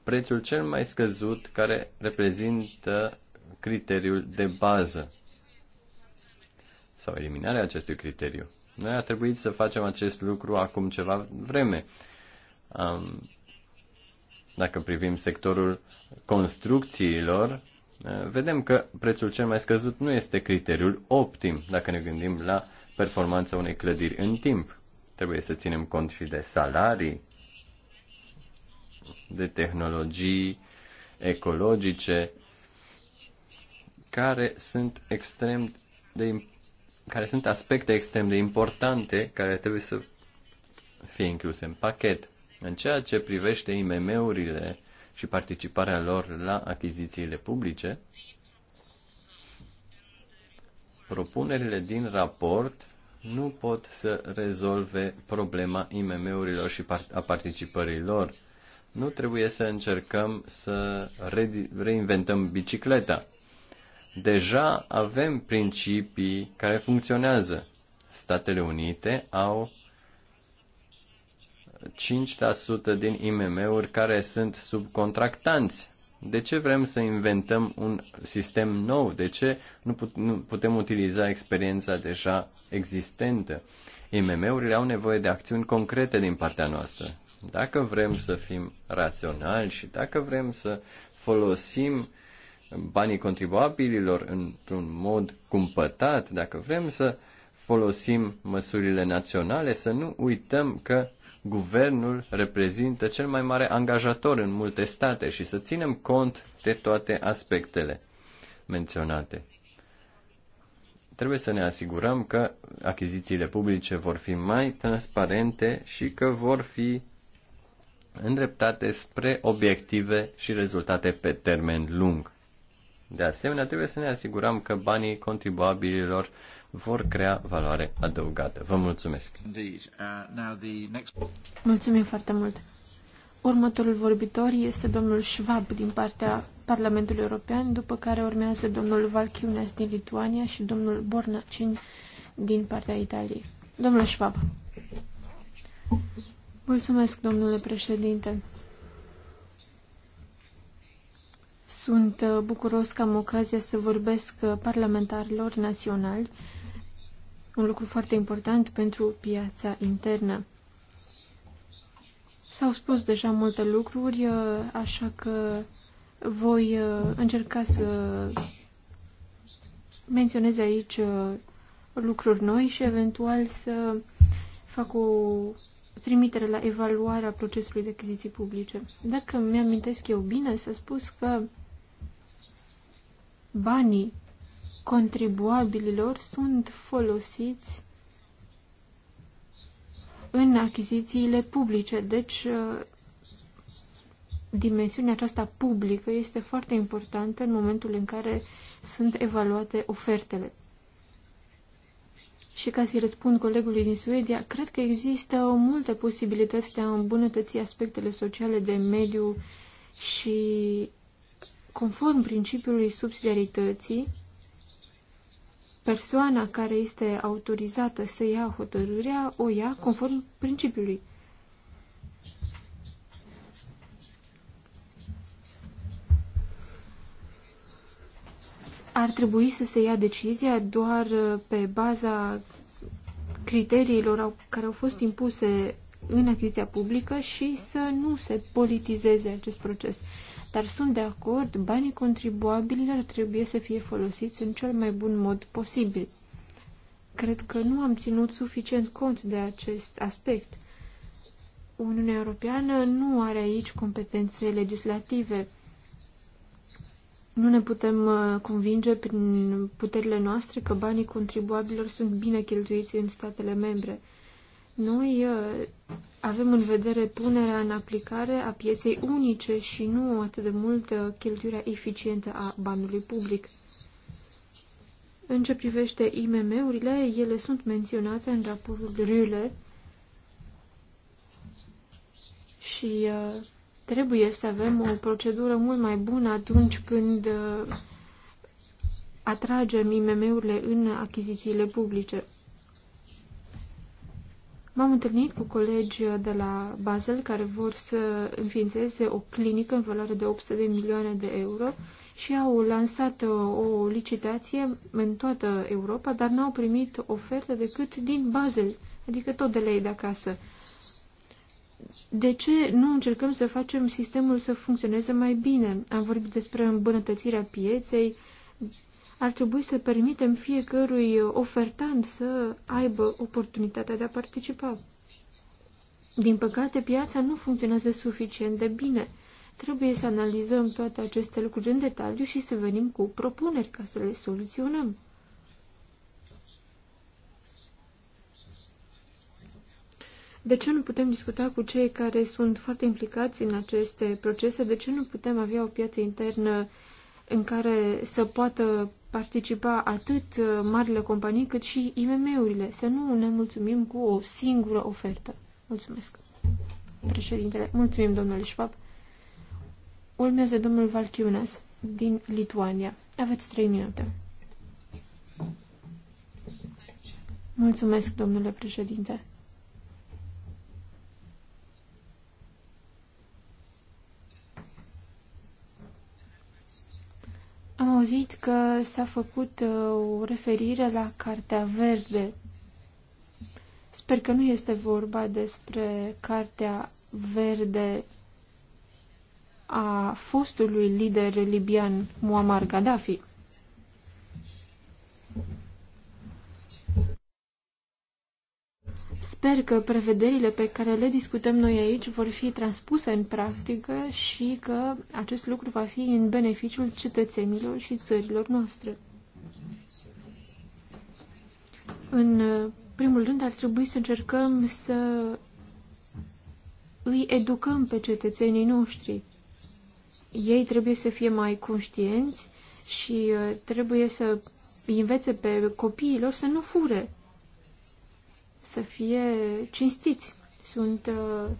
prețul cel mai scăzut care reprezintă criteriul de bază sau eliminarea acestui criteriu. Noi a trebuit să facem acest lucru acum ceva vreme. Um, dacă privim sectorul construcțiilor, eh, vedem că prețul cel mai scăzut nu este criteriul optim dacă ne gândim la performanța unei clădiri în timp. Trebuie să ținem cont și de salarii, de tehnologii ecologice care sunt extrem de care sunt aspecte extrem de importante care trebuie să fie incluse în pachet. În ceea ce privește IMM-urile și participarea lor la achizițiile publice, propunerile din raport nu pot să rezolve problema IMM-urilor și a participării lor. Nu trebuie să încercăm să reinventăm bicicleta. Deja avem principii care funcționează. Statele Unite au 5% din IMM-uri care sunt subcontractanți. De ce vrem să inventăm un sistem nou? De ce nu, putem utiliza experiența deja existentă? IMM-urile au nevoie de acțiuni concrete din partea noastră. Dacă vrem să fim raționali și dacă vrem să folosim banii contribuabililor într-un mod cumpătat, dacă vrem să folosim măsurile naționale, să nu uităm că guvernul reprezintă cel mai mare angajator în multe state și să ținem cont de toate aspectele menționate. Trebuie să ne asigurăm că achizițiile publice vor fi mai transparente și că vor fi îndreptate spre obiective și rezultate pe termen lung. De asemenea, trebuie să ne asigurăm că banii contribuabililor vor crea valoare adăugată. Vă mulțumesc! Mulțumim foarte mult! Următorul vorbitor este domnul Schwab din partea Parlamentului European, după care urmează domnul Valchiunas din Lituania și domnul Bornacin din partea Italiei. Domnul Schwab. Mulțumesc, domnule președinte. Sunt uh, bucuros că am ocazia să vorbesc uh, parlamentarilor naționali un lucru foarte important pentru piața internă. S-au spus deja multe lucruri, uh, așa că voi uh, încerca să menționez aici uh, lucruri noi și eventual să fac o trimitere la evaluarea procesului de achiziții publice. Dacă mi-amintesc eu bine, s-a spus că banii contribuabililor sunt folosiți în achizițiile publice. Deci, uh, dimensiunea aceasta publică este foarte importantă în momentul în care sunt evaluate ofertele. Și ca să-i răspund colegului din Suedia, cred că există multe posibilități de a îmbunătăți aspectele sociale de mediu și conform principiului subsidiarității, persoana care este autorizată să ia hotărârea o ia conform principiului. Ar trebui să se ia decizia doar pe baza criteriilor care au fost impuse în achiziția publică și să nu se politizeze acest proces. Dar sunt de acord, banii contribuabililor trebuie să fie folosiți în cel mai bun mod posibil. Cred că nu am ținut suficient cont de acest aspect. Uniunea Europeană nu are aici competențe legislative. Nu ne putem uh, convinge prin puterile noastre că banii contribuabililor sunt bine cheltuiți în statele membre. Noi uh, avem în vedere punerea în aplicare a pieței unice și nu atât de mult uh, cheltuirea eficientă a banului public. În ce privește IMM-urile, ele sunt menționate în raportul Rule și uh, trebuie să avem o procedură mult mai bună atunci când uh, atragem IMM-urile în achizițiile publice. M-am întâlnit cu colegi de la Basel care vor să înființeze o clinică în valoare de 800 de milioane de euro și au lansat o licitație în toată Europa, dar n-au primit ofertă decât din Basel, adică tot de la ei de acasă. De ce nu încercăm să facem sistemul să funcționeze mai bine? Am vorbit despre îmbunătățirea pieței, ar trebui să permitem fiecărui ofertant să aibă oportunitatea de a participa. Din păcate, piața nu funcționează suficient de bine. Trebuie să analizăm toate aceste lucruri în detaliu și să venim cu propuneri ca să le soluționăm. De ce nu putem discuta cu cei care sunt foarte implicați în aceste procese? De ce nu putem avea o piață internă în care să poată participa atât uh, marile companii cât și IMM-urile. Să nu ne mulțumim cu o singură ofertă. Mulțumesc. Președintele, mulțumim domnule Schwab. Urmează domnul Valchiunas din Lituania. Aveți trei minute. Mulțumesc, domnule președinte. Am auzit că s-a făcut uh, o referire la Cartea Verde. Sper că nu este vorba despre Cartea Verde a fostului lider libian Muammar Gaddafi. Sper că prevederile pe care le discutăm noi aici vor fi transpuse în practică și că acest lucru va fi în beneficiul cetățenilor și țărilor noastre. În primul rând ar trebui să încercăm să îi educăm pe cetățenii noștri. Ei trebuie să fie mai conștienți și uh, trebuie să îi învețe pe copiilor să nu fure să fie cinstiți. Sunt uh,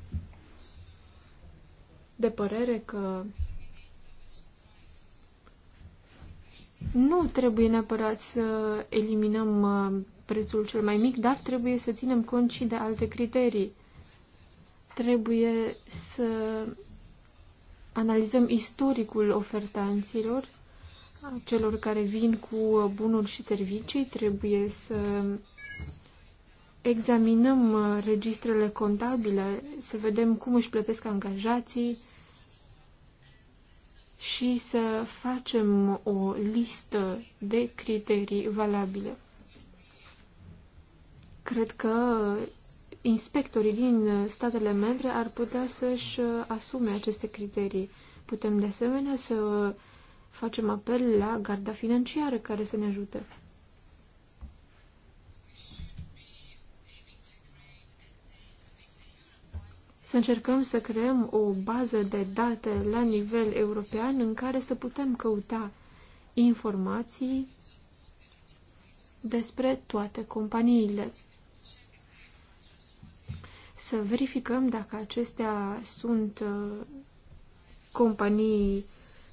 de părere că nu trebuie neapărat să eliminăm uh, prețul cel mai mic, dar trebuie să ținem cont și de alte criterii. Trebuie să analizăm istoricul ofertanților, celor care vin cu uh, bunuri și servicii, trebuie să examinăm uh, registrele contabile, să vedem cum își plătesc angajații și să facem o listă de criterii valabile. Cred că inspectorii din statele membre ar putea să-și uh, asume aceste criterii. Putem de asemenea să facem apel la garda financiară care să ne ajute. să încercăm să creăm o bază de date la nivel european în care să putem căuta informații despre toate companiile. Să verificăm dacă acestea sunt uh, companii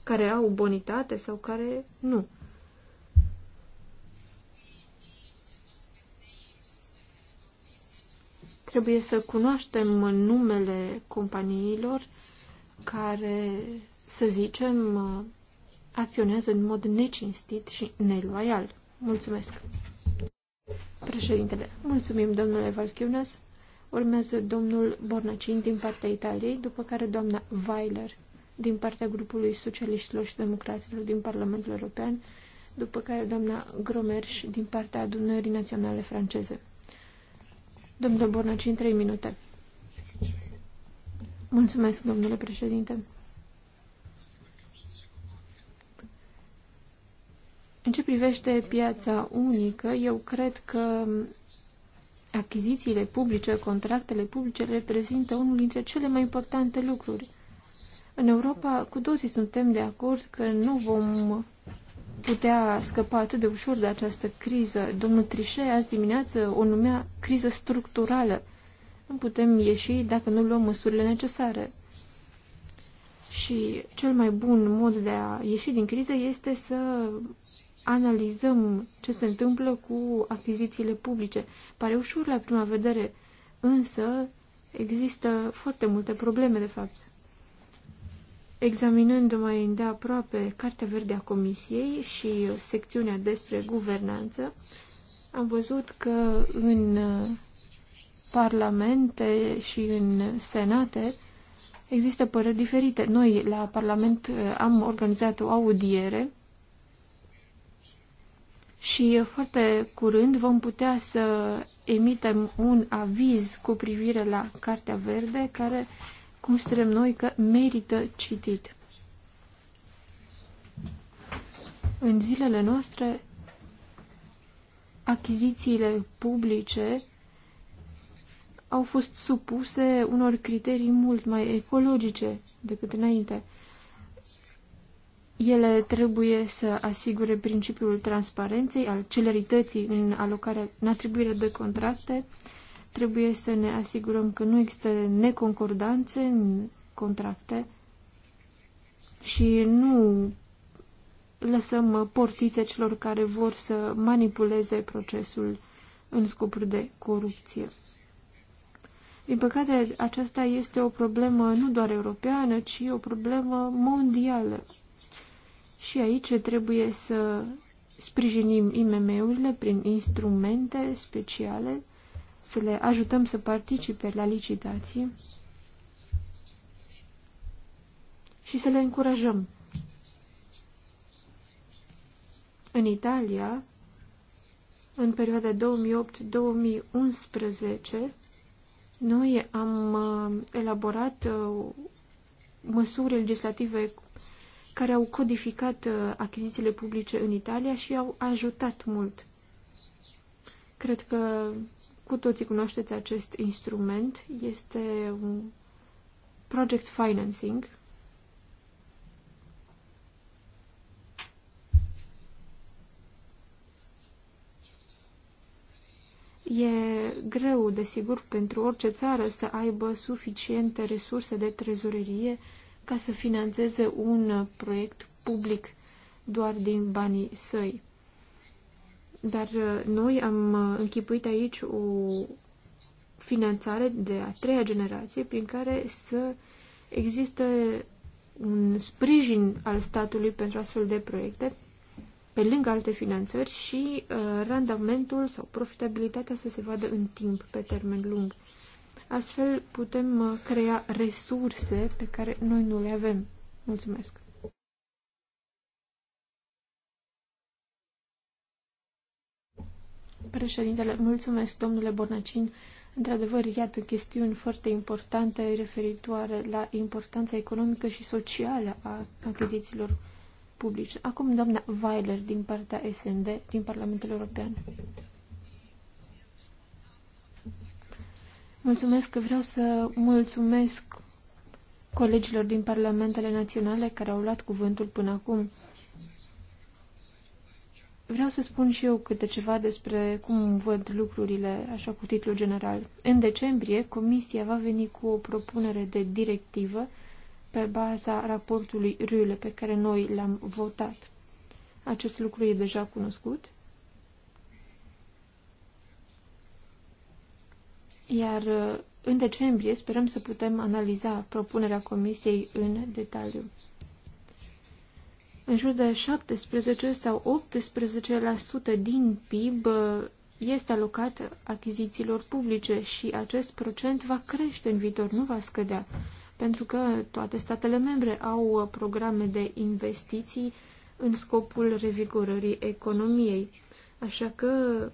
care au bonitate sau care nu. Trebuie să cunoaștem numele companiilor care, să zicem, acționează în mod necinstit și neloial. Mulțumesc! Președintele, mulțumim, domnule Valchiunas. Urmează domnul Bornacin din partea Italiei, după care doamna Weiler din partea grupului socialiștilor și democraților din Parlamentul European, după care doamna Gromerș din partea adunării naționale franceze. Domnule Bornăci, în trei minute. Mulțumesc, domnule președinte. În ce privește piața unică, eu cred că achizițiile publice, contractele publice reprezintă unul dintre cele mai importante lucruri. În Europa, cu toții suntem de acord că nu vom putea scăpa atât de ușor de această criză. Domnul Trichet azi dimineață o numea criză structurală. Nu putem ieși dacă nu luăm măsurile necesare. Și cel mai bun mod de a ieși din criză este să analizăm ce se întâmplă cu achizițiile publice. Pare ușor la prima vedere, însă există foarte multe probleme, de fapt examinând mai îndeaproape Cartea Verde a Comisiei și secțiunea despre guvernanță, am văzut că în uh, parlamente și în senate există păreri diferite. Noi la Parlament uh, am organizat o audiere și uh, foarte curând vom putea să emitem un aviz cu privire la Cartea Verde care considerăm noi că merită citit. În zilele noastre, achizițiile publice au fost supuse unor criterii mult mai ecologice decât înainte. Ele trebuie să asigure principiul transparenței, al celerității în alocarea, în atribuirea de contracte, Trebuie să ne asigurăm că nu există neconcordanțe în contracte și nu lăsăm uh, portițe celor care vor să manipuleze procesul în scopuri de corupție. Din păcate, aceasta este o problemă nu doar europeană, ci o problemă mondială. Și aici trebuie să sprijinim IMM-urile prin instrumente speciale să le ajutăm să participe la licitație și să le încurajăm. În Italia, în perioada 2008-2011, noi am uh, elaborat uh, măsuri legislative care au codificat uh, achizițiile publice în Italia și au ajutat mult. Cred că cu toții cunoașteți acest instrument. Este un project financing. E greu, desigur, pentru orice țară să aibă suficiente resurse de trezorerie ca să financeze un proiect public doar din banii săi. Dar uh, noi am uh, închipuit aici o finanțare de a treia generație prin care să există un sprijin al statului pentru astfel de proiecte, pe lângă alte finanțări și uh, randamentul sau profitabilitatea să se vadă în timp, pe termen lung. Astfel putem uh, crea resurse pe care noi nu le avem. Mulțumesc! Președintele, mulțumesc, domnule Bornacin. Într-adevăr, iată chestiuni foarte importante referitoare la importanța economică și socială a achizițiilor publice. Acum, doamna Weiler, din partea SND, din Parlamentul European. Mulțumesc, că vreau să mulțumesc colegilor din Parlamentele Naționale care au luat cuvântul până acum. Vreau să spun și eu câte ceva despre cum văd lucrurile, așa cu titlu general. În decembrie, Comisia va veni cu o propunere de directivă pe baza raportului Rule pe care noi l-am votat. Acest lucru e deja cunoscut. Iar uh, în decembrie sperăm să putem analiza propunerea Comisiei în detaliu. În jur de 17 sau 18% din PIB uh, este alocat achizițiilor publice și acest procent va crește în viitor, nu va scădea, pentru că toate statele membre au uh, programe de investiții în scopul revigorării economiei. Așa că,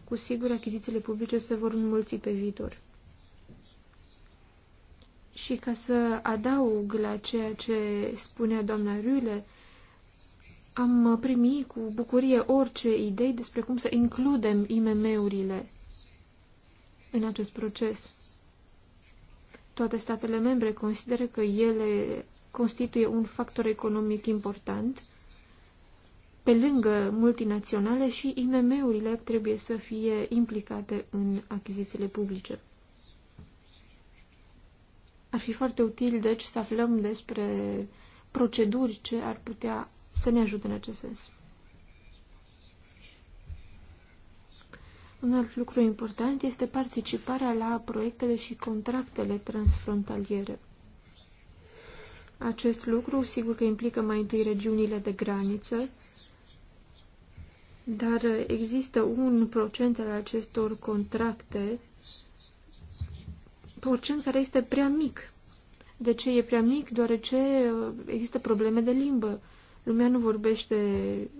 cu sigur, achizițiile publice se vor înmulți pe viitor. Și ca să adaug la ceea ce spunea doamna Rüle, am primit cu bucurie orice idei despre cum să includem IMM-urile în acest proces. Toate statele membre consideră că ele constituie un factor economic important. Pe lângă multinaționale și IMM-urile trebuie să fie implicate în achizițiile publice. Ar fi foarte util, deci, să aflăm despre proceduri ce ar putea să ne ajute în acest sens. Un alt lucru important este participarea la proiectele și contractele transfrontaliere. Acest lucru, sigur că implică mai întâi regiunile de graniță, dar există un procent al acestor contracte, procent care este prea mic. De ce e prea mic? Deoarece uh, există probleme de limbă. Lumea nu vorbește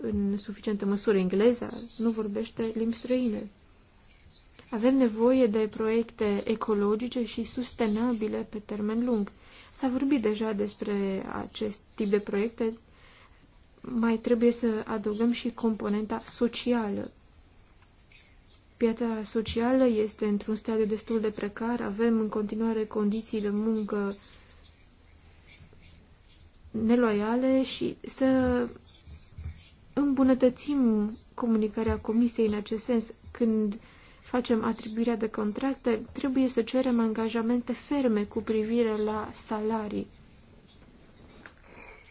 în suficientă măsură engleza, nu vorbește limbi străine. Avem nevoie de proiecte ecologice și sustenabile pe termen lung. S-a vorbit deja despre acest tip de proiecte. Mai trebuie să adăugăm și componenta socială. Piața socială este într-un stadiu destul de precar, avem în continuare condiții de muncă uh, neloiale și să îmbunătățim comunicarea Comisiei în acest sens. Când facem atribuirea de contracte, trebuie să cerem angajamente ferme cu privire la salarii.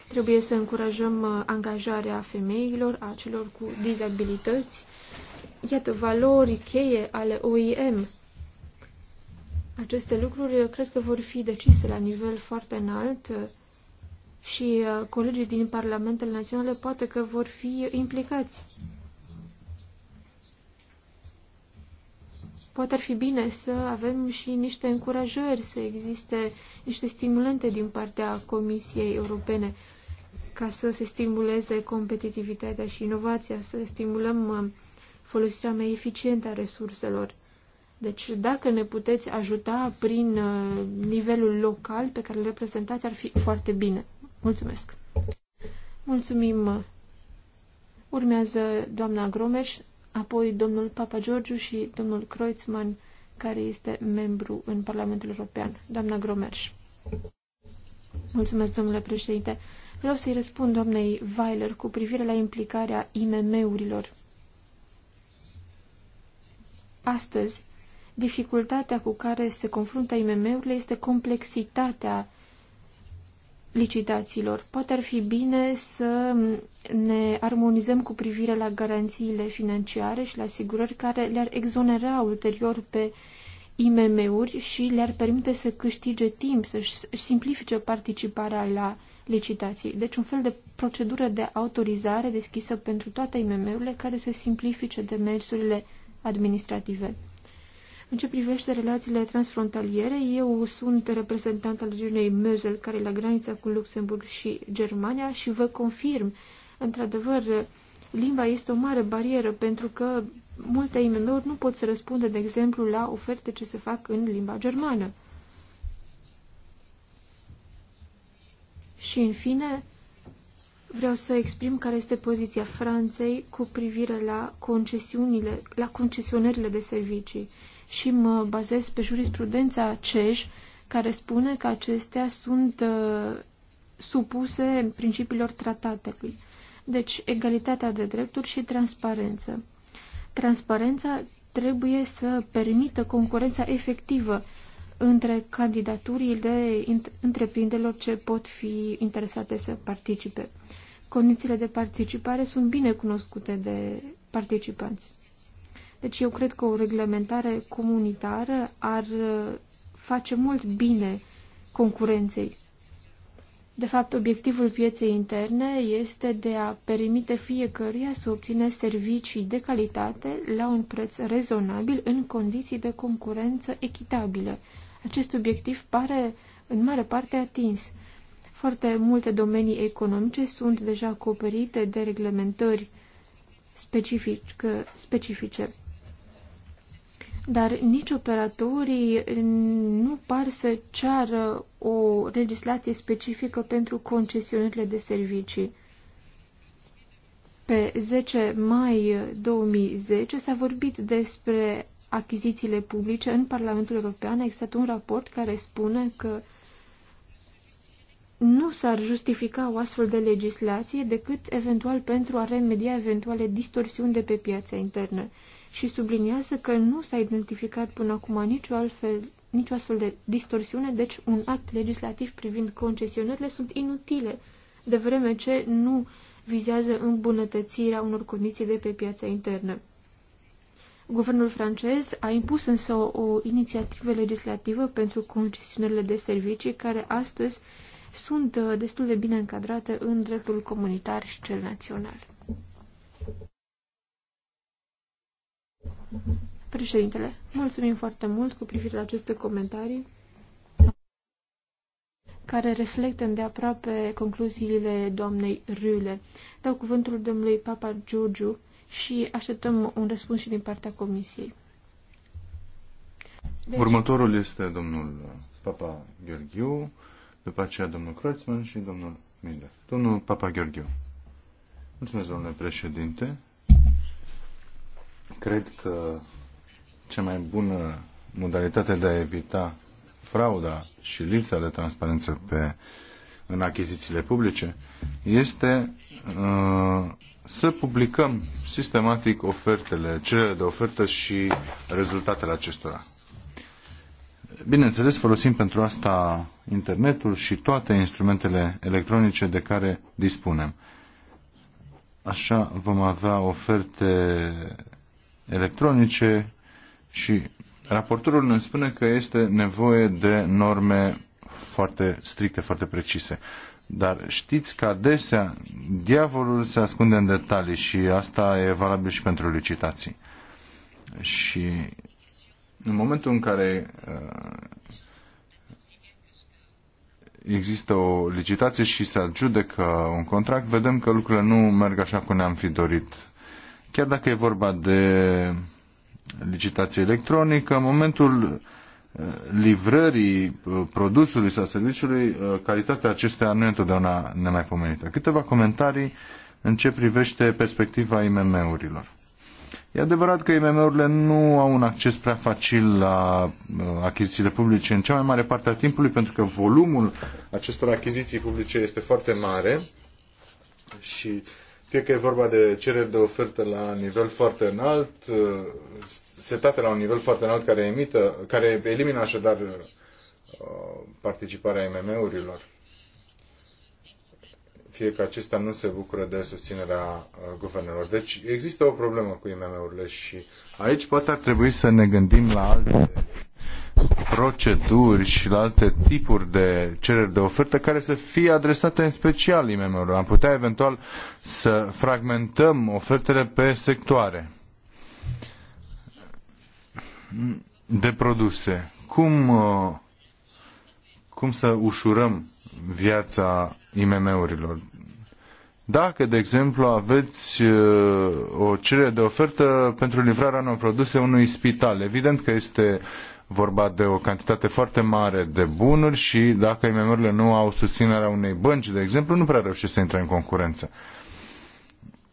Trebuie să încurajăm uh, angajarea femeilor, a celor cu dizabilități. Iată, valori cheie ale OIM. Aceste lucruri cred că vor fi decise la nivel foarte înalt uh, și uh, colegii din parlamentele naționale poate că vor fi implicați. Poate ar fi bine să avem și niște încurajări, să existe niște stimulente din partea Comisiei Europene ca să se stimuleze competitivitatea și inovația, să stimulăm uh, folosirea mai eficientă a resurselor. Deci, dacă ne puteți ajuta prin uh, nivelul local pe care îl reprezentați, ar fi foarte bine. Mulțumesc. Mulțumim. Urmează doamna Gromeș, apoi domnul Papa Georgiu și domnul Kreutzmann, care este membru în Parlamentul European. Doamna Gromeș. Mulțumesc, domnule președinte. Vreau să-i răspund doamnei Weiler cu privire la implicarea IMM-urilor. Astăzi, dificultatea cu care se confruntă IMM-urile este complexitatea licitațiilor. Poate ar fi bine să ne armonizăm cu privire la garanțiile financiare și la asigurări care le-ar exonera ulterior pe IMM-uri și le-ar permite să câștige timp, să-și simplifice participarea la licitații. Deci un fel de procedură de autorizare deschisă pentru toate IMM-urile care să simplifice demersurile administrative. În ce privește relațiile transfrontaliere, eu sunt reprezentant al regiunei Mözel, care e la granița cu Luxemburg și Germania și vă confirm, într-adevăr, limba este o mare barieră pentru că multe imm nu pot să răspundă, de exemplu, la oferte ce se fac în limba germană. Și, în fine, vreau să exprim care este poziția Franței cu privire la concesiunile, la concesionările de servicii și mă bazez pe jurisprudența CEJ, care spune că acestea sunt uh, supuse principiilor tratatului. Deci, egalitatea de drepturi și transparență. Transparența trebuie să permită concurența efectivă între candidaturile întreprinderilor ce pot fi interesate să participe. Condițiile de participare sunt bine cunoscute de participanți. Deci eu cred că o reglementare comunitară ar uh, face mult bine concurenței. De fapt, obiectivul pieței interne este de a permite fiecăruia să obțină servicii de calitate la un preț rezonabil în condiții de concurență echitabilă. Acest obiectiv pare în mare parte atins. Foarte multe domenii economice sunt deja acoperite de reglementări specific, specifice dar nici operatorii nu par să ceară o legislație specifică pentru concesiunile de servicii. Pe 10 mai 2010 s-a vorbit despre achizițiile publice în Parlamentul European. A existat un raport care spune că nu s-ar justifica o astfel de legislație decât eventual pentru a remedia eventuale distorsiuni de pe piața internă și subliniază că nu s-a identificat până acum nicio, altfel, nicio astfel de distorsiune, deci un act legislativ privind concesionările sunt inutile, de vreme ce nu vizează îmbunătățirea unor condiții de pe piața internă. Guvernul francez a impus însă o, o inițiativă legislativă pentru concesiunile de servicii, care astăzi sunt uh, destul de bine încadrate în dreptul comunitar și cel național. Președintele, mulțumim foarte mult cu privire la aceste comentarii care reflectă îndeaproape concluziile doamnei Rüle. Dau cuvântul domnului Papa Giurgiu și așteptăm un răspuns și din partea comisiei. Deci... Următorul este domnul Papa Gheorghiu, după aceea domnul Kreutzmann și domnul Miller. Domnul Papa Gheorghiu. Mulțumesc, domnule președinte. Cred că cea mai bună modalitate de a evita frauda și lipsa de transparență pe, în achizițiile publice este uh, să publicăm sistematic ofertele, cele de ofertă și rezultatele acestora. Bineînțeles, folosim pentru asta internetul și toate instrumentele electronice de care dispunem. Așa vom avea oferte electronice și raportorul ne spune că este nevoie de norme foarte stricte, foarte precise. Dar știți că adesea diavolul se ascunde în detalii și asta e valabil și pentru licitații. Și în momentul în care uh, există o licitație și se adjudecă un contract, vedem că lucrurile nu merg așa cum ne-am fi dorit chiar dacă e vorba de licitație electronică, în momentul uh, livrării uh, produsului sau serviciului, uh, calitatea acestea nu e întotdeauna nemaipomenită. Câteva comentarii în ce privește perspectiva IMM-urilor. E adevărat că IMM-urile nu au un acces prea facil la achizițiile publice în cea mai mare parte a timpului, pentru că volumul acestor achiziții publice este foarte mare și fie că e vorba de cereri de ofertă la nivel foarte înalt, uh, setate la un nivel foarte înalt care, emită, care elimină așadar uh, participarea IMM-urilor, fie că acestea nu se bucură de susținerea uh, guvernelor. Deci există o problemă cu IMM-urile și aici poate ar trebui să ne gândim la alte proceduri și la alte tipuri de cereri de ofertă care să fie adresate în special IMM-urilor. Am putea eventual să fragmentăm ofertele pe sectoare de produse. Cum, uh, cum să ușurăm viața IMM-urilor? Dacă, de exemplu, aveți uh, o cerere de ofertă pentru livrarea unor produse unui spital, evident că este vorba de o cantitate foarte mare de bunuri și dacă IMM-urile nu au susținerea unei bănci, de exemplu, nu prea reușesc să intre în concurență.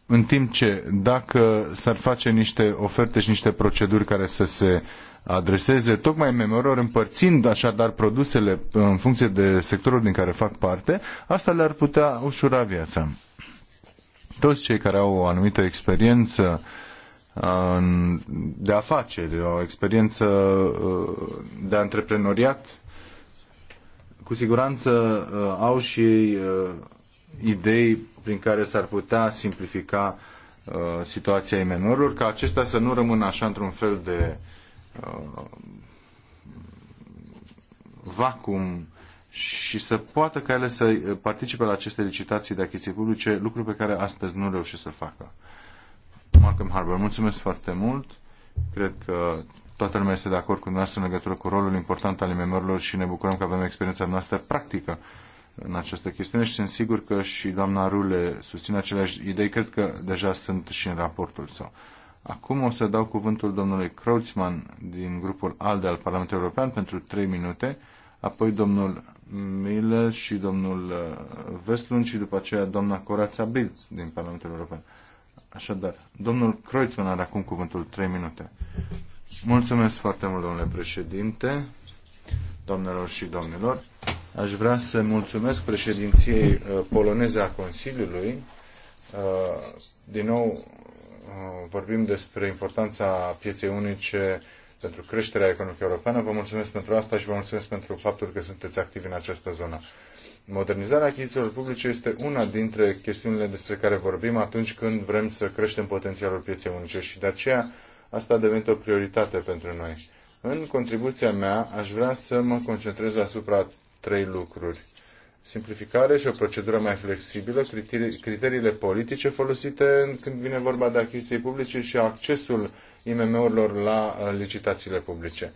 În timp ce dacă s-ar face niște oferte și niște proceduri care să se adreseze tocmai MMR-urilor, împărțind așadar produsele în funcție de sectorul din care fac parte, asta le-ar putea ușura viața. Toți cei care au o anumită experiență de afaceri, o experiență uh, de antreprenoriat, cu siguranță uh, au și ei uh, idei prin care s-ar putea simplifica situația imenorilor, ca acestea să nu rămână așa într-un fel de vacuum și să poată ca ele să participe la aceste licitații de achiziții publice, lucru pe care astăzi nu reușesc să facă. Malcolm Harbour, mulțumesc foarte mult. Cred că toată lumea este de acord cu dumneavoastră în legătură cu rolul important al memorilor și ne bucurăm că avem experiența noastră practică în această chestiune și sunt sigur că și doamna Rule susține aceleași idei, cred că deja sunt și în raportul său. Acum o să dau cuvântul domnului Kreutzmann din grupul ALDE al Parlamentului European pentru 3 minute, apoi domnul Miller și domnul Veslun uh, și după aceea doamna Corața Bild din Parlamentul European. Așadar, domnul Croițman are acum cuvântul 3 minute. Mulțumesc foarte mult, domnule președinte, doamnelor și domnilor. Aș vrea să mulțumesc președinției uh, poloneze a Consiliului. Uh, din nou, uh, vorbim despre importanța pieței unice pentru creșterea economică europeană. Vă mulțumesc pentru asta și vă mulțumesc pentru faptul că sunteți activi în această zonă. Modernizarea achizițiilor publice este una dintre chestiunile despre care vorbim atunci când vrem să creștem potențialul pieței unice și de aceea asta a devenit o prioritate pentru noi. În contribuția mea aș vrea să mă concentrez asupra trei lucruri simplificare și o procedură mai flexibilă, criterii, criteriile politice folosite când vine vorba de achiziții publice și accesul IMM-urilor la uh, licitațiile publice.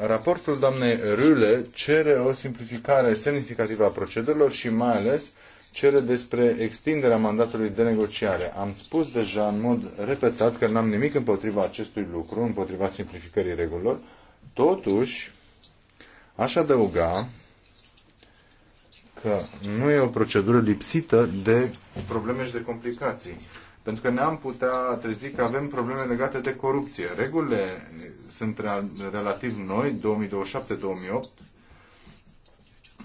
Raportul doamnei Rüle cere o simplificare semnificativă a procedurilor și mai ales cere despre extinderea mandatului de negociare. Am spus deja în mod repetat că n-am nimic împotriva acestui lucru, împotriva simplificării regulilor. Totuși, aș adăuga că nu e o procedură lipsită de probleme și de complicații. Pentru că ne-am putea trezi că avem probleme legate de corupție. Regulile sunt relativ noi, 2027-2008.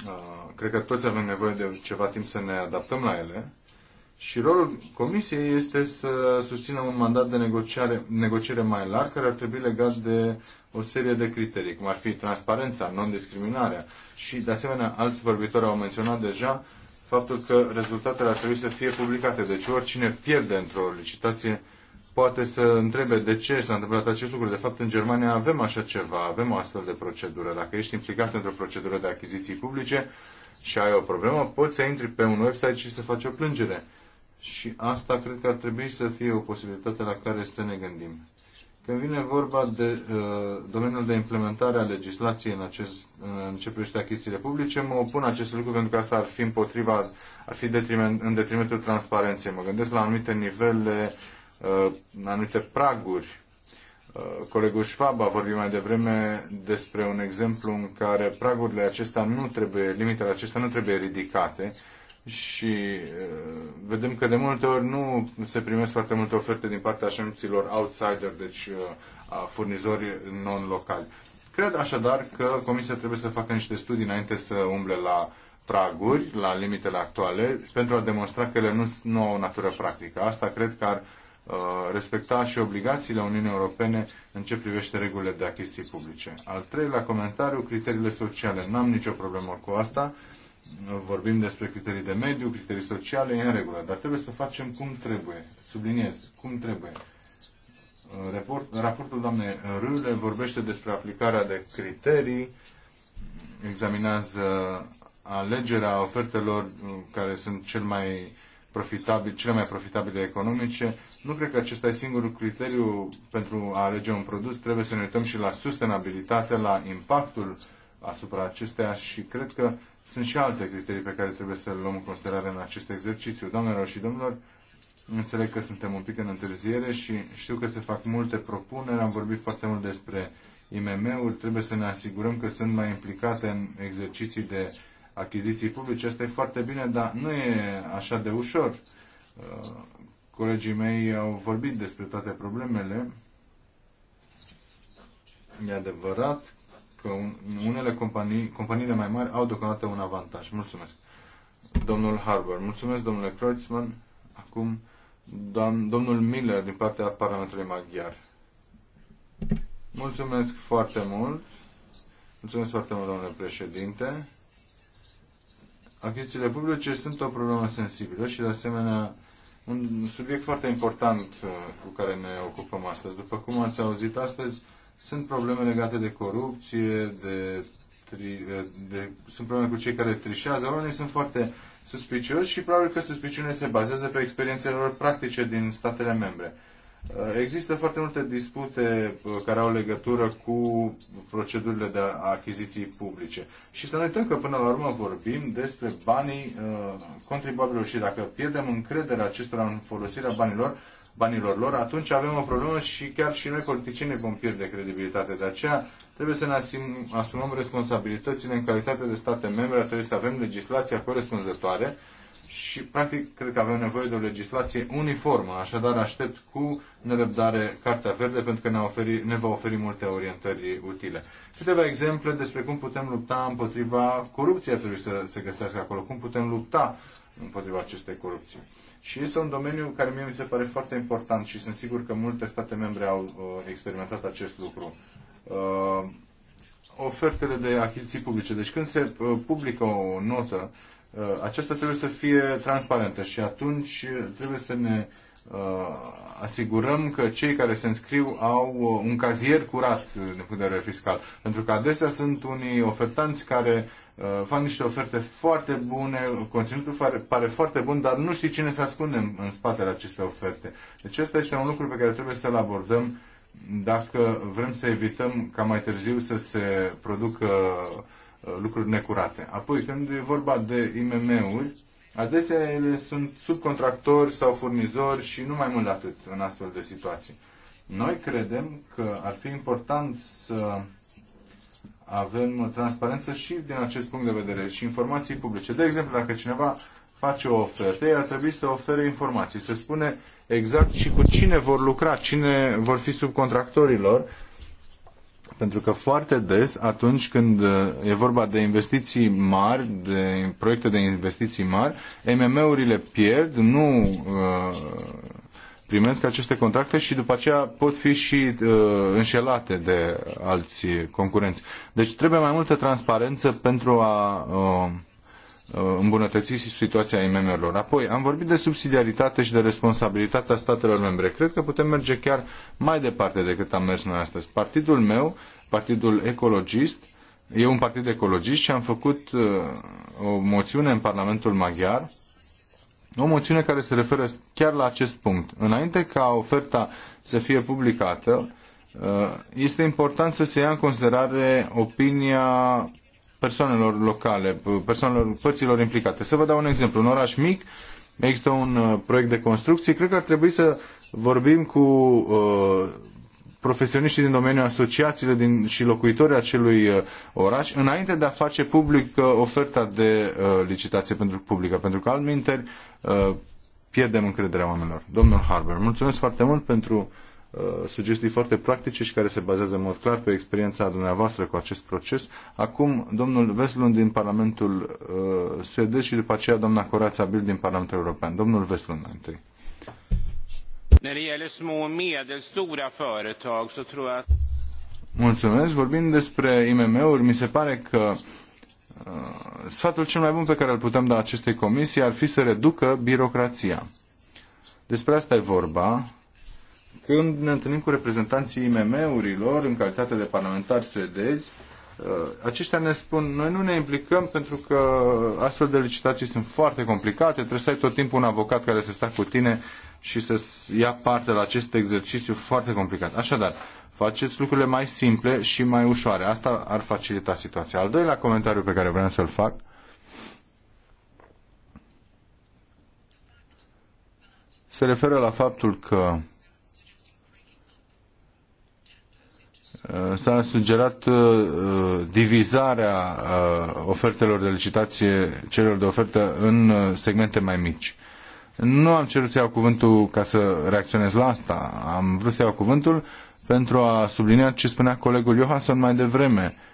Uh, cred că toți avem nevoie de ceva timp să ne adaptăm la ele. Și rolul Comisiei este să susțină un mandat de negociare, negociere mai larg, care ar trebui legat de o serie de criterii, cum ar fi transparența, non-discriminarea și, de asemenea, alți vorbitori au menționat deja faptul că rezultatele ar trebui să fie publicate. Deci oricine pierde într-o licitație poate să întrebe de ce s-a întâmplat acest lucru. De fapt, în Germania avem așa ceva, avem o astfel de procedură. Dacă ești implicat într-o procedură de achiziții publice și ai o problemă, poți să intri pe un website și să faci o plângere și asta cred că ar trebui să fie o posibilitate la care să ne gândim. Când vine vorba de uh, domeniul de implementare a legislației în, acest, în ce privește achizițiile publice, mă opun acest lucru pentru că asta ar fi împotriva, ar fi detriment, în detrimentul transparenței. Mă gândesc la anumite nivele, uh, anumite praguri. Uh, colegul Schwab a vorbit mai devreme despre un exemplu în care pragurile acestea nu trebuie, limitele acestea nu trebuie ridicate, uh, și uh, vedem că de multe ori nu se primesc foarte multe oferte din partea agenților outsider, deci uh, a furnizori non-locali. Cred așadar că Comisia trebuie să facă niște studii înainte să umble la praguri, la limitele actuale, pentru a demonstra că ele nu, nu au o natură practică. Asta cred că ar uh, respecta și obligațiile Uniunii Europene în ce privește regulile de achiziții publice. Al treilea comentariu, criteriile sociale. N-am nicio problemă cu asta vorbim despre criterii de mediu, criterii sociale, e în regulă, dar trebuie să facem cum trebuie, subliniez, cum trebuie. Report, raportul doamnei Râle vorbește despre aplicarea de criterii, examinează alegerea ofertelor uh, care sunt cel mai profitabil, cele mai profitabile economice. Nu cred că acesta e singurul criteriu pentru a alege un produs. Trebuie să ne uităm și la sustenabilitate, la impactul asupra acesteia și cred că sunt și alte criterii pe care trebuie să le luăm în considerare în acest exercițiu. Doamnelor și domnilor, înțeleg că suntem un pic în întârziere și știu că se fac multe propuneri. Am vorbit foarte mult despre IMM-uri. Trebuie să ne asigurăm că sunt mai implicate în exerciții de achiziții publice. Asta e foarte bine, dar nu e așa de ușor. Uh, colegii mei au vorbit despre toate problemele. E adevărat că unele companii, companiile mai mari au deocamdată un avantaj. Mulțumesc. Domnul Harbour. Mulțumesc, domnule Kreutzmann. Acum, domnul Miller, din partea Parlamentului Maghiar. Mulțumesc foarte mult. Mulțumesc foarte mult, domnule președinte. Achizițiile publice sunt o problemă sensibilă și, de asemenea, un subiect foarte important uh, cu care ne ocupăm astăzi. După cum ați auzit astăzi, sunt probleme legate de corupție, de, tri, de sunt probleme cu cei care trișează. Oamenii sunt foarte suspicioși și probabil că suspiciunea se bazează pe experiențele lor practice din statele membre. Uh, există foarte multe dispute uh, care au legătură cu procedurile de achiziții publice. Și să nu uităm că până la urmă vorbim despre banii uh, contribuabilor și dacă pierdem încrederea acestora în folosirea banilor, banilor lor, atunci avem o problemă și chiar și noi politicienii vom pierde credibilitate. De aceea trebuie să ne asim, asumăm responsabilitățile în calitate de state membre, trebuie să avem legislația corespunzătoare și practic cred că avem nevoie de o legislație uniformă, așadar aștept cu nerăbdare Cartea Verde pentru că ne, oferi, ne va oferi multe orientări utile. Câteva exemple despre cum putem lupta împotriva corupției trebuie să se găsească acolo, cum putem lupta împotriva acestei corupții. Și este un domeniu care mie mi se pare foarte important și sunt sigur că multe state membre au uh, experimentat acest lucru. Uh, ofertele de achiziții publice. Deci când se uh, publică o notă, aceasta trebuie să fie transparentă și atunci trebuie să ne asigurăm că cei care se înscriu au un cazier curat din punct de vedere fiscal. Pentru că adesea sunt unii ofertanți care Uh, fac niște oferte foarte bune, conținutul pare, pare foarte bun, dar nu știi cine se ascunde în, în spatele acestei oferte. Deci ăsta este un lucru pe care trebuie să-l abordăm dacă vrem să evităm ca mai târziu să se producă uh, lucruri necurate. Apoi, când e vorba de IMM-uri, adesea ele sunt subcontractori sau furnizori și nu mai mult de atât în astfel de situații. Noi credem că ar fi important să avem transparență și din acest punct de vedere și informații publice. De exemplu, dacă cineva face o ofertă, ei ar trebui să ofere informații, să spune exact și cu cine vor lucra, cine vor fi subcontractorilor, pentru că foarte des, atunci când e vorba de investiții mari, de proiecte de investiții mari, MM-urile pierd, nu uh, primesc aceste contracte și după aceea pot fi și uh, înșelate de alți concurenți. Deci trebuie mai multă transparență pentru a uh, uh îmbunătăți situația IMM-urilor. Apoi, am vorbit de subsidiaritate și de responsabilitatea statelor membre. Cred că putem merge chiar mai departe decât am mers noi astăzi. Partidul meu, Partidul Ecologist, e un partid ecologist și am făcut uh, o moțiune în Parlamentul Maghiar uh, o moțiune care se referă chiar la acest punct. Înainte ca oferta să fie publicată, uh, este important să se ia în considerare opinia persoanelor locale, persoanelor, părților implicate. Să vă dau un exemplu. În oraș mic există un uh, proiect de construcție. Cred că ar trebui să vorbim cu uh, profesioniștii din domeniul, asociațiile din, și locuitorii acelui uh, oraș, înainte de a face public uh, oferta de uh, licitație pentru publică, pentru că altminteri pierdem încrederea oamenilor. Domnul Harber, mulțumesc foarte mult pentru sugestii foarte practice și care se bazează în mod clar pe experiența dumneavoastră cu acest proces. Acum, domnul Veslund din Parlamentul uh, Suedez și după aceea doamna Corața Bil din Parlamentul European. Domnul Veslund, întâi. När det gäller små och medelstora företag så tror jag att... Mulțumesc. Vorbind despre IMM-uri, mi se pare că uh, sfatul cel mai bun pe care îl putem da acestei comisii ar fi să reducă birocrația. Despre asta e vorba. Când ne întâlnim cu reprezentanții IMM-urilor în calitate de parlamentari suedezi, uh, aceștia ne spun, noi nu ne implicăm pentru că astfel de licitații sunt foarte complicate, trebuie să ai tot timpul un avocat care să stea cu tine și să ia parte la acest exercițiu foarte complicat. Așadar, faceți lucrurile mai simple și mai ușoare. Asta ar facilita situația. Al doilea comentariu pe care vreau să-l fac se referă la faptul că uh, s-a sugerat uh, divizarea uh, ofertelor de licitație, celor de ofertă, în segmente mai mici. Nu am cerut să iau cuvântul ca să reacționez la asta. Am vrut să iau cuvântul pentru a sublinia ce spunea colegul Johansson mai devreme. Uh,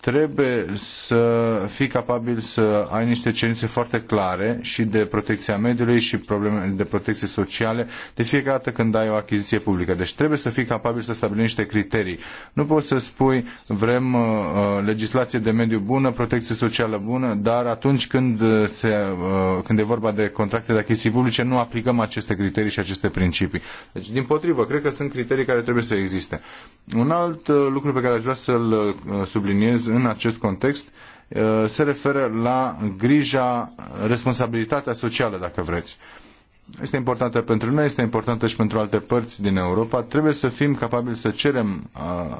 trebuie să fii capabil să ai niște cerințe foarte clare și de protecția mediului și probleme de protecție sociale de fiecare dată când ai o achiziție publică. Deci trebuie să fii capabil să stabilești niște criterii. Nu poți să spui vrem uh, uh legislație de mediu bună, protecție socială bună, dar atunci când, uh, se, uh, când e vorba de contracte de achiziții publice nu aplicăm aceste criterii și aceste principii. Deci din potrivă, cred că sunt criterii care trebuie să existe. Un alt uh, lucru pe care aș vrea să-l uh, subliniez în acest context uh, se referă la grija, responsabilitatea socială, dacă vreți este importantă pentru noi, este importantă și pentru alte părți din Europa. Trebuie să fim capabili să cerem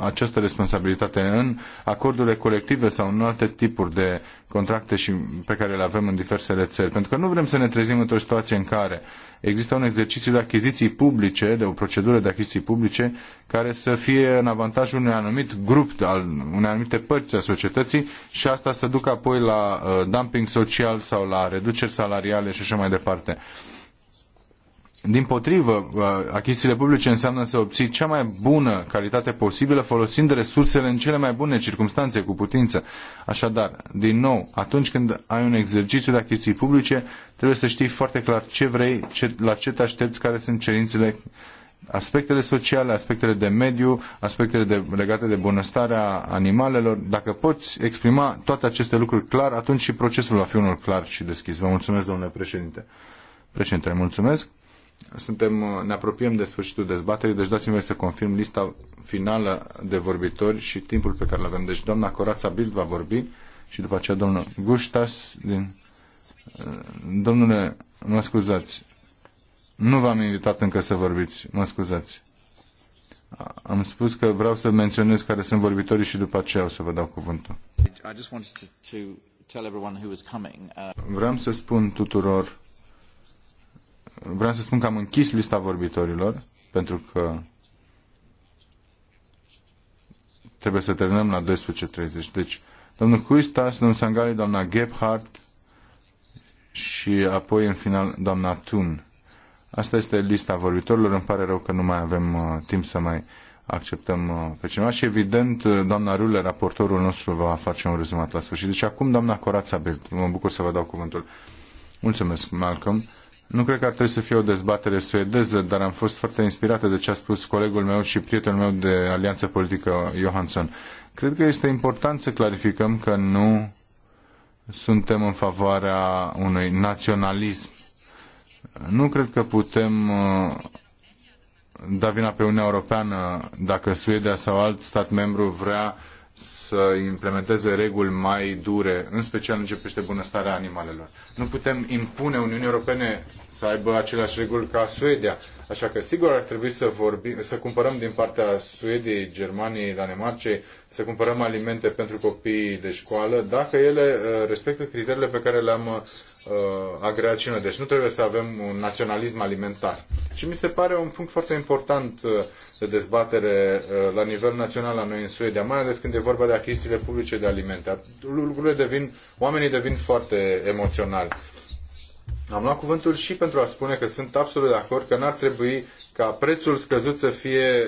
această responsabilitate în acordurile colective sau în alte tipuri de contracte și pe care le avem în diversele țări. Pentru că nu vrem să ne trezim într-o situație în care există un exercițiu de achiziții publice, de o procedură de achiziții publice, care să fie în avantajul unui anumit grup, al unei anumite părți a societății și asta să ducă apoi la dumping social sau la reduceri salariale și așa mai departe. Uh, din potrivă, uh, achizițiile publice înseamnă să obții cea mai bună calitate posibilă folosind resursele în cele mai bune circunstanțe cu putință. Așadar, din nou, atunci când ai un exercițiu de achiziții publice, trebuie să știi foarte clar ce vrei, ce, la ce te aștepți, care sunt cerințele, aspectele sociale, aspectele de mediu, aspectele de, legate de bunăstarea animalelor. Dacă poți exprima toate aceste lucruri clar, atunci și procesul va fi unul clar și deschis. Vă mulțumesc, domnule președinte. Președinte, mulțumesc. Suntem, uh, ne apropiem de sfârșitul dezbaterii, deci dați-mi să confirm lista finală de vorbitori și timpul pe care îl avem. Deci doamna Corața Bild va vorbi și după aceea domnul Guștas din... Uh, domnule, mă scuzați. Nu v-am invitat încă să vorbiți, mă scuzați. Am spus că vreau să menționez care sunt vorbitorii și după aceea o să vă dau cuvântul. Uh, vreau să spun tuturor vreau să spun că am închis lista vorbitorilor, pentru că trebuie să terminăm la 12.30. Deci, domnul Cuistas, domnul Sangali, doamna Gebhardt și apoi, în final, doamna Tun. Asta este lista vorbitorilor. Îmi pare rău că nu mai avem uh, timp să mai acceptăm uh, pe cineva și, evident, uh, doamna Rule, raportorul nostru, va face un rezumat la sfârșit. Deci, acum, doamna Corața Bild, mă bucur să vă dau cuvântul. Mulțumesc, Malcolm. Nu cred că ar trebui să fie o dezbatere suedeză, dar am fost foarte inspirată de ce a spus colegul meu și prietenul meu de alianță politică, Johansson. Cred că este important să clarificăm că nu suntem în favoarea unui naționalism. Nu cred că putem uh, da vina pe Uniunea Europeană dacă Suedia sau alt stat membru vrea să implementeze reguli mai dure, în special în ce privește bunăstarea animalelor. Nu putem impune Uniunii Europene să aibă aceleași reguli ca Suedia Așa că sigur ar trebui să, vorbim, să cumpărăm din partea Suediei, Germaniei, Danemarcei, să cumpărăm alimente pentru copiii de școală, dacă ele uh, respectă criteriile pe care le-am uh, agreat și noi. Deci nu trebuie să avem un naționalism alimentar. Și mi se pare un punct foarte important uh, de dezbatere uh, la nivel național la noi în Suedia, mai ales când e vorba de achizițiile publice de alimente. Lucrurile devin, oamenii devin foarte emoționali. Am luat cuvântul și pentru a spune că sunt absolut de acord că n-ar trebui ca prețul scăzut să fie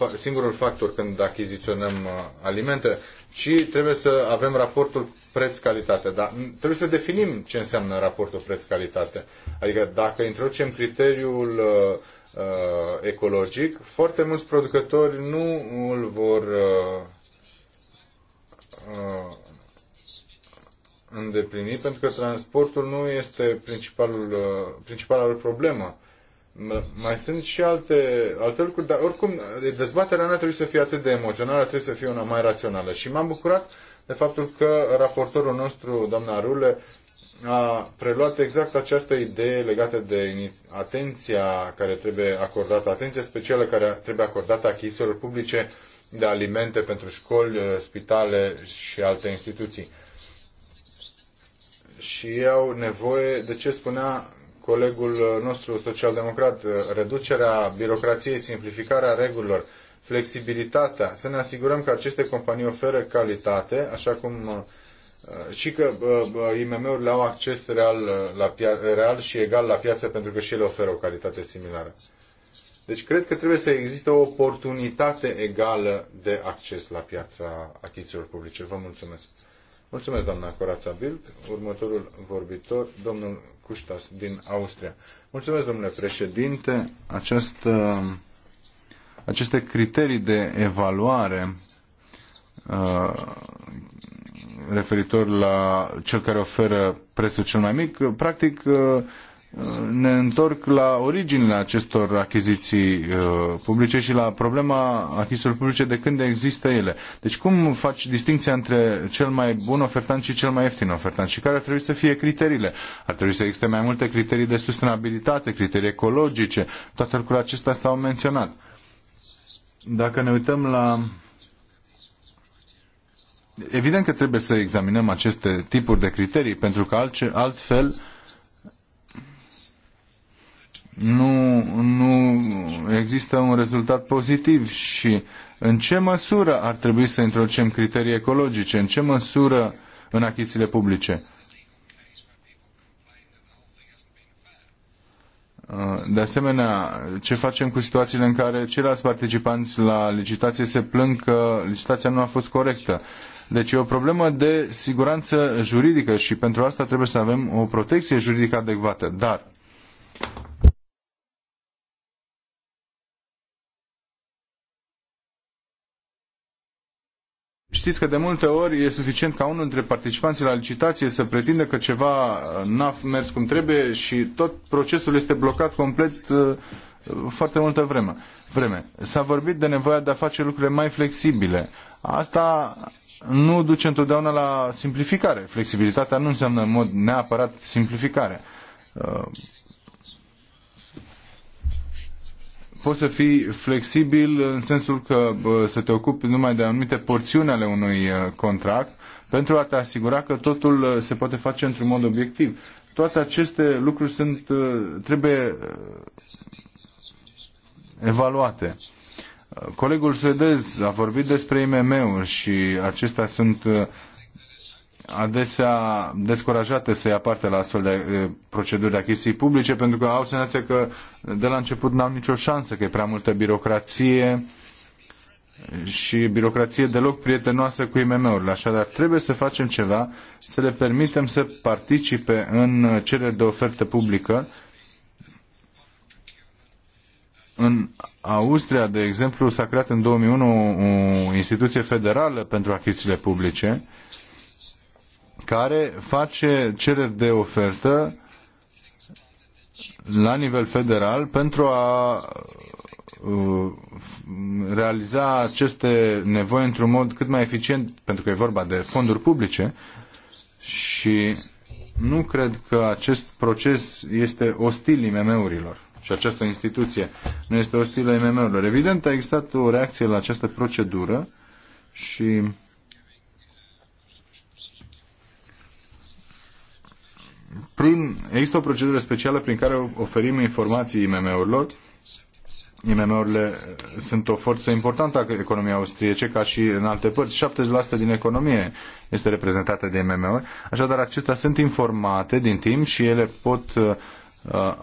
uh, singurul factor când achiziționăm uh, alimente, ci trebuie să avem raportul preț-calitate. Dar trebuie să definim ce înseamnă raportul preț-calitate. Adică dacă introducem criteriul uh, ecologic, foarte mulți producători nu îl vor îndeplini, pentru că transportul nu este principalul, uh, principalul problemă. Mai sunt și alte, alte lucruri, dar oricum dezbaterea nu ar trebui să fie atât de emoțională, trebuie să fie una mai rațională. Și m-am bucurat de faptul că raportorul nostru, doamna Rule, a preluat exact această idee legată de atenția care trebuie acordată, atenția specială care trebuie acordată achizițiilor publice de alimente pentru școli, spitale și alte instituții și ei au nevoie de ce spunea colegul nostru social-democrat, reducerea birocrației, simplificarea regulilor, flexibilitatea, să ne asigurăm că aceste companii oferă calitate, așa cum uh, și că uh, uh, IMM-urile au acces real, la pia- real și egal la piață pentru că și ele oferă o calitate similară. Deci cred că trebuie să existe o oportunitate egală de acces la piața achizițiilor publice. Vă mulțumesc. Mulțumesc, doamna Corața Bild. Următorul vorbitor, domnul Cuștas din Austria. Mulțumesc, domnule președinte. Acest, uh, aceste criterii de evaluare uh, referitor la cel care oferă prețul cel mai mic, practic uh, ne întorc la originile acestor achiziții uh, publice și la problema achizițiilor publice de când există ele. Deci cum faci distinția între cel mai bun ofertant și cel mai ieftin ofertant și care ar trebui să fie criteriile? Ar trebui să existe mai multe criterii de sustenabilitate, criterii ecologice, toate lucrurile acestea s-au menționat. Dacă ne uităm la Evident că trebuie să examinăm aceste tipuri de criterii, pentru că altfel nu, nu există un rezultat pozitiv și în ce măsură ar trebui să introducem criterii ecologice, în ce măsură în achizițiile publice. Uh, de asemenea, ce facem cu situațiile în care ceilalți participanți la licitație se plâng că licitația nu a fost corectă? Deci e o problemă de siguranță juridică și pentru asta trebuie să avem o protecție juridică adecvată. Dar Știți că de multe ori e suficient ca unul dintre participanții la licitație să pretindă că ceva uh, n-a mers cum trebuie și tot procesul este blocat complet uh, foarte multă vreme. vreme. S-a vorbit de nevoia de a face lucrurile mai flexibile. Asta nu duce întotdeauna la simplificare. Flexibilitatea nu înseamnă în mod neapărat simplificare. Uh, poți să fii flexibil în sensul că să te ocupi numai de anumite porțiuni ale unui uh, contract pentru a te asigura că totul uh, se poate face într-un mod obiectiv. Toate aceste lucruri sunt, uh, trebuie evaluate. Colegul suedez a vorbit despre IMM-uri și acestea sunt adesea descurajate să ia parte la astfel de proceduri de achiziții publice pentru că au senzația că de la început n-au nicio șansă, că e prea multă birocrație și birocrație deloc prietenoasă cu IMM-urile. Așadar, trebuie să facem ceva, să le permitem să participe în cereri de ofertă publică. În Austria, de exemplu, s-a creat în 2001 o instituție federală pentru achizițiile publice care face cereri de ofertă la nivel federal pentru a uh, realiza aceste nevoi într-un mod cât mai eficient, pentru că e vorba de fonduri publice și nu cred că acest proces este ostil IMM-urilor și această instituție nu este ostilă IMM-urilor. Evident, a existat o reacție la această procedură și prin, există o procedură specială prin care oferim informații IMM-urilor. IMM-urile uh, sunt o forță importantă a economiei austriece, ca și în alte părți. 70% din economie este reprezentată de IMM-uri. Așadar, acestea sunt informate din timp și ele pot uh, uh,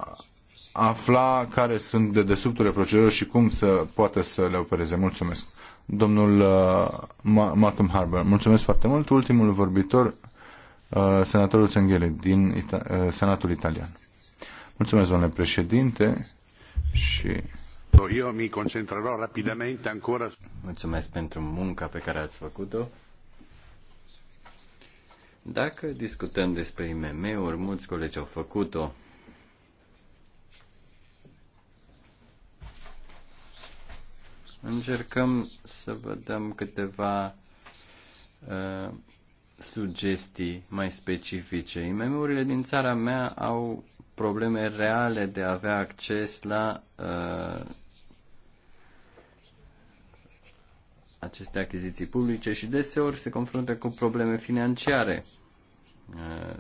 afla care sunt de desubturile procedurilor și cum să poată să le opereze. Mulțumesc. Domnul uh, Malcolm Harbour, mulțumesc foarte mult. Ultimul vorbitor, Uh, senatorul Țenghele din Ita- uh, Senatul Italian. Mulțumesc, domnule președinte, și... Eu mi concentrerò rapidamente ancora... Mulțumesc pentru munca pe care ați făcut-o. Dacă discutăm despre IMM-uri, mulți colegi au făcut-o. Încercăm să vă dăm câteva uh, sugestii mai specifice. IMM-urile din țara mea au probleme reale de a avea acces la uh, aceste achiziții publice și deseori se confruntă cu probleme financiare. Uh,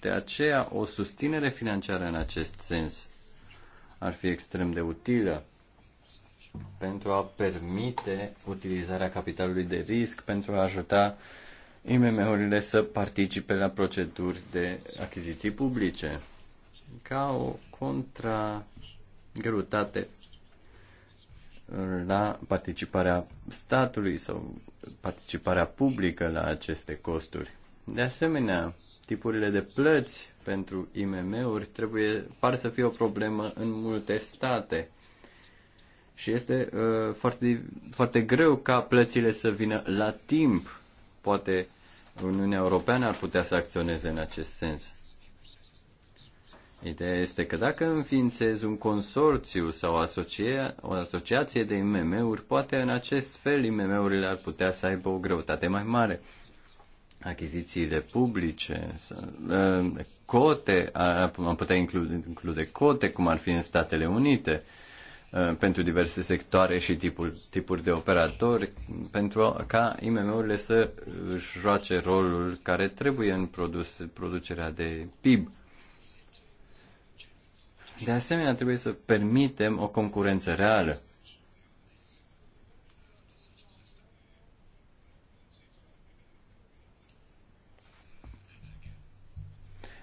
de aceea, o susținere financiară în acest sens ar fi extrem de utilă pentru a permite utilizarea capitalului de risc, pentru a ajuta uh, IMM-urile să participe la proceduri de achiziții publice ca o contragrutate la participarea statului sau participarea publică la aceste costuri. De asemenea, tipurile de plăți pentru IMM-uri trebuie, par să fie o problemă în multe state. Și este uh, foarte, foarte greu ca plățile să vină la timp. Poate Uniunea Europeană ar putea să acționeze în acest sens. Ideea este că dacă înființez un consorțiu sau asocia, o asociație de IMM-uri, poate în acest fel IMM-urile ar putea să aibă o greutate mai mare. Achizițiile publice, ă, cote, am putea include, include cote, cum ar fi în Statele Unite, Uh, pentru diverse sectoare și tipuri, tipuri de operatori, pentru ca IMM-urile să își joace rolul care trebuie în produs, producerea de PIB. De asemenea, trebuie să permitem o concurență reală.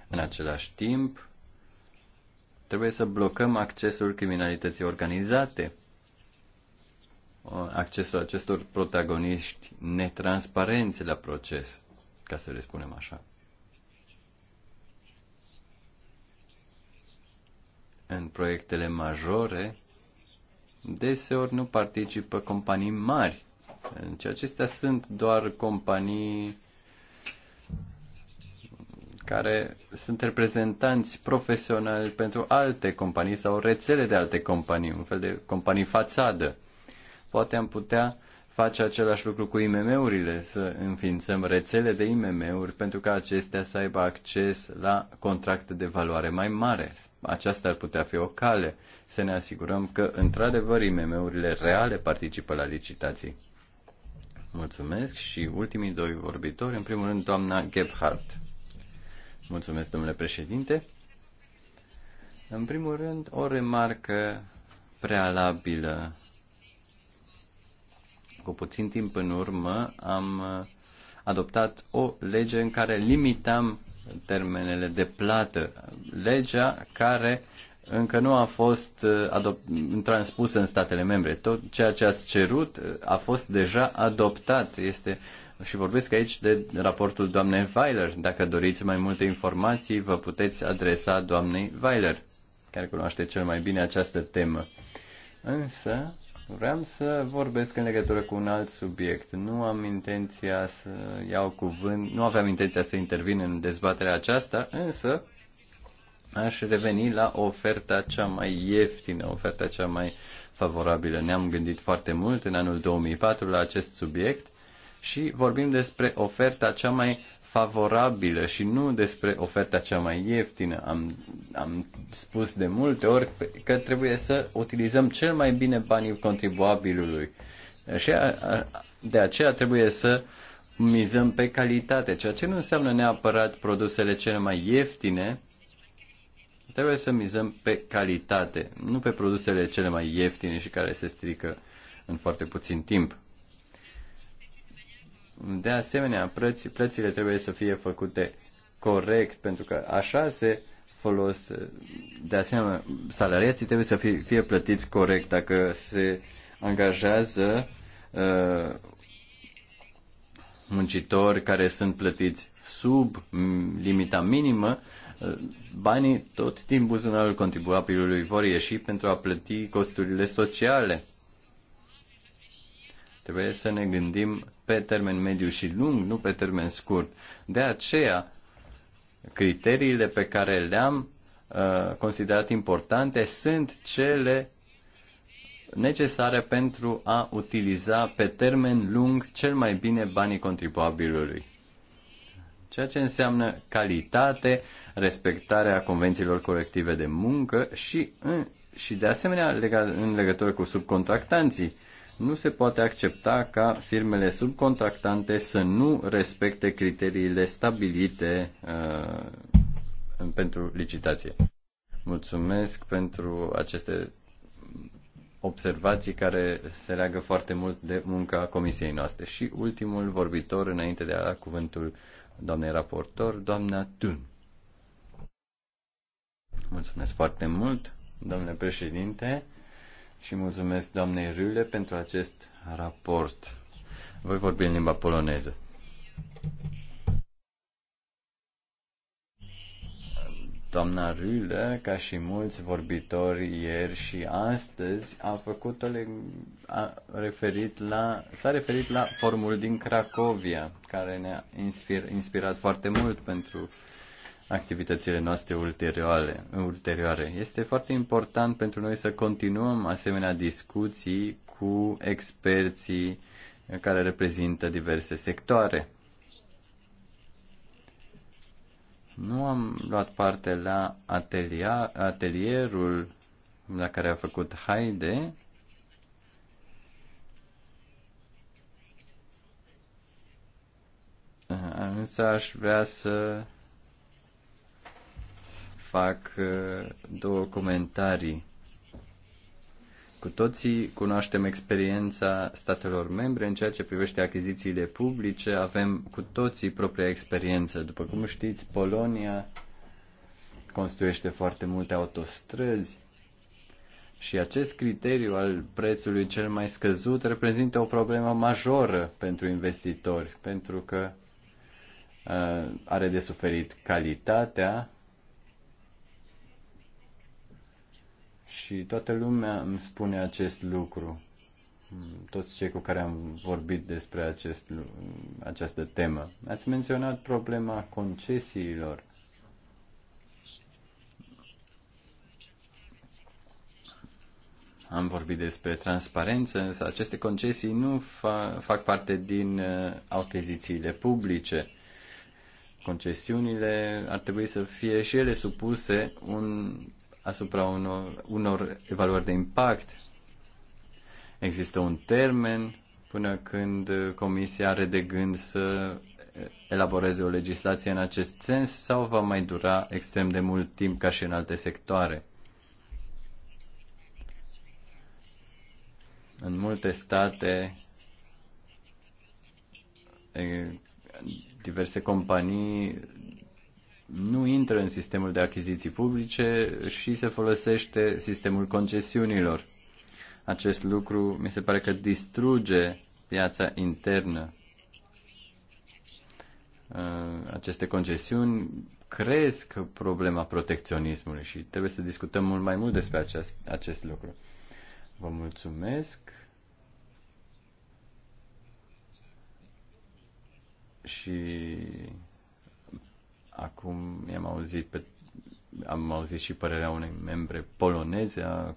În același timp, Trebuie să blocăm accesul criminalității organizate, accesul acestor protagoniști netransparenți la proces, ca să le spunem așa. În proiectele majore, deseori nu participă companii mari, ce acestea sunt doar companii care sunt reprezentanți profesionali pentru alte companii sau rețele de alte companii, un fel de companii fațadă. Poate am putea face același lucru cu IMM-urile, să înființăm rețele de IMM-uri pentru ca acestea să aibă acces la contracte de valoare mai mare. Aceasta ar putea fi o cale să ne asigurăm că, într-adevăr, IMM-urile reale participă la licitații. Mulțumesc și ultimii doi vorbitori, în primul rând doamna Gebhardt. Mulțumesc, domnule președinte. În primul rând, o remarcă prealabilă. Cu puțin timp în urmă am adoptat o lege în care limitam termenele de plată. Legea care încă nu a fost uh, transpusă în statele membre. Tot ceea ce ați cerut uh, a fost deja adoptat. Este și vorbesc aici de raportul doamnei Weiler. Dacă doriți mai multe informații, vă puteți adresa doamnei Weiler, care cunoaște cel mai bine această temă. Însă, vreau să vorbesc în legătură cu un alt subiect. Nu am intenția să iau cuvânt, nu aveam intenția să intervin în dezbaterea aceasta, însă aș reveni la oferta cea mai ieftină, oferta cea mai favorabilă. Ne-am gândit foarte mult în anul 2004 la acest subiect și vorbim despre oferta cea mai favorabilă și nu despre oferta cea mai ieftină. Am, am spus de multe ori că trebuie să utilizăm cel mai bine banii contribuabilului. Și de aceea trebuie să mizăm pe calitate, ceea ce nu înseamnă neapărat produsele cele mai ieftine, trebuie să mizăm pe calitate, nu pe produsele cele mai ieftine și care se strică în foarte puțin timp. De asemenea, plăți, plățile trebuie să fie făcute corect, pentru că așa se folos. De asemenea, salariații trebuie să fie, fie plătiți corect dacă se angajează uh, muncitori care sunt plătiți sub limita minimă, uh, banii tot din buzunarul contribuabilului vor ieși pentru a plăti costurile sociale. Trebuie să ne gândim pe termen mediu și lung, nu pe termen scurt. De aceea, criteriile pe care le-am uh, considerat importante sunt cele necesare pentru a utiliza pe termen lung cel mai bine banii contribuabilului. Ceea ce înseamnă calitate, respectarea convențiilor colective de muncă și, în, și de asemenea, legat, în legătură cu subcontractanții, nu se poate accepta ca firmele subcontractante să nu respecte criteriile stabilite uh, pentru licitație. Mulțumesc pentru aceste observații care se leagă foarte mult de munca comisiei noastre. Și ultimul vorbitor, înainte de a da cuvântul doamnei raportor, doamna Tun. Mulțumesc foarte mult, domnule președinte și mulțumesc doamnei Rule pentru acest raport. Voi vorbi în limba poloneză. Doamna Rule, ca și mulți vorbitori ieri și astăzi, a făcut o a referit la, s-a referit la formul din Cracovia, care ne-a inspir, inspirat foarte mult pentru uh, activitățile noastre ulterioare, ulterioare. Este foarte important pentru noi să continuăm asemenea discuții cu experții care reprezintă diverse sectoare. Nu am luat parte la atelier, atelierul la care a făcut Haide. Însă aș vrea să fac uh, două comentarii. Cu toții cunoaștem experiența statelor membre în ceea ce privește achizițiile publice, avem cu toții propria experiență. După cum știți, Polonia construiește foarte multe autostrăzi și acest criteriu al prețului cel mai scăzut reprezintă o problemă majoră pentru investitori, pentru că uh, are de suferit calitatea Și toată lumea îmi spune acest lucru. Toți cei cu care am vorbit despre acest, această temă. Ați menționat problema concesiilor. Am vorbit despre transparență, însă aceste concesii nu fa- fac parte din uh, achizițiile publice. Concesiunile ar trebui să fie și ele supuse un, asupra unor, unor evaluări de impact. Există un termen până când Comisia are de gând să elaboreze o legislație în acest sens sau va mai dura extrem de mult timp ca și în alte sectoare? În multe state, diverse companii nu intră în sistemul de achiziții publice și se folosește sistemul concesiunilor. Acest lucru mi se pare că distruge piața internă. Uh, aceste concesiuni cresc problema protecționismului și trebuie să discutăm mult mai mult despre acest, acest lucru. Vă mulțumesc. Și Acum am auzit pe, am auzit și părerea unei membre poloneze a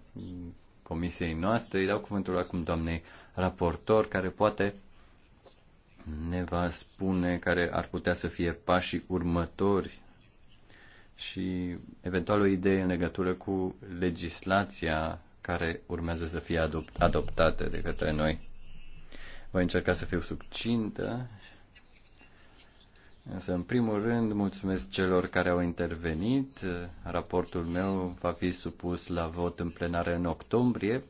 comisiei noastre. Îi dau cuvântul acum doamnei raportor, care poate ne va spune care ar putea să fie pașii următori și eventual o idee în legătură cu legislația care urmează să fie adopt, adoptată de către noi. Voi încerca să fiu succintă Însă, în primul rând, mulțumesc celor care au intervenit. Raportul meu va fi supus la vot în plenare în octombrie.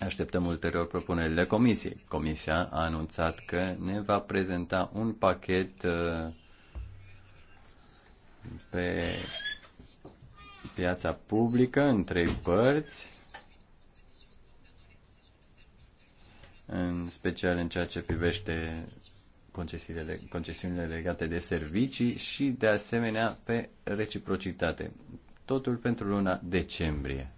Așteptăm ulterior propunerile comisiei. Comisia a anunțat că ne va prezenta un pachet uh, pe piața publică în trei părți, în special în ceea ce privește concesiile, concesiunile legate de servicii și, de asemenea, pe reciprocitate. Totul pentru luna decembrie.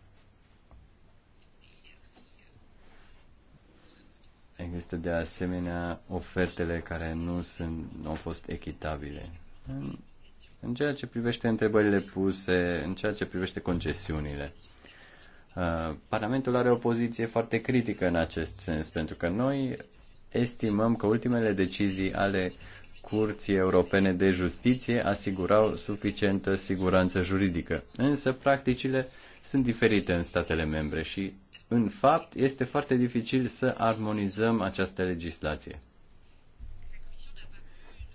Există, de asemenea, ofertele care nu, sunt, nu au fost echitabile. În, în ceea ce privește întrebările puse, în ceea ce privește concesiunile. Uh, Parlamentul are o poziție foarte critică în acest sens, pentru că noi estimăm că ultimele decizii ale Curții Europene de Justiție asigurau suficientă siguranță juridică, însă practicile sunt diferite în statele membre și, în fapt, este foarte dificil să armonizăm această legislație.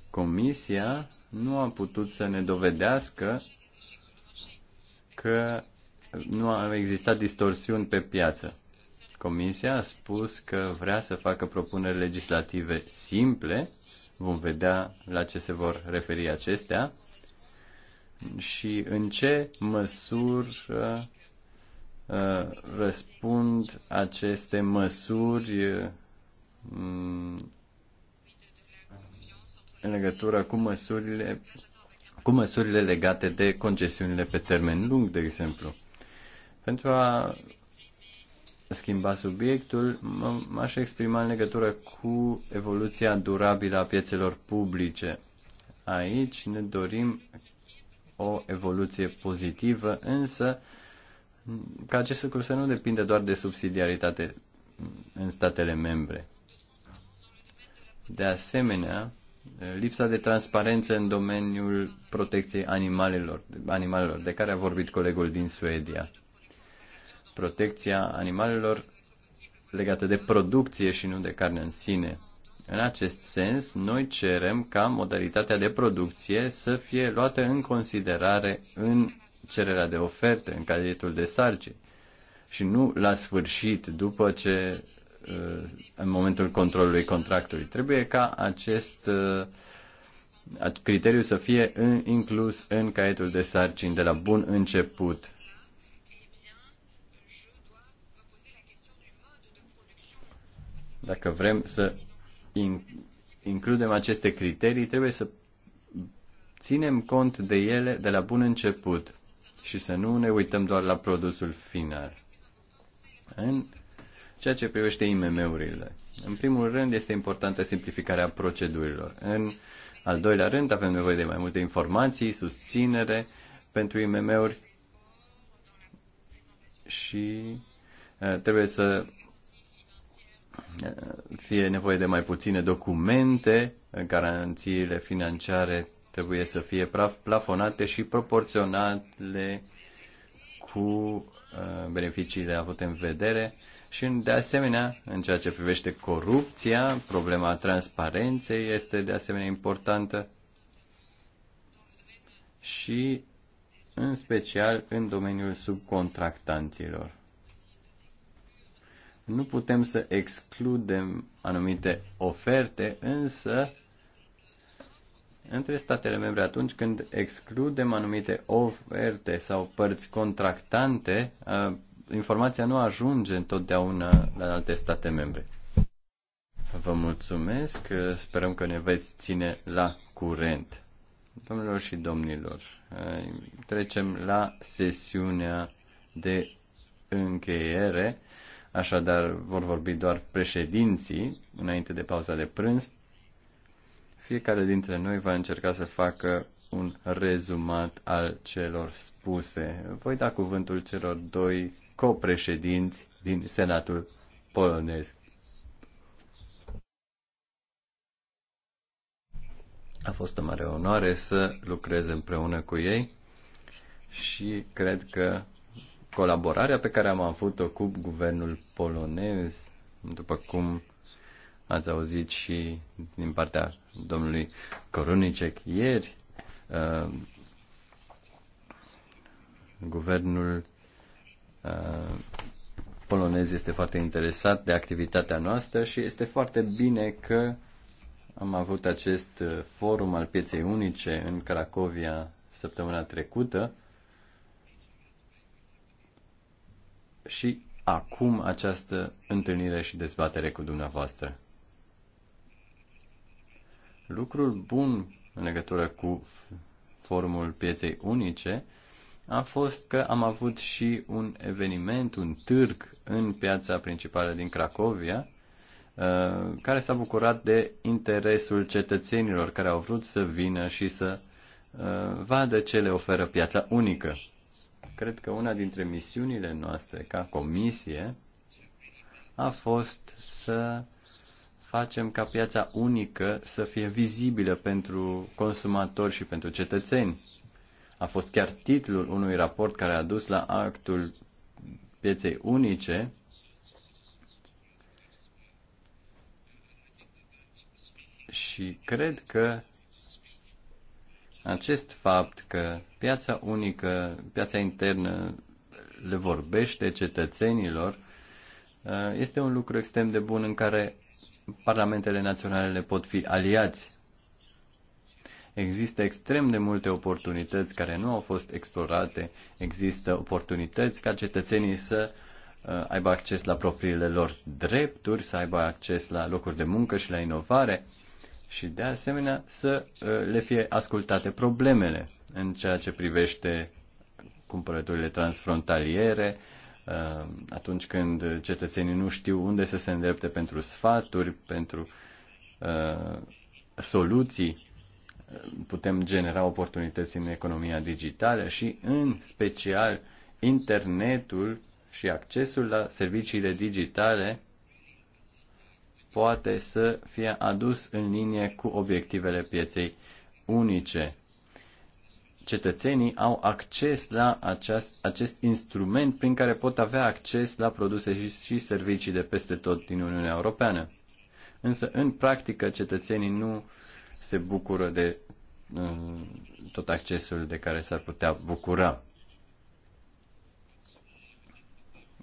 Comisia nu a putut să ne dovedească că nu au existat distorsiuni pe piață. Comisia a spus că vrea să facă propuneri legislative simple, vom vedea la ce se vor referi acestea și în ce măsură uh, uh, răspund aceste măsuri um, în legătură cu măsurile, cu măsurile legate de concesiunile pe termen lung, de exemplu. Pentru a schimba subiectul, m-aș exprima în legătură cu evoluția durabilă a piețelor publice. Aici ne dorim o evoluție pozitivă, însă ca acest lucru să nu depinde doar de subsidiaritate în statele membre. De asemenea, lipsa de transparență în domeniul protecției animalelor, animalelor de care a vorbit colegul din Suedia protecția animalelor legată de producție și nu de carne în sine. În acest sens, noi cerem ca modalitatea de producție să fie luată în considerare în cererea de oferte, în caietul de sarcini și nu la sfârșit, după ce uh, în momentul controlului contractului. Trebuie ca acest uh, criteriu să fie inclus în caietul de sarcini de la bun început Dacă vrem să includem aceste criterii, trebuie să ținem cont de ele de la bun început și să nu ne uităm doar la produsul final. În ceea ce privește IMM-urile, în primul rând este importantă simplificarea procedurilor. În al doilea rând avem nevoie de mai multe informații, susținere pentru IMM-uri și uh, trebuie să fie nevoie de mai puține documente, garanțiile financiare trebuie să fie plafonate și proporționale cu uh, beneficiile avute în vedere și, de asemenea, în ceea ce privește corupția, problema transparenței este, de asemenea, importantă și, în special, în domeniul subcontractanților. Nu putem să excludem anumite oferte, însă între statele membre atunci când excludem anumite oferte sau părți contractante, informația nu ajunge întotdeauna la alte state membre. Vă mulțumesc, sperăm că ne veți ține la curent. Domnilor și domnilor, trecem la sesiunea de încheiere. Așadar, vor vorbi doar președinții înainte de pauza de prânz. Fiecare dintre noi va încerca să facă un rezumat al celor spuse. Voi da cuvântul celor doi copreședinți din Senatul polonez. A fost o mare onoare să lucrez împreună cu ei și cred că colaborarea pe care am avut-o cu guvernul polonez, după cum ați auzit și din partea domnului Corunicek ieri, uh, guvernul uh, polonez este foarte interesat de activitatea noastră și este foarte bine că am avut acest uh, forum al pieței unice în Cracovia săptămâna trecută, și acum această întâlnire și dezbatere cu dumneavoastră. Lucrul bun în legătură cu formul pieței unice a fost că am avut și un eveniment, un târg în piața principală din Cracovia, uh, care s-a bucurat de interesul cetățenilor care au vrut să vină și să uh, vadă ce le oferă piața unică. Cred că una dintre misiunile noastre ca comisie a fost să facem ca piața unică să fie vizibilă pentru consumatori și pentru cetățeni. A fost chiar titlul unui raport care a dus la actul pieței unice. Și cred că acest fapt că piața unică, piața internă le vorbește cetățenilor uh, este un lucru extrem de bun în care parlamentele naționale le pot fi aliați. Există extrem de multe oportunități care nu au fost explorate, există oportunități ca cetățenii să uh, aibă acces la propriile lor drepturi, să aibă acces la locuri de muncă și la inovare și de asemenea să uh, le fie ascultate problemele în ceea ce privește cumpărăturile transfrontaliere, uh, atunci când cetățenii nu știu unde să se îndrepte pentru sfaturi, pentru uh, soluții, putem genera oportunități în economia digitală și, în special, internetul și accesul la serviciile digitale poate să fie adus în linie cu obiectivele pieței unice. Cetățenii au acces la aceast, acest instrument prin care pot avea acces la produse și, și servicii de peste tot din Uniunea Europeană. Însă, în practică, cetățenii nu se bucură de uh, tot accesul de care s-ar putea bucura.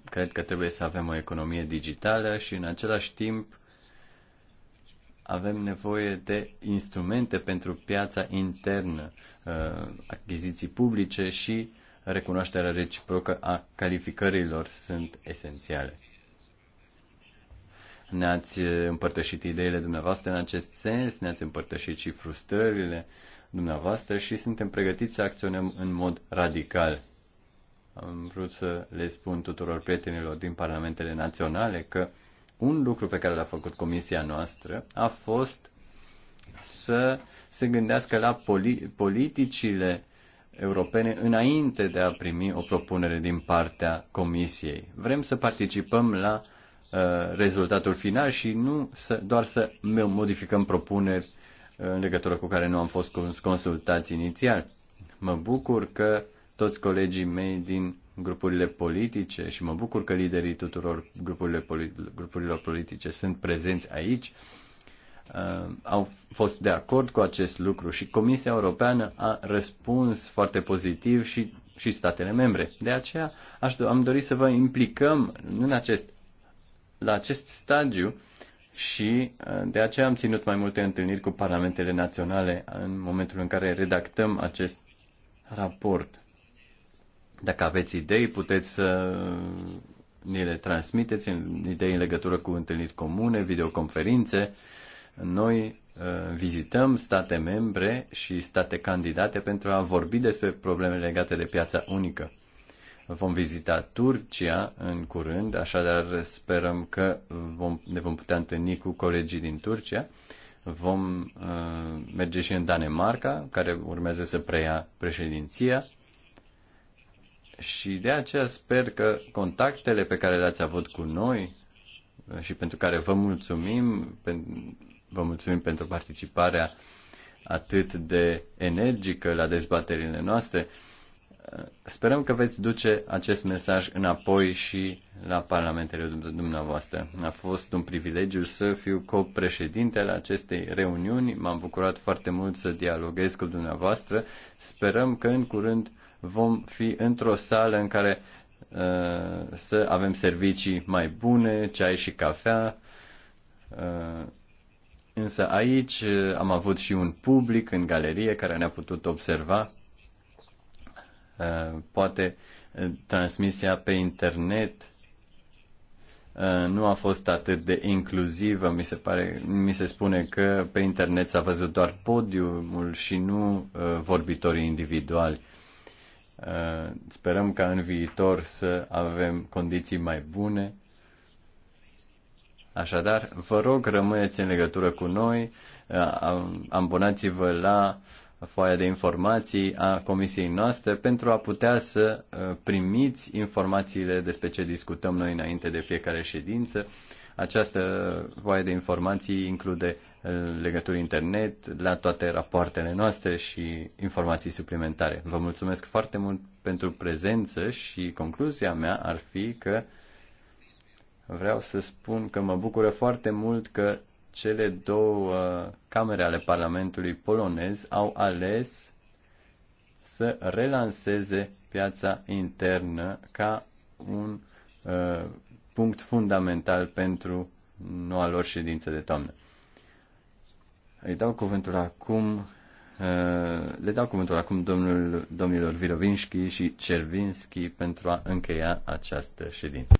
Cred că trebuie să avem o economie digitală și în același timp avem nevoie de instrumente pentru piața internă, uh, achiziții publice și recunoașterea reciprocă a calificărilor sunt esențiale. Ne-ați împărtășit ideile dumneavoastră în acest sens, ne-ați împărtășit și frustrările dumneavoastră și suntem pregătiți să acționăm în mod radical. Am vrut să le spun tuturor prietenilor din parlamentele naționale că un lucru pe care l-a făcut comisia noastră a fost să se gândească la politicile europene înainte de a primi o propunere din partea comisiei. Vrem să participăm la uh, rezultatul final și nu să, doar să modificăm propuneri uh, în legătură cu care nu am fost consultați inițial. Mă bucur că toți colegii mei din grupurile politice și mă bucur că liderii tuturor grupurile politi- grupurilor politice sunt prezenți aici, uh, au fost de acord cu acest lucru și Comisia Europeană a răspuns foarte pozitiv și, și statele membre. De aceea aș, am dorit să vă implicăm în acest, la acest stadiu și uh, de aceea am ținut mai multe întâlniri cu parlamentele naționale în momentul în care redactăm acest raport. Dacă aveți idei, puteți să ni le transmiteți, idei în legătură cu întâlniri comune, videoconferințe. Noi uh, vizităm state membre și state candidate pentru a vorbi despre probleme legate de piața unică. Vom vizita Turcia în curând, așadar sperăm că vom, ne vom putea întâlni cu colegii din Turcia. Vom uh, merge și în Danemarca, care urmează să preia președinția și de aceea sper că contactele pe care le-ați avut cu noi și pentru care vă mulțumim, vă mulțumim pentru participarea atât de energică la dezbaterile noastre, sperăm că veți duce acest mesaj înapoi și la parlamentele dumneavoastră. A fost un privilegiu să fiu copreședinte la acestei reuniuni. M-am bucurat foarte mult să dialoguez cu dumneavoastră. Sperăm că în curând vom fi într-o sală în care uh, să avem servicii mai bune, ceai și cafea. Uh, însă aici uh, am avut și un public în galerie care ne-a putut observa. Uh, poate uh, transmisia pe internet uh, nu a fost atât de inclusivă, mi se pare, mi se spune că pe internet s-a văzut doar podiumul și nu uh, vorbitorii individuali. Uh, sperăm ca în viitor să avem condiții mai bune. Așadar, vă rog, rămâneți în legătură cu noi, uh, abonați vă la foaia de informații a comisiei noastre pentru a putea să uh, primiți informațiile despre ce discutăm noi înainte de fiecare ședință. Această foaie de informații include legături internet, la toate rapoartele noastre și informații suplimentare. Vă mulțumesc foarte mult pentru prezență și concluzia mea ar fi că vreau să spun că mă bucură foarte mult că cele două camere ale Parlamentului polonez au ales să relanseze piața internă ca un uh, punct fundamental pentru noua lor ședință de toamnă. Îi dau cuvântul acum, uh, le dau cuvântul acum domnul, domnilor Virovinski și Cervinski pentru a încheia această ședință.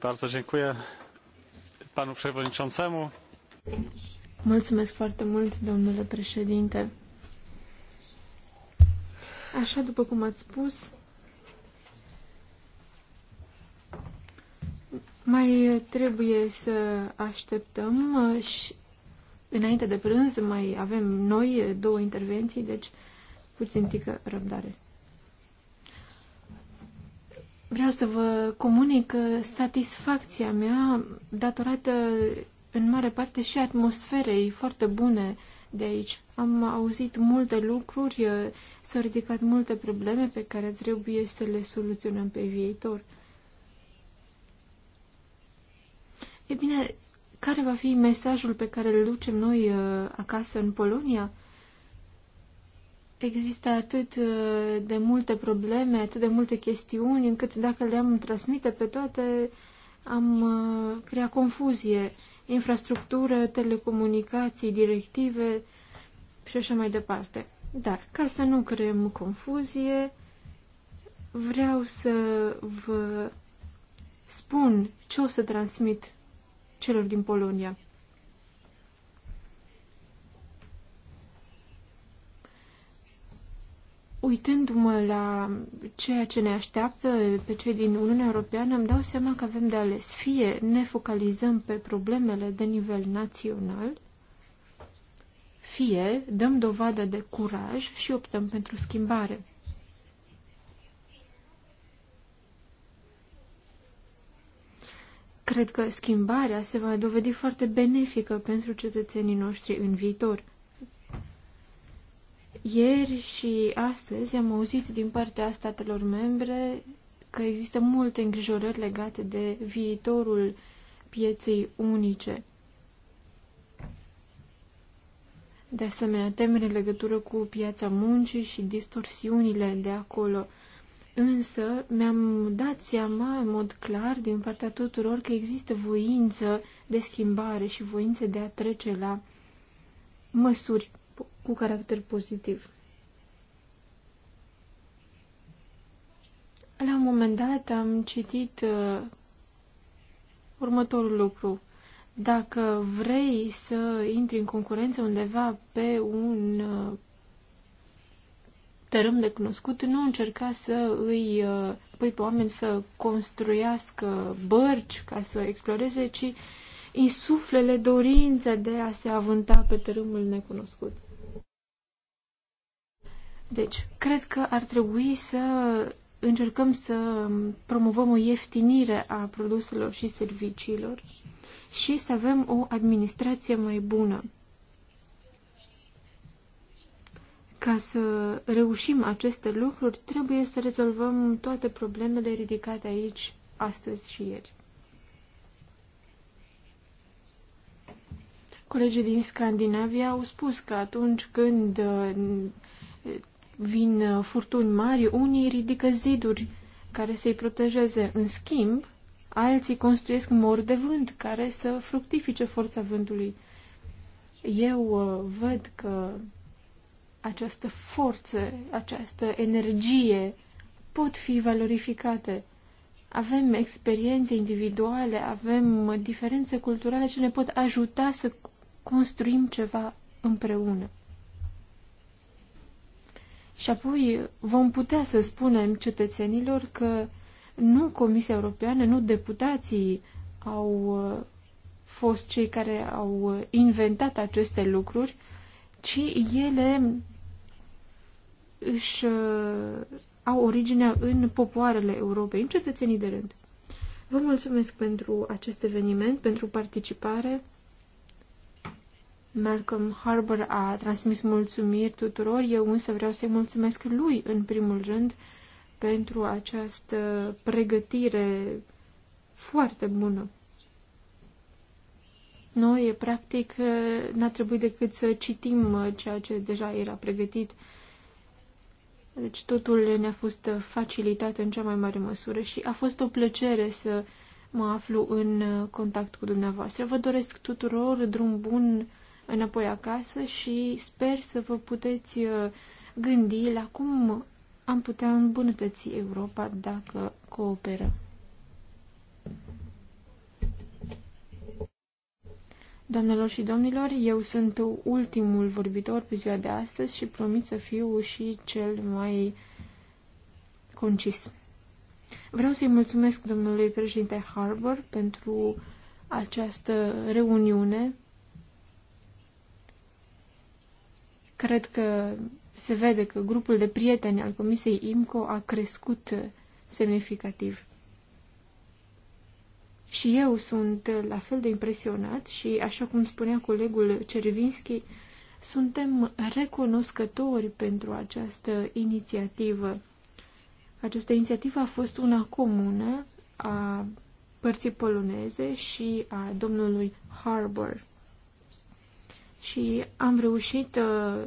Bardzo dziękuję panu przewodniczącemu. Mulțumesc foarte mult, domnule președinte. Așa după cum ați spus, mai trebuie să așteptăm uh, și Înainte de prânz mai avem noi două intervenții, deci puțin tică răbdare. Vreau să vă comunic satisfacția mea datorată în mare parte și atmosferei foarte bune de aici. Am auzit multe lucruri, s-au ridicat multe probleme pe care trebuie să le soluționăm pe viitor. E bine, care va fi mesajul pe care îl ducem noi uh, acasă în Polonia? Există atât uh, de multe probleme, atât de multe chestiuni, încât dacă le-am transmite pe toate, am uh, crea confuzie. Infrastructură, telecomunicații, directive și așa mai departe. Dar, ca să nu creăm confuzie, vreau să vă spun ce o să transmit celor din Polonia. Uitându-mă la ceea ce ne așteaptă pe cei din Uniunea Europeană, îmi dau seama că avem de ales. Fie ne focalizăm pe problemele de nivel național, fie dăm dovadă de curaj și optăm pentru schimbare. Cred că schimbarea se va dovedi foarte benefică pentru cetățenii noștri în viitor. Ieri și astăzi am auzit din partea statelor membre că există multe îngrijorări legate de viitorul pieței unice. De asemenea, teme în legătură cu piața muncii și distorsiunile de acolo – Însă mi-am dat seama în mod clar din partea tuturor că există voință de schimbare și voință de a trece la măsuri cu caracter pozitiv. La un moment dat am citit uh, următorul lucru. Dacă vrei să intri în concurență undeva pe un uh, tărâm de cunoscut nu încerca să îi uh, pui pe oameni să construiască bărci ca să exploreze, ci insuflele dorința de a se avânta pe tărâmul necunoscut. Deci, cred că ar trebui să încercăm să promovăm o ieftinire a produselor și serviciilor și să avem o administrație mai bună. Ca să reușim aceste lucruri, trebuie să rezolvăm toate problemele ridicate aici, astăzi și ieri. Colegii din Scandinavia au spus că atunci când uh, vin uh, furtuni mari, unii ridică ziduri care să-i protejeze. În schimb, alții construiesc mor de vânt care să fructifice forța vântului. Eu uh, văd că această forță, această energie pot fi valorificate. Avem experiențe individuale, avem diferențe culturale ce ne pot ajuta să construim ceva împreună. Și apoi vom putea să spunem cetățenilor că nu Comisia Europeană, nu deputații au uh, fost cei care au uh, inventat aceste lucruri, ci ele își uh, au originea în popoarele Europei, în cetățenii de rând. Vă mulțumesc pentru acest eveniment, pentru participare. Malcolm Harbour a transmis mulțumiri tuturor, eu însă vreau să-i mulțumesc lui în primul rând pentru această pregătire foarte bună. Noi, practic, n-a trebuit decât să citim uh, ceea ce deja era pregătit deci totul ne-a fost facilitat în cea mai mare măsură și a fost o plăcere să mă aflu în contact cu dumneavoastră. Vă doresc tuturor drum bun înapoi acasă și sper să vă puteți uh, gândi la cum am putea îmbunătăți Europa dacă cooperăm. Doamnelor și domnilor, eu sunt ultimul vorbitor pe ziua de astăzi și promit să fiu și cel mai concis. Vreau să-i mulțumesc domnului președinte Harbour pentru această reuniune. Cred că se vede că grupul de prieteni al Comisiei IMCO a crescut semnificativ. Și eu sunt la fel de impresionat și, așa cum spunea colegul Cervinski, suntem recunoscători pentru această inițiativă. Această inițiativă a fost una comună a părții poloneze și a domnului Harbour. Și am reușit, uh,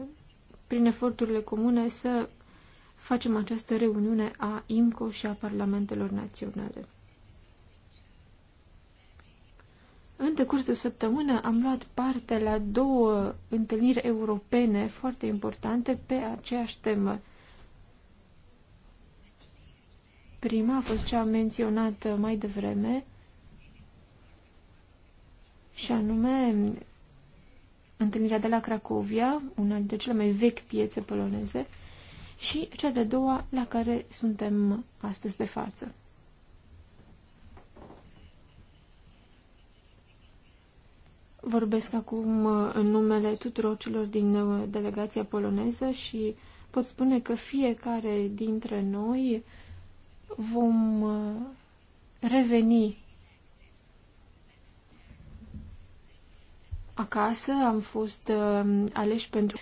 prin eforturile comune, să facem această reuniune a IMCO și a Parlamentelor Naționale. În decurs de o săptămână am luat parte la două întâlniri europene foarte importante pe aceeași temă. Prima a fost cea menționată mai devreme și anume întâlnirea de la Cracovia, una dintre cele mai vechi piețe poloneze, și cea de-a doua la care suntem astăzi de față. Vorbesc acum uh, în numele tuturor celor din uh, delegația poloneză și pot spune că fiecare dintre noi vom uh, reveni acasă, am fost aleși pentru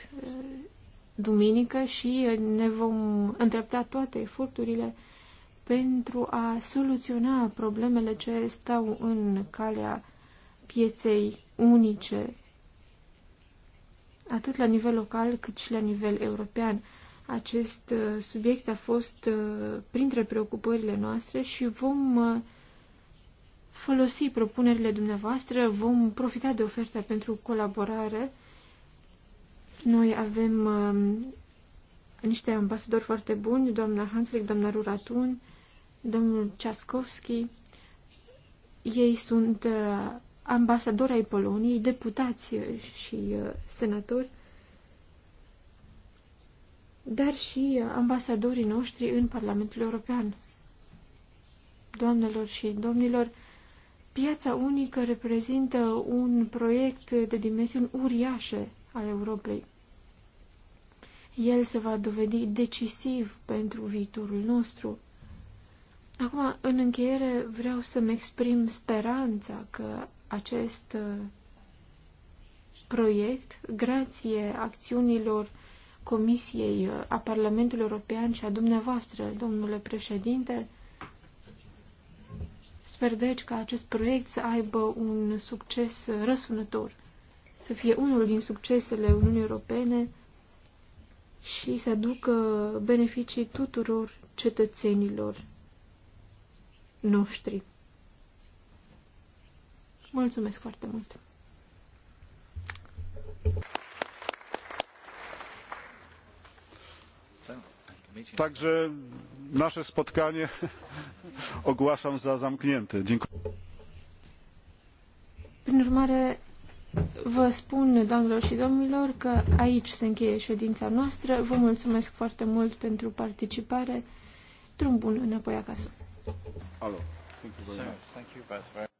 duminică și ne vom îndrepta toate eforturile pentru a soluționa problemele ce stau în calea pieței unice, atât la nivel local cât și la nivel european. Acest uh, subiect a fost uh, printre preocupările noastre și vom uh, folosi propunerile dumneavoastră, vom profita de oferta pentru colaborare. Noi avem um, niște ambasadori foarte buni, doamna Hanslick, doamna Ruratun, domnul Ceascovski. Ei sunt ambasador ai Poloniei, deputați uh, și uh, senatori, dar și uh, ambasadorii noștri în Parlamentul European. Doamnelor și domnilor, piața unică reprezintă un proiect de dimensiuni uriașe al Europei. El se va dovedi decisiv pentru viitorul nostru. Acum, în încheiere, vreau să-mi exprim speranța că acest uh, proiect grație acțiunilor Comisiei uh, a Parlamentului European și a dumneavoastră, domnule președinte. Sper deci ca acest proiect să aibă un succes răsunător, să fie unul din succesele Uniunii Europene și să aducă beneficii tuturor cetățenilor noștri. Mulțumesc foarte mult! Także nasze spotkanie ogłaszam za zamknięte. Dziękuję. Prin urmare, vă spun, doamnelor și domnilor, că aici se încheie ședința noastră. Vă mulțumesc foarte mult pentru participare. Drum bun înapoi acasă. Alo. Thank you very much.